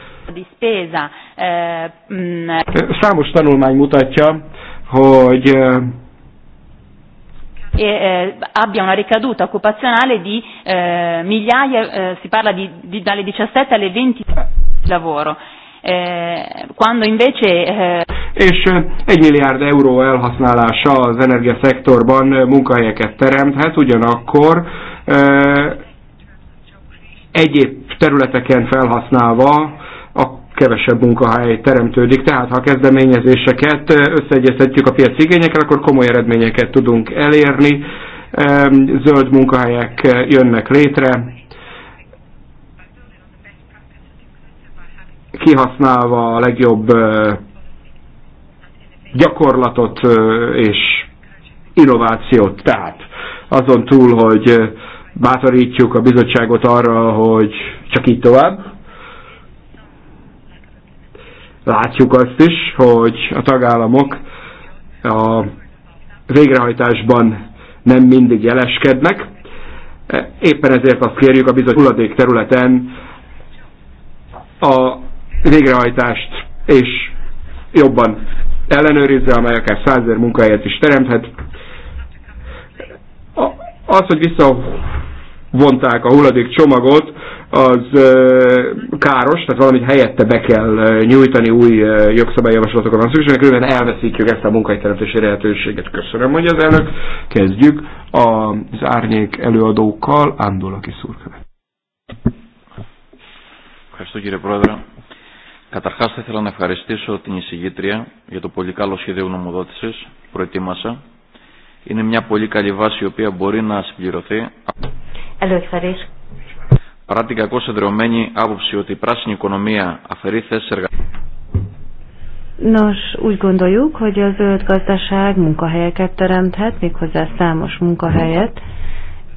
Eh, mm, Számos tanulmány mutatja, hogy E, e, abbia una ricaduta occupazionale di eh, migliaia, eh, si parla di, di dalle 17 alle 20 lavoro. Eh, quando invece... Eh... És eh, egy milliárd euró elhasználása az energiaszektorban munkahelyeket teremthet, ugyanakkor eh, egyéb területeken felhasználva a kevesebb munkahely teremtődik. Tehát ha a kezdeményezéseket összeegyeztetjük a piaci igényekkel, akkor komoly eredményeket tudunk elérni, zöld munkahelyek jönnek létre, kihasználva a legjobb gyakorlatot és innovációt. Tehát azon túl, hogy bátorítjuk a bizottságot arra, hogy csak így tovább, Látjuk azt is, hogy a tagállamok a végrehajtásban nem mindig jeleskednek. Éppen ezért azt kérjük a bizony hulladék területen a végrehajtást és jobban ellenőrizze, amely akár százer munkahelyet is teremthet. Az, hogy visszavonták a hulladék csomagot, az káros, tehát valamit helyette be kell nyújtani, új jogszabályjavaslatokra van szükség, különben elveszítjük ezt a munkahelyteremtési lehetőséget. Köszönöm, hogy az elnök. Kezdjük az árnyék előadókkal, Ándul, aki szurkövet. Ευχαριστώ κύριε Καταρχάς θα ήθελα να ευχαριστήσω την εισηγήτρια για το πολύ καλό σχέδιο νομοδότησης που προετοίμασα. Είναι μια πολύ καλή βάση η οποία μπορεί να συμπληρωθεί. Ευχαριστώ παρά την κακώ εδρεωμένη άποψη ότι η πράσινη οικονομία αφαιρεί θέσει εργασία. Nos, úgy gondoljuk, hogy a zöld gazdaság munkahelyeket teremthet, méghozzá számos munkahelyet,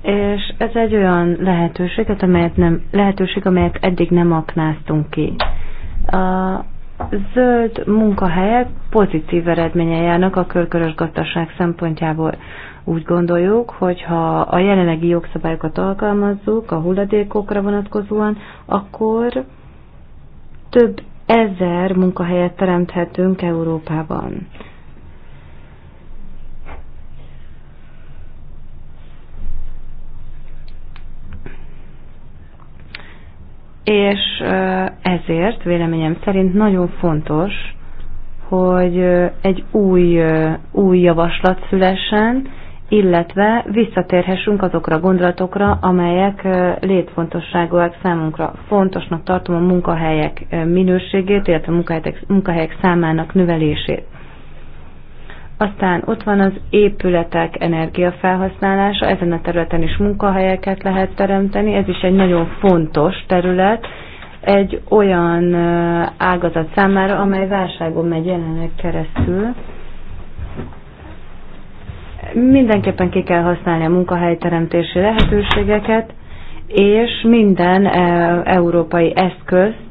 és ez egy olyan lehetőséget, amelyet nem, lehetőség, amelyet eddig nem aknáztunk ki. A zöld munkahelyek pozitív eredménye járnak a körkörös gazdaság szempontjából. Úgy gondoljuk, hogy ha a jelenlegi jogszabályokat alkalmazzuk a hulladékokra vonatkozóan, akkor több ezer munkahelyet teremthetünk Európában. és ezért véleményem szerint nagyon fontos, hogy egy új, új javaslat szülessen, illetve visszatérhessünk azokra a gondolatokra, amelyek létfontosságúak számunkra. Fontosnak tartom a munkahelyek minőségét, illetve a munkahelyek, munkahelyek számának növelését. Aztán ott van az épületek energiafelhasználása, ezen a területen is munkahelyeket lehet teremteni, ez is egy nagyon fontos terület, egy olyan ágazat számára, amely válságon megy jelenleg keresztül. Mindenképpen ki kell használni a munkahelyteremtési lehetőségeket, és minden európai eszközt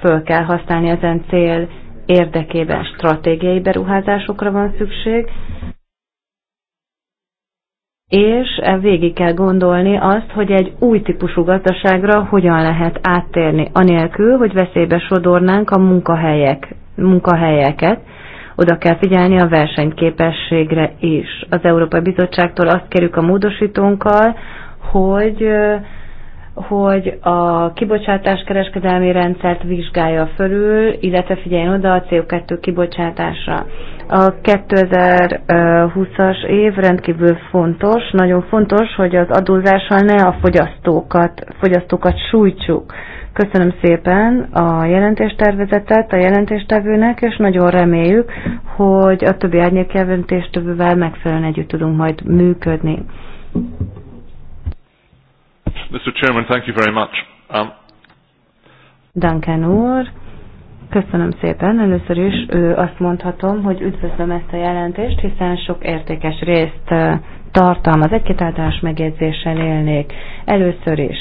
föl kell használni ezen cél érdekében stratégiai beruházásokra van szükség, és végig kell gondolni azt, hogy egy új típusú gazdaságra hogyan lehet áttérni, anélkül, hogy veszélybe sodornánk a munkahelyek, munkahelyeket. Oda kell figyelni a versenyképességre is. Az Európai Bizottságtól azt kérjük a módosítónkkal, hogy hogy a kibocsátás kereskedelmi rendszert vizsgálja fölül, illetve figyeljen oda a CO2 kibocsátásra. A 2020-as év rendkívül fontos, nagyon fontos, hogy az adózással ne a fogyasztókat, fogyasztókat sújtsuk. Köszönöm szépen a jelentéstervezetet a jelentéstevőnek, és nagyon reméljük, hogy a többi árnyék jelentéstevővel megfelelően együtt tudunk majd működni. Mr. Chairman, thank you very much. Um... Duncan úr, köszönöm szépen. Először is ő azt mondhatom, hogy üdvözlöm ezt a jelentést, hiszen sok értékes részt tartalmaz. Egy-két általános megjegyzéssel élnék. Először is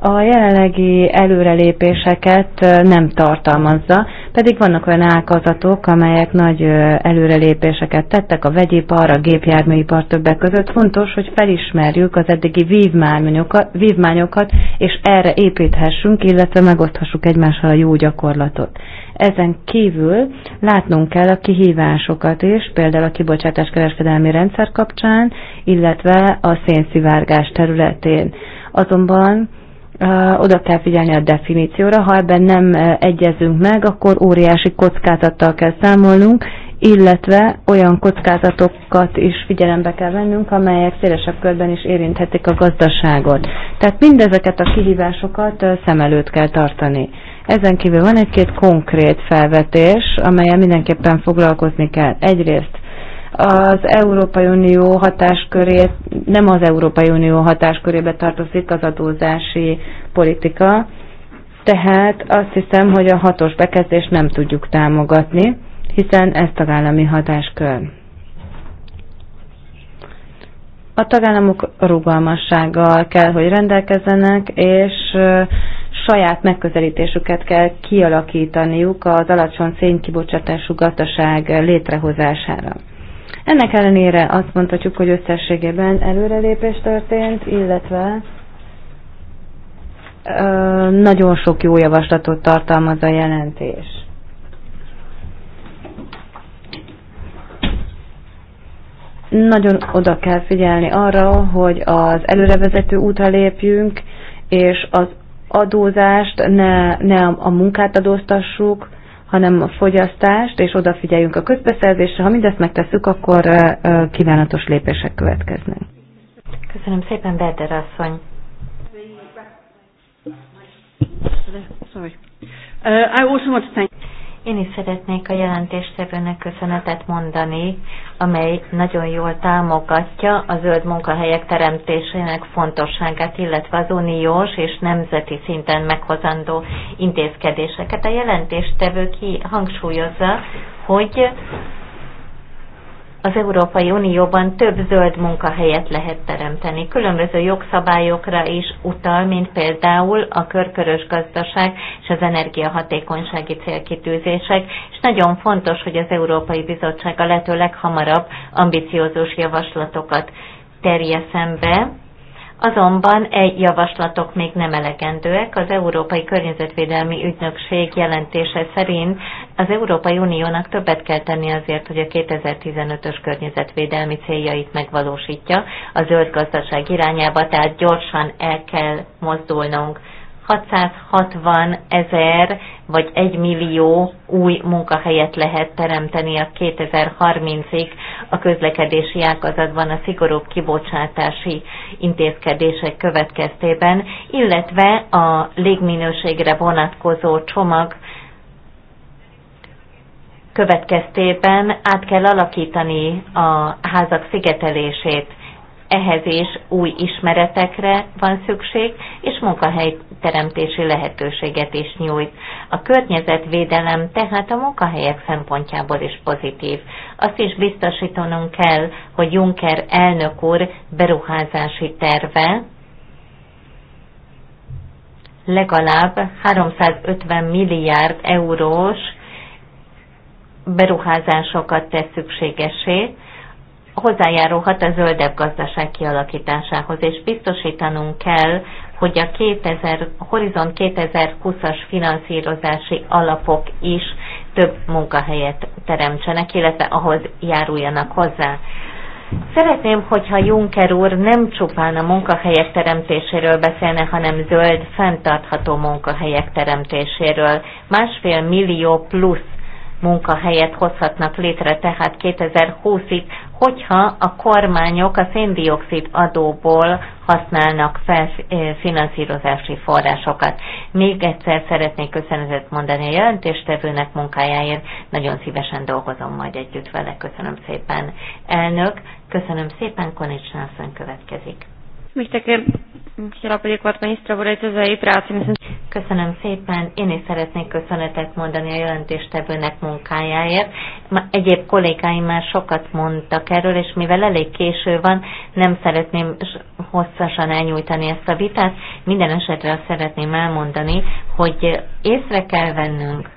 a jelenlegi előrelépéseket nem tartalmazza, pedig vannak olyan ágazatok, amelyek nagy előrelépéseket tettek, a vegyipar, a gépjárműipar többek között. Fontos, hogy felismerjük az eddigi vívmányokat, vívmányokat és erre építhessünk, illetve megoszthassuk egymással a jó gyakorlatot. Ezen kívül látnunk kell a kihívásokat is, például a kibocsátás kereskedelmi rendszer kapcsán, illetve a szénszivárgás területén. Azonban oda kell figyelni a definícióra, ha ebben nem egyezünk meg, akkor óriási kockázattal kell számolnunk, illetve olyan kockázatokat is figyelembe kell vennünk, amelyek szélesebb körben is érinthetik a gazdaságot. Tehát mindezeket a kihívásokat szem előtt kell tartani. Ezen kívül van egy-két konkrét felvetés, amelyel mindenképpen foglalkozni kell. Egyrészt az Európai Unió hatáskörét, nem az Európai Unió hatáskörébe tartozik az adózási politika, tehát azt hiszem, hogy a hatos bekezdést nem tudjuk támogatni, hiszen ez tagállami hatáskör. A tagállamok rugalmassággal kell, hogy rendelkezzenek, és saját megközelítésüket kell kialakítaniuk az alacsony szénkibocsátású gazdaság létrehozására. Ennek ellenére azt mondhatjuk, hogy összességében előrelépés történt, illetve nagyon sok jó javaslatot tartalmaz a jelentés. Nagyon oda kell figyelni arra, hogy az előrevezető útra lépjünk, és az adózást ne, ne a munkát adóztassuk, hanem a fogyasztást, és odafigyeljünk a közbeszerzésre. Ha mindezt megtesszük, akkor kívánatos lépések következnek. Köszönöm szépen, Berder asszony. Sorry. Uh, I also want to thank én is szeretnék a jelentéstevőnek köszönetet mondani, amely nagyon jól támogatja a zöld munkahelyek teremtésének fontosságát, illetve az uniós és nemzeti szinten meghozandó intézkedéseket. A jelentéstevő ki hangsúlyozza, hogy az Európai Unióban több zöld munkahelyet lehet teremteni. Különböző jogszabályokra is utal, mint például a körkörös gazdaság és az energiahatékonysági célkitűzések, és nagyon fontos, hogy az Európai Bizottság a lehető leghamarabb ambiciózus javaslatokat terjeszem be, Azonban egy javaslatok még nem elegendőek. Az Európai Környezetvédelmi Ügynökség jelentése szerint az Európai Uniónak többet kell tenni azért, hogy a 2015-ös környezetvédelmi céljait megvalósítja a zöld gazdaság irányába, tehát gyorsan el kell mozdulnunk. 660 ezer vagy 1 millió új munkahelyet lehet teremteni a 2030-ig a közlekedési ágazatban a szigorúbb kibocsátási intézkedések következtében, illetve a légminőségre vonatkozó csomag következtében át kell alakítani a házak szigetelését. Ehhez is új ismeretekre van szükség, és munkahelyteremtési lehetőséget is nyújt. A környezetvédelem tehát a munkahelyek szempontjából is pozitív. Azt is biztosítanunk kell, hogy Juncker elnök úr beruházási terve legalább 350 milliárd eurós beruházásokat tesz szükségesé, hozzájárulhat a zöldebb gazdaság kialakításához, és biztosítanunk kell, hogy a 2000, Horizon 2020-as finanszírozási alapok is több munkahelyet teremtsenek, illetve ahhoz járuljanak hozzá. Szeretném, hogyha Juncker úr nem csupán a munkahelyek teremtéséről beszélne, hanem zöld, fenntartható munkahelyek teremtéséről. Másfél millió plusz munkahelyet hozhatnak létre, tehát 2020-ig, hogyha a kormányok a széndiokszid adóból használnak fel eh, finanszírozási forrásokat. Még egyszer szeretnék köszönetet mondani a jelentéstevőnek munkájáért, nagyon szívesen dolgozom majd együtt vele. Köszönöm szépen, elnök, köszönöm szépen, Konics Nászön következik. Bych také chtěla poděkovat paní zpravodajce za az práci. Myslím, Köszönöm szépen. Én is szeretnék köszönetet mondani a jelentéstevőnek munkájáért. Egyéb kollégáim már sokat mondtak erről, és mivel elég késő van, nem szeretném hosszasan elnyújtani ezt a vitát. Minden esetre azt szeretném elmondani, hogy észre kell vennünk,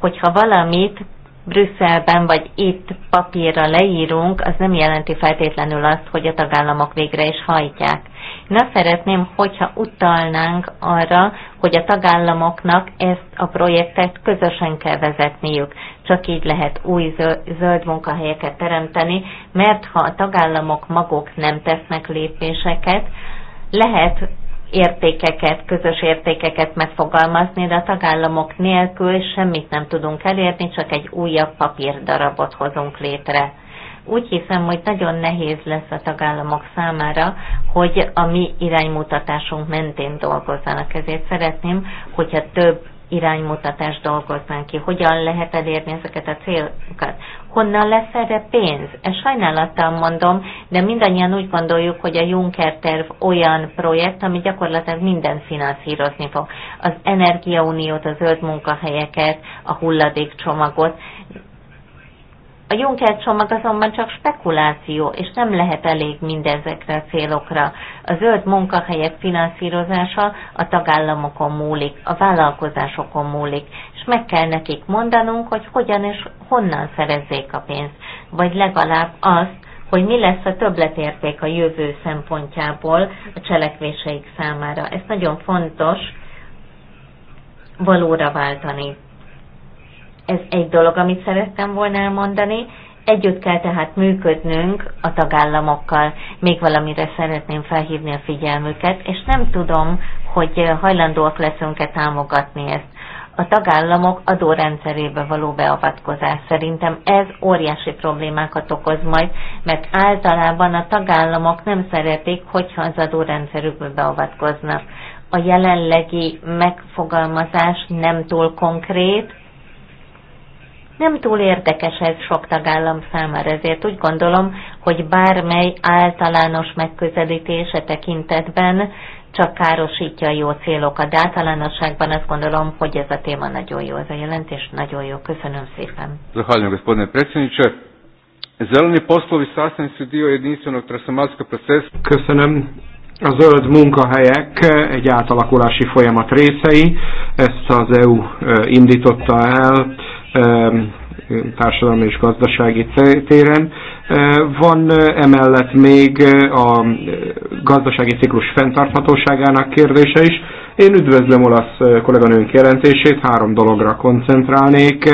hogyha valamit Brüsszelben vagy itt papírra leírunk, az nem jelenti feltétlenül azt, hogy a tagállamok végre is hajtják. Na szeretném, hogyha utalnánk arra, hogy a tagállamoknak ezt a projektet közösen kell vezetniük. Csak így lehet új zöld munkahelyeket teremteni, mert ha a tagállamok maguk nem tesznek lépéseket, lehet értékeket, közös értékeket megfogalmazni, de a tagállamok nélkül semmit nem tudunk elérni, csak egy újabb papírdarabot hozunk létre. Úgy hiszem, hogy nagyon nehéz lesz a tagállamok számára, hogy a mi iránymutatásunk mentén dolgozzanak. Ezért szeretném, hogyha több iránymutatást dolgoznánk ki, hogyan lehet elérni ezeket a célokat, honnan lesz erre pénz. Ezt sajnálattal mondom, de mindannyian úgy gondoljuk, hogy a Juncker terv olyan projekt, ami gyakorlatilag minden finanszírozni fog. Az energiauniót, a zöld munkahelyeket, a hulladékcsomagot. A Juncker csomag azonban csak spekuláció, és nem lehet elég mindezekre a célokra. A zöld munkahelyek finanszírozása a tagállamokon múlik, a vállalkozásokon múlik, és meg kell nekik mondanunk, hogy hogyan és honnan szerezzék a pénzt, vagy legalább azt, hogy mi lesz a többletérték a jövő szempontjából a cselekvéseik számára. Ez nagyon fontos valóra váltani. Ez egy dolog, amit szerettem volna elmondani. Együtt kell tehát működnünk a tagállamokkal. Még valamire szeretném felhívni a figyelmüket, és nem tudom, hogy hajlandóak leszünk-e támogatni ezt. A tagállamok adórendszerébe való beavatkozás szerintem ez óriási problémákat okoz majd, mert általában a tagállamok nem szeretik, hogyha az adórendszerükbe beavatkoznak. A jelenlegi megfogalmazás nem túl konkrét, nem túl érdekes ez sok tagállam számára, ezért úgy gondolom, hogy bármely általános megközelítése tekintetben csak károsítja a jó célokat, de általánosságban azt gondolom, hogy ez a téma nagyon jó, ez a jelentés nagyon jó. Köszönöm szépen. Zahányom, gospodine predsjedniče. Zeleni poslovi sastavni su dio jedinstvenog transformacijskog procesa. Köszönöm, a zöld munkahelyek egy átalakulási folyamat részei. Ezt az EU e, indította el e, társadalmi és gazdasági téren. E, van emellett még a gazdasági ciklus fenntarthatóságának kérdése is. Én üdvözlöm olasz kolléganőnk jelentését, három dologra koncentrálnék.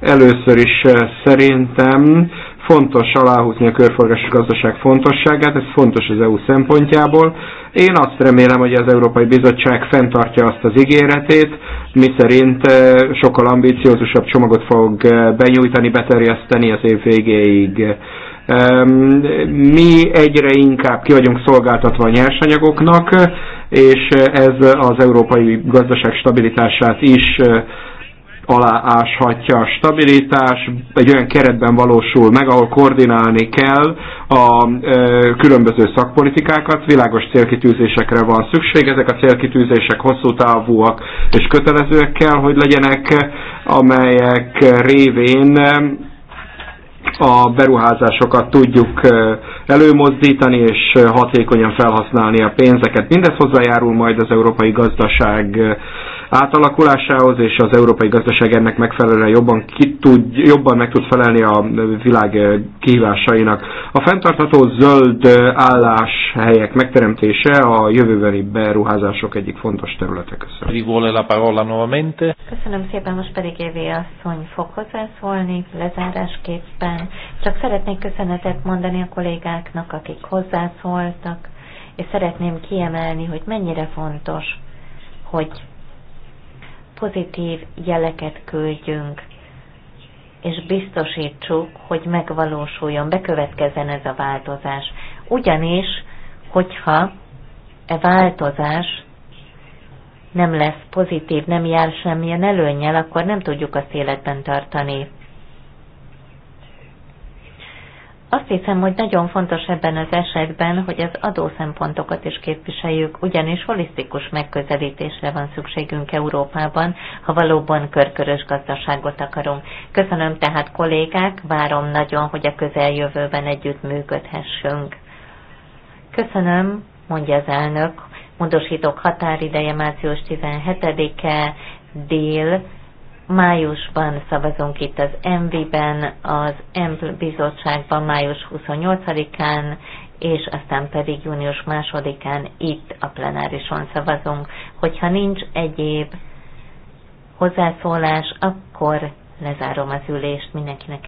Először is szerintem fontos aláhúzni a körforgási gazdaság fontosságát, ez fontos az EU szempontjából. Én azt remélem, hogy az Európai Bizottság fenntartja azt az ígéretét, miszerint eh, sokkal ambíciózusabb csomagot fog eh, benyújtani, beterjeszteni az év végéig. Mi egyre inkább ki vagyunk szolgáltatva a nyersanyagoknak, és ez az európai gazdaság stabilitását is eh, alá áshatja a stabilitás, egy olyan keretben valósul meg, ahol koordinálni kell a különböző szakpolitikákat, világos célkitűzésekre van szükség, ezek a célkitűzések hosszú távúak és kötelezőek kell, hogy legyenek, amelyek révén a beruházásokat tudjuk előmozdítani és hatékonyan felhasználni a pénzeket. Mindez hozzájárul majd az európai gazdaság átalakulásához, és az európai gazdaság ennek megfelelően jobban, ki tud, jobban meg tud felelni a világ kihívásainak. A fenntartható zöld állás helyek megteremtése a jövőbeni beruházások egyik fontos területe. Köszönöm. Köszönöm szépen, most pedig Évi asszony fog hozzászólni lezárásképpen. Csak szeretnék köszönetet mondani a kollégáknak, akik hozzászóltak, és szeretném kiemelni, hogy mennyire fontos, hogy pozitív jeleket küldjünk, és biztosítsuk, hogy megvalósuljon, bekövetkezzen ez a változás. Ugyanis, hogyha e változás nem lesz pozitív, nem jár semmilyen előnyel, akkor nem tudjuk a életben tartani. Azt hiszem, hogy nagyon fontos ebben az esetben, hogy az adószempontokat is képviseljük, ugyanis holisztikus megközelítésre van szükségünk Európában, ha valóban körkörös gazdaságot akarunk. Köszönöm tehát kollégák, várom nagyon, hogy a közeljövőben együtt működhessünk. Köszönöm, mondja az elnök, módosítok határideje március 17-e dél májusban szavazunk itt az MV-ben, az M bizottságban május 28-án, és aztán pedig június 2-án itt a plenárison szavazunk. Hogyha nincs egyéb hozzászólás, akkor lezárom az ülést mindenkinek.